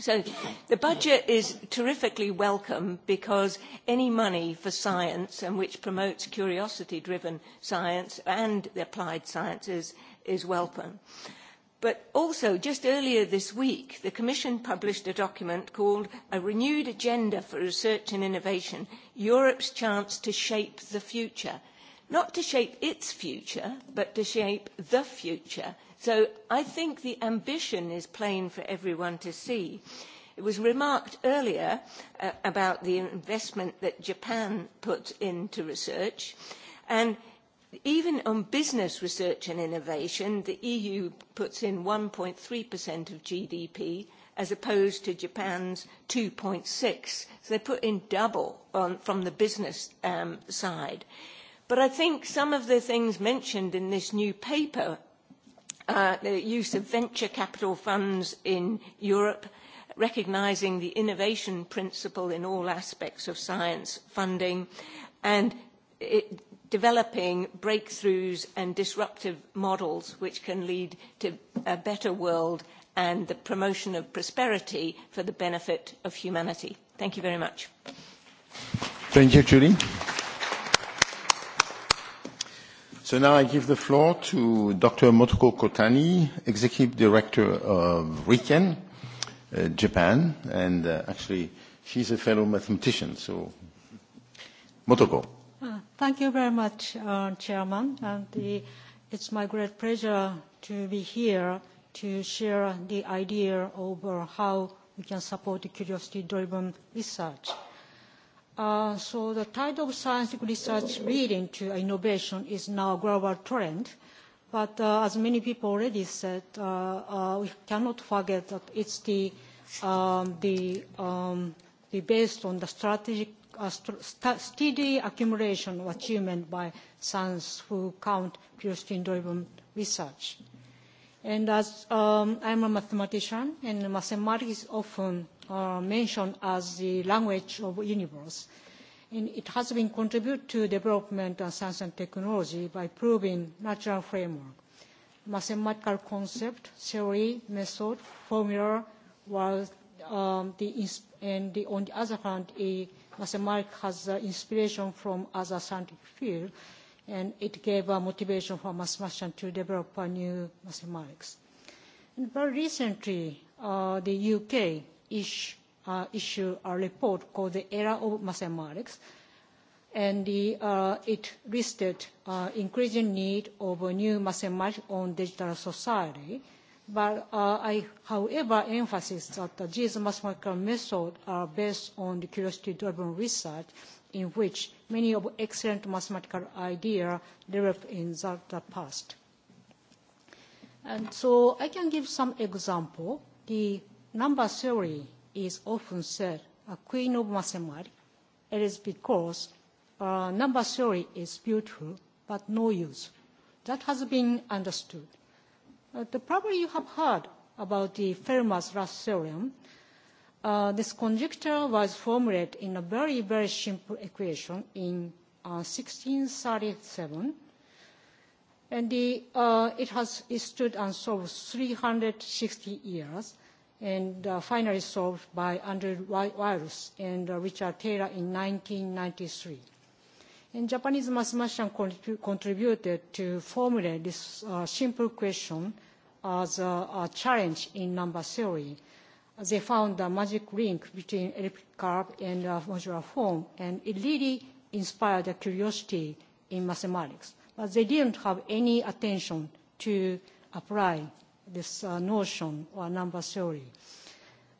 So the budget is terrifically welcome because any money for science and which promotes curiosity-driven science and the applied sciences is welcome. But also, just earlier this week, the Commission published a document called A Renewed Agenda for Research and Innovation Europe's Chance to Shape the Future. Not to shape its future, but to shape the future. So I think the ambition is plain for everyone to see. It was remarked earlier uh, about the investment that Japan puts into research. And even on business research and innovation the eu puts in 1.3% of gdp as opposed to japan's 2.6 so they put in double on, from the business um, side but i think some of the things mentioned in this new paper uh, the use of venture capital funds in europe recognizing the innovation principle in all aspects of science funding and it, developing breakthroughs and disruptive models which can lead to a better world and the promotion of prosperity for the benefit of humanity. Thank you very much. Thank you, Julie. So now I give the floor to Dr. Motoko Kotani, Executive Director of RIKEN, uh, Japan, and uh, actually she's a fellow mathematician, so Motoko. Uh, thank you very much, uh, Chairman. It's my great pleasure to be here to share the idea of how we can support curiosity-driven research. Uh, the tide of scientific research leading to innovation is now a global trend. As many people already said, we cannot forget that it's um, um, based on the strategic a st- st- steady accumulation of achievement by sons who count Pierstein-driven research. And as um, I'm a mathematician, and mathematics is often uh, mentioned as the language of universe, and it has been contributed to development of science and technology by proving natural framework. Mathematical concept, theory, method, formula, was um, the, and the, on the other hand, a as Mark has inspiration from other scientific fields, and it gave a motivation for mathematician to develop a new mathematics. And very recently, uh, the UK ish, uh, issued a report called the Era of Mathematics, and the, uh, it listed uh, increasing need of a new mathematics on digital society. But uh, I, however, emphasize that the GS mass molecular method are based on the curiosity-driven research in which many of excellent mathematical ideas developed in the, the past. And so I can give some example. The number theory is often said a queen of mathematics. It is because uh, number theory is beautiful but no use. That has been understood. Uh, probably you have heard about the Fermat's last theorem. Uh, this conjecture was formulated in a very, very simple equation in uh, 1637. And the, uh, it has it stood and solved 360 years and uh, finally solved by Andrew Wiles and uh, Richard Taylor in 1993. Japanese mathematician contributed to formulate this uh, simple question as a, a challenge in number theory. They found the magic link between elliptic curve and uh, modular form, and it really inspired the curiosity in mathematics. But they didn't have any attention to apply this uh, notion or number theory.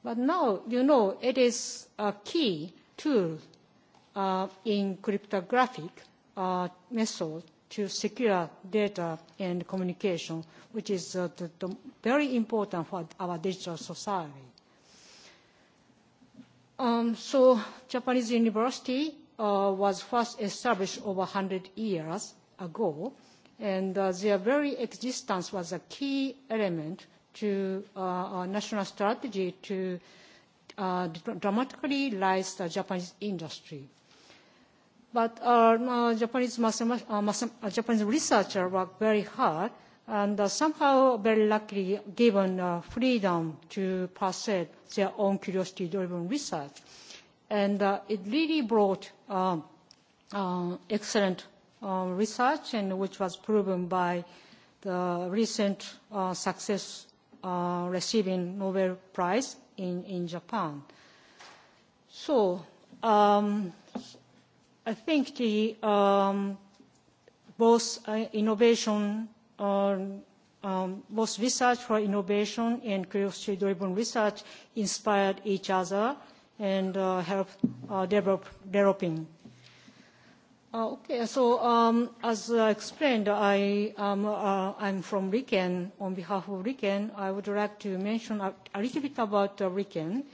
But now you know it is a key tool uh, in cryptographic uh, method to secure data and communication, which is uh, the, the very important for our digital society. Um, so Japanese university uh, was first established over 100 years ago, and uh, their very existence was a key element to uh, our national strategy to uh, dramatically rise the Japanese industry. But uh, no, Japanese, mathemat- uh, uh, Japanese researcher worked very hard and uh, somehow very luckily given uh, freedom to pursue their own curiosity-driven research. And uh, it really brought um, uh, excellent um, research and which was proven by the recent uh, success uh, receiving Nobel Prize in, in Japan. So, um, I think the, um, both uh, innovation, uh, um, both research for innovation and curiosity-driven research inspired each other and uh, helped uh, develop developing. Uh, okay, so um, as I explained, I am, uh, I'm from RICAN. On behalf of RICAN, I would like to mention a, a little bit about uh, RICAN.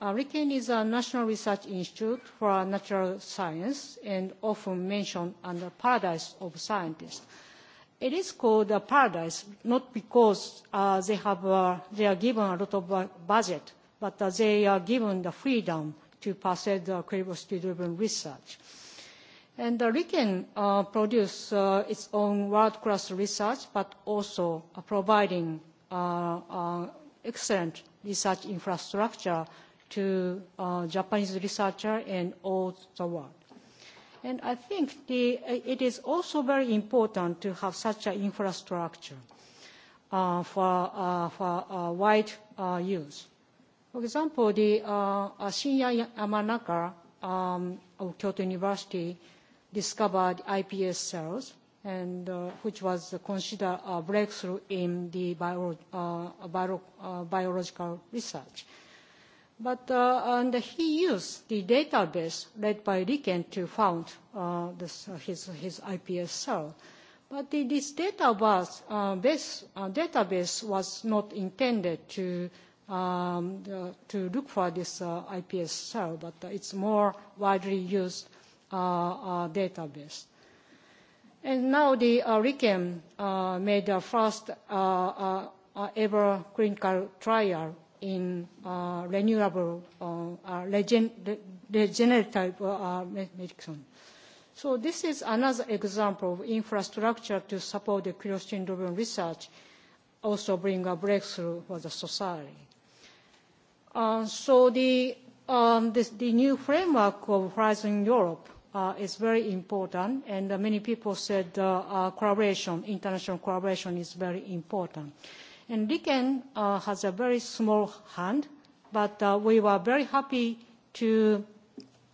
Uh, RIKEN is a national research institute for natural science and often mentioned as the paradise of scientists. It is called a paradise not because uh, they, have, uh, they are given a lot of uh, budget, but uh, they are given the freedom to pursue the curiosity-driven research. And uh, RIKEN uh, produces uh, its own world-class research, but also uh, providing uh, uh, excellent research infrastructure to uh, Japanese researcher and all the world. And I think the, uh, it is also very important to have such an infrastructure uh, for, uh, for uh, wide uh, use. For example, the uh, uh, Shinya Yamanaka um, of Kyoto University discovered IPS cells and uh, which was considered a breakthrough in the bio, uh, bio, uh, biological research. Uh, But uh, and he used the database led by Riken to found uh, this, uh, his his IPS cell. But the, this database, uh, base, uh, database was not intended to um, the, to look for this uh, IPS cell, but it's more widely used uh, uh, database. And now the uh, RICAM uh, made the first uh, uh, uh, ever clinical trial in uh, renewable uh, uh, regenerative medicine. This is another example of infrastructure to support the curiosity-driven research, also bring a breakthrough for the society. Um, the new framework of Horizon Europe is very important, and many people said international collaboration is very important. And Riken uh, has a very small hand, but uh, we were very happy to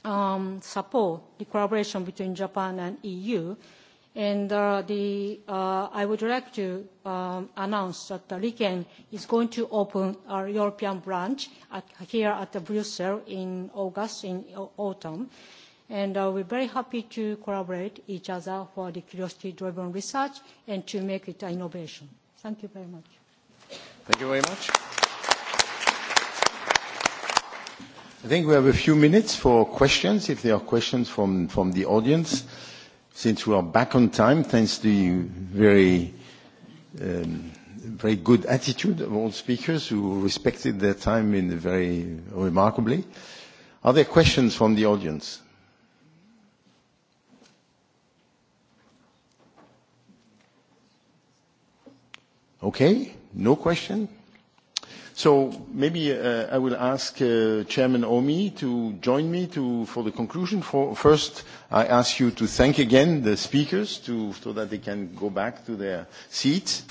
um, support the collaboration between Japan and EU. And uh, the, uh, I would like to um, announce that the Riken is going to open a European branch at, here at the Brussels in August, in autumn. And uh, we're very happy to collaborate each other for the curiosity-driven research and to make it an innovation. Thank you very much. Thank you very much. I think we have a few minutes for questions, if there are questions from the audience. Since we are back on time, thanks to um, very good attitude of all speakers who respected their time in a very remarkably. Are there questions from the audience? Okay. No question? Maybe uh, I will ask uh, Chairman Omi to join me for the conclusion. First, I ask you to thank again the speakers so that they can go back to their seats.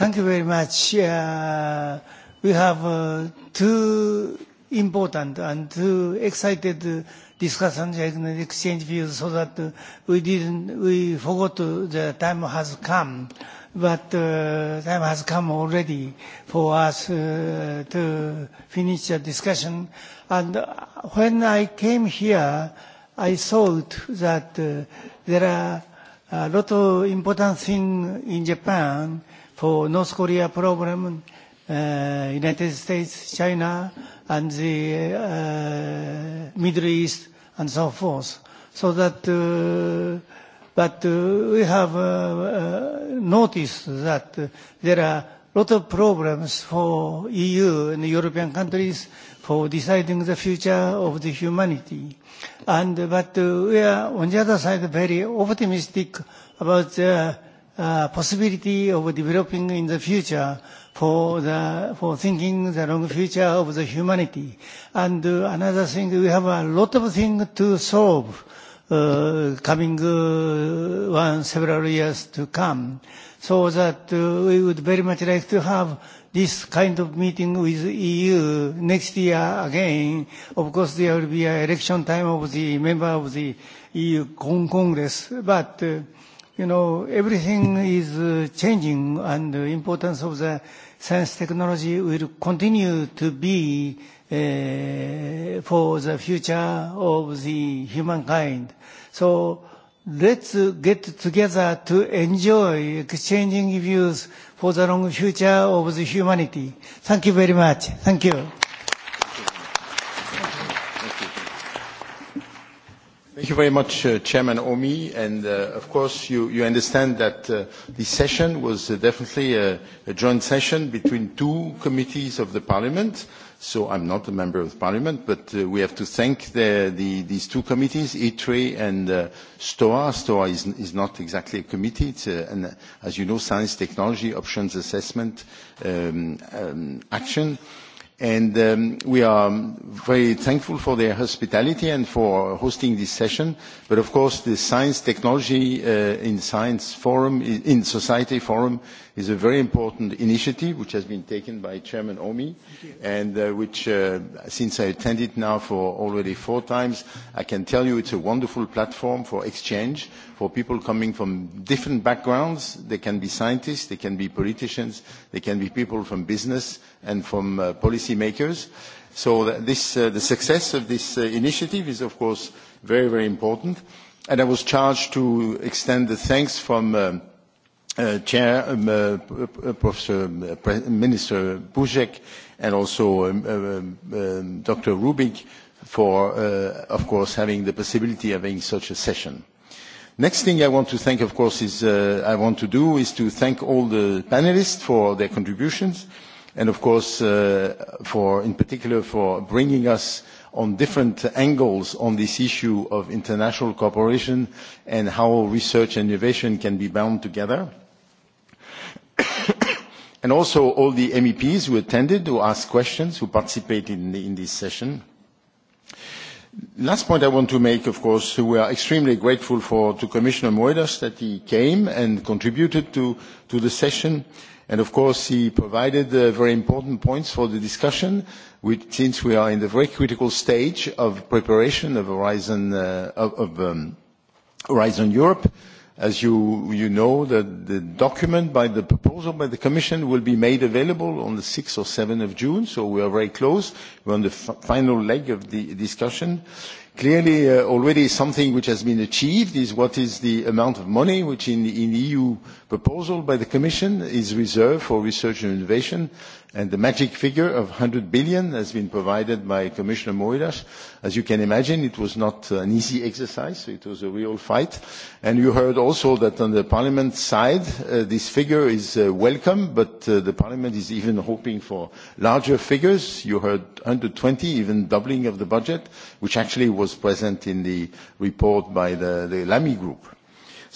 Thank you very much. Uh, we have uh, two important and two excited uh, discussions and exchange views so that uh, we didn't, we forgot uh, the time has come. But uh, time has come already for us uh, to finish the discussion. And when I came here, I thought that uh, there are a lot of important things in Japan for North Korea problem, uh, United States, China, and the uh, Middle East, and so forth. So that, uh, but uh, we have uh, uh noticed that uh, there are a lot of problems for EU and European countries for deciding the future of the humanity. And, but uh, we are on the other side very optimistic about the uh, Uh, possibility of developing in the future for the, for thinking the long future of the humanity. And uh, another thing, we have a lot of things to solve, uh, coming one, several years to come. So that, we would very much like to have this kind of meeting with EU next year again. Of course, there will be an election time of the member of the EU Congress, but, you know, everything is uh, changing and the importance of the science technology will continue to be uh, for the future of the humankind. So let's uh, get together to enjoy exchanging views for the long future of the humanity. Thank you very much. Thank you. Uh, chairman omi and uh, of course you understand that uh, this session was definitely a joint session between two committees of the parliament so i'm not a member of parliament but we have to thank these two committees itre and stoa. stoa is not exactly a committee it's an as you know science technology options assessment um, um, action and and um, we are very thankful for their hospitality and for hosting this session. But of course, the science technology uh, in science forum, in society forum, is a very important initiative which has been taken by chairman omi and uh, which uh, since i attended now for already four times i can tell you it's a wonderful platform for exchange for people coming from different backgrounds they can be scientists they can be politicians they can be people from business and from uh, policy makers so this, uh, the success of this uh, initiative is of course very very important and i was charged to extend the thanks from uh, Uh, chair um, uh, professor uh, minister buzek and also um, um, dr rbig for of course having the possibility of having such a session. the next thing i want to thank of course is i want to do is to thank all the panellists for their contributions and of course for in particular for bringing us on different angles on this issue of international cooperation and how research and innovation can be bound together and also all the MEPs who attended, who asked questions, who participated in, the, in this session. Last point I want to make, of course, we are extremely grateful for, to Commissioner Moedas that he came and contributed to, to the session. And of course, he provided uh, very important points for the discussion, which, since we are in the very critical stage of preparation of Horizon, uh, of, of, um, Horizon Europe as you, you know, the, the document by the proposal by the Commission will be made available on the 6th or 7th of June, so we are very close. We're on the f final leg of the discussion. Clearly, uh, already something which has been achieved is what is the amount of money which in the, in the EU proposal by the Commission is reserved for research and innovation. The magic figure of 100 billion has been provided by Commissioner Moedas. As you can imagine, it was not an easy exercise. It was a real fight. You heard also that on the parliament side, uh, this figure is uh, welcome, but uh, the parliament is even hoping for larger figures. You heard 120, even doubling of the budget, which actually was present in the report by the Lamy Group.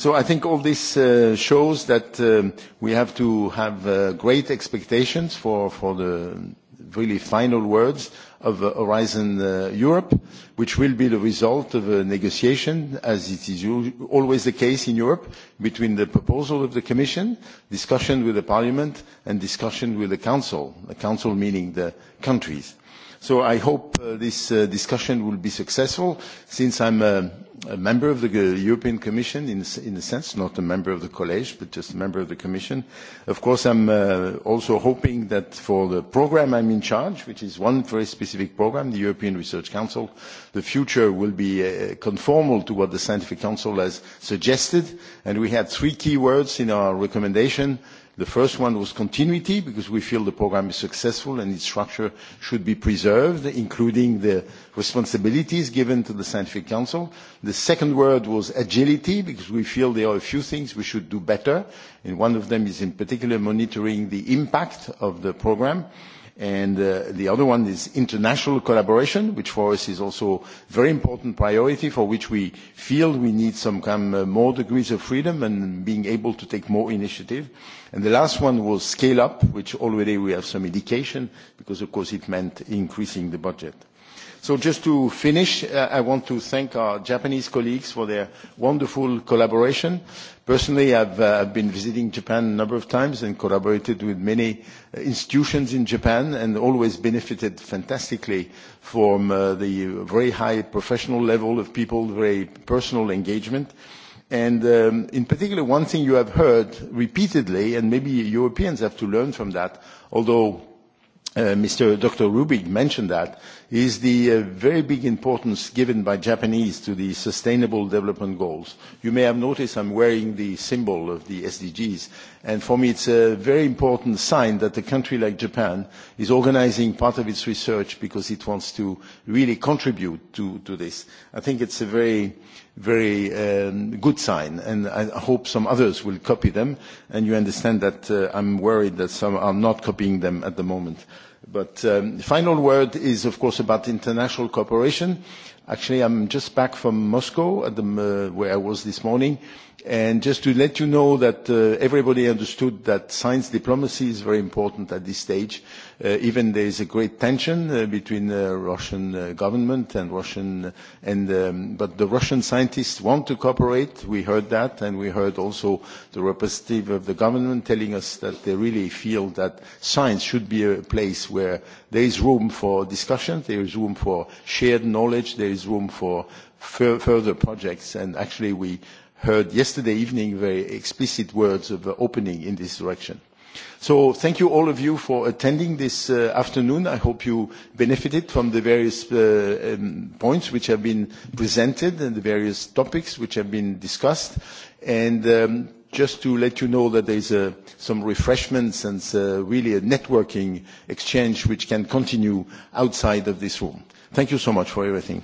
I think all this uh, shows that um, we have to have uh, great expectations for the really final words of uh, Horizon Europe, which will be the result of a negotiation, as it is always the case in Europe, between the proposal of the Commission, discussion with the Parliament, and discussion with the Council. The Council meaning the countries. I hope this discussion will be successful since I'm a member of the european commission in a sense not a member of the college but just a member of the commission of course i am uh, also hoping that for the programme i am in charge of which is one very specific programme the european research council the future will be uh, conformal to what the scientific council has suggested and we had three key words in our recommendation namely The first one was continuity, because we feel the program is successful and its structure should be preserved, including the responsibilities given to the Scientific Council. The second word was agility, because we feel there are a few things we should do better, and one of them is in particular monitoring the impact of the program. Uh, the other one is international collaboration, which for us is also very important priority, for which we feel we need some kind of uh, more degrees of freedom and being able to take more initiative. The last one was scale up, which already we have some indication, because of course it meant increasing the budget. Just to finish, uh, I want to thank our Japanese colleagues for their wonderful collaboration. Personally, I've uh, been visiting Japan a number of times and collaborated with many uh, institutions in Japan and always benefited fantastically from the very high professional level of people, very personal engagement. Um, in particular, one thing you have heard repeatedly, and maybe Europeans have to learn from that, although Uh, Mr. Dr. Rubig mentioned that, is the uh, very big importance given by Japanese to the sustainable development goals. You may have noticed I'm wearing the symbol of the SDGs, and for me it's a very important sign that a country like Japan is organizing part of its research because it wants to really contribute to, to this. I think it's a very uh, very um, good sign, and I hope some others will copy them. And you understand that uh, I'm worried that some are not copying them at the moment. But um, the final word is, of course, about international cooperation. Actually, I'm just back from Moscow, at the, uh, where I was this morning. Uh, just to let you know that uh, everybody understood that science diplomacy is very important at this stage, uh, even there is a great tension uh, between the uh, Russian uh, government and Russian, uh, and, um, but the Russian scientists want to cooperate. We heard that, and we heard also the representative of the government telling us that they really feel that science should be a place where there is room for discussion, there is room for shared knowledge, there is room for f- further projects, and actually we heard yesterday evening very explicit words of uh, opening in this direction. So thank you all of you for attending this uh, afternoon. I hope you benefited from the various uh, um, points which have been presented and the various topics which have been discussed. And um, just to let you know that there's uh, some refreshments and uh, really a networking exchange which can continue outside of this room. Thank you so much for everything.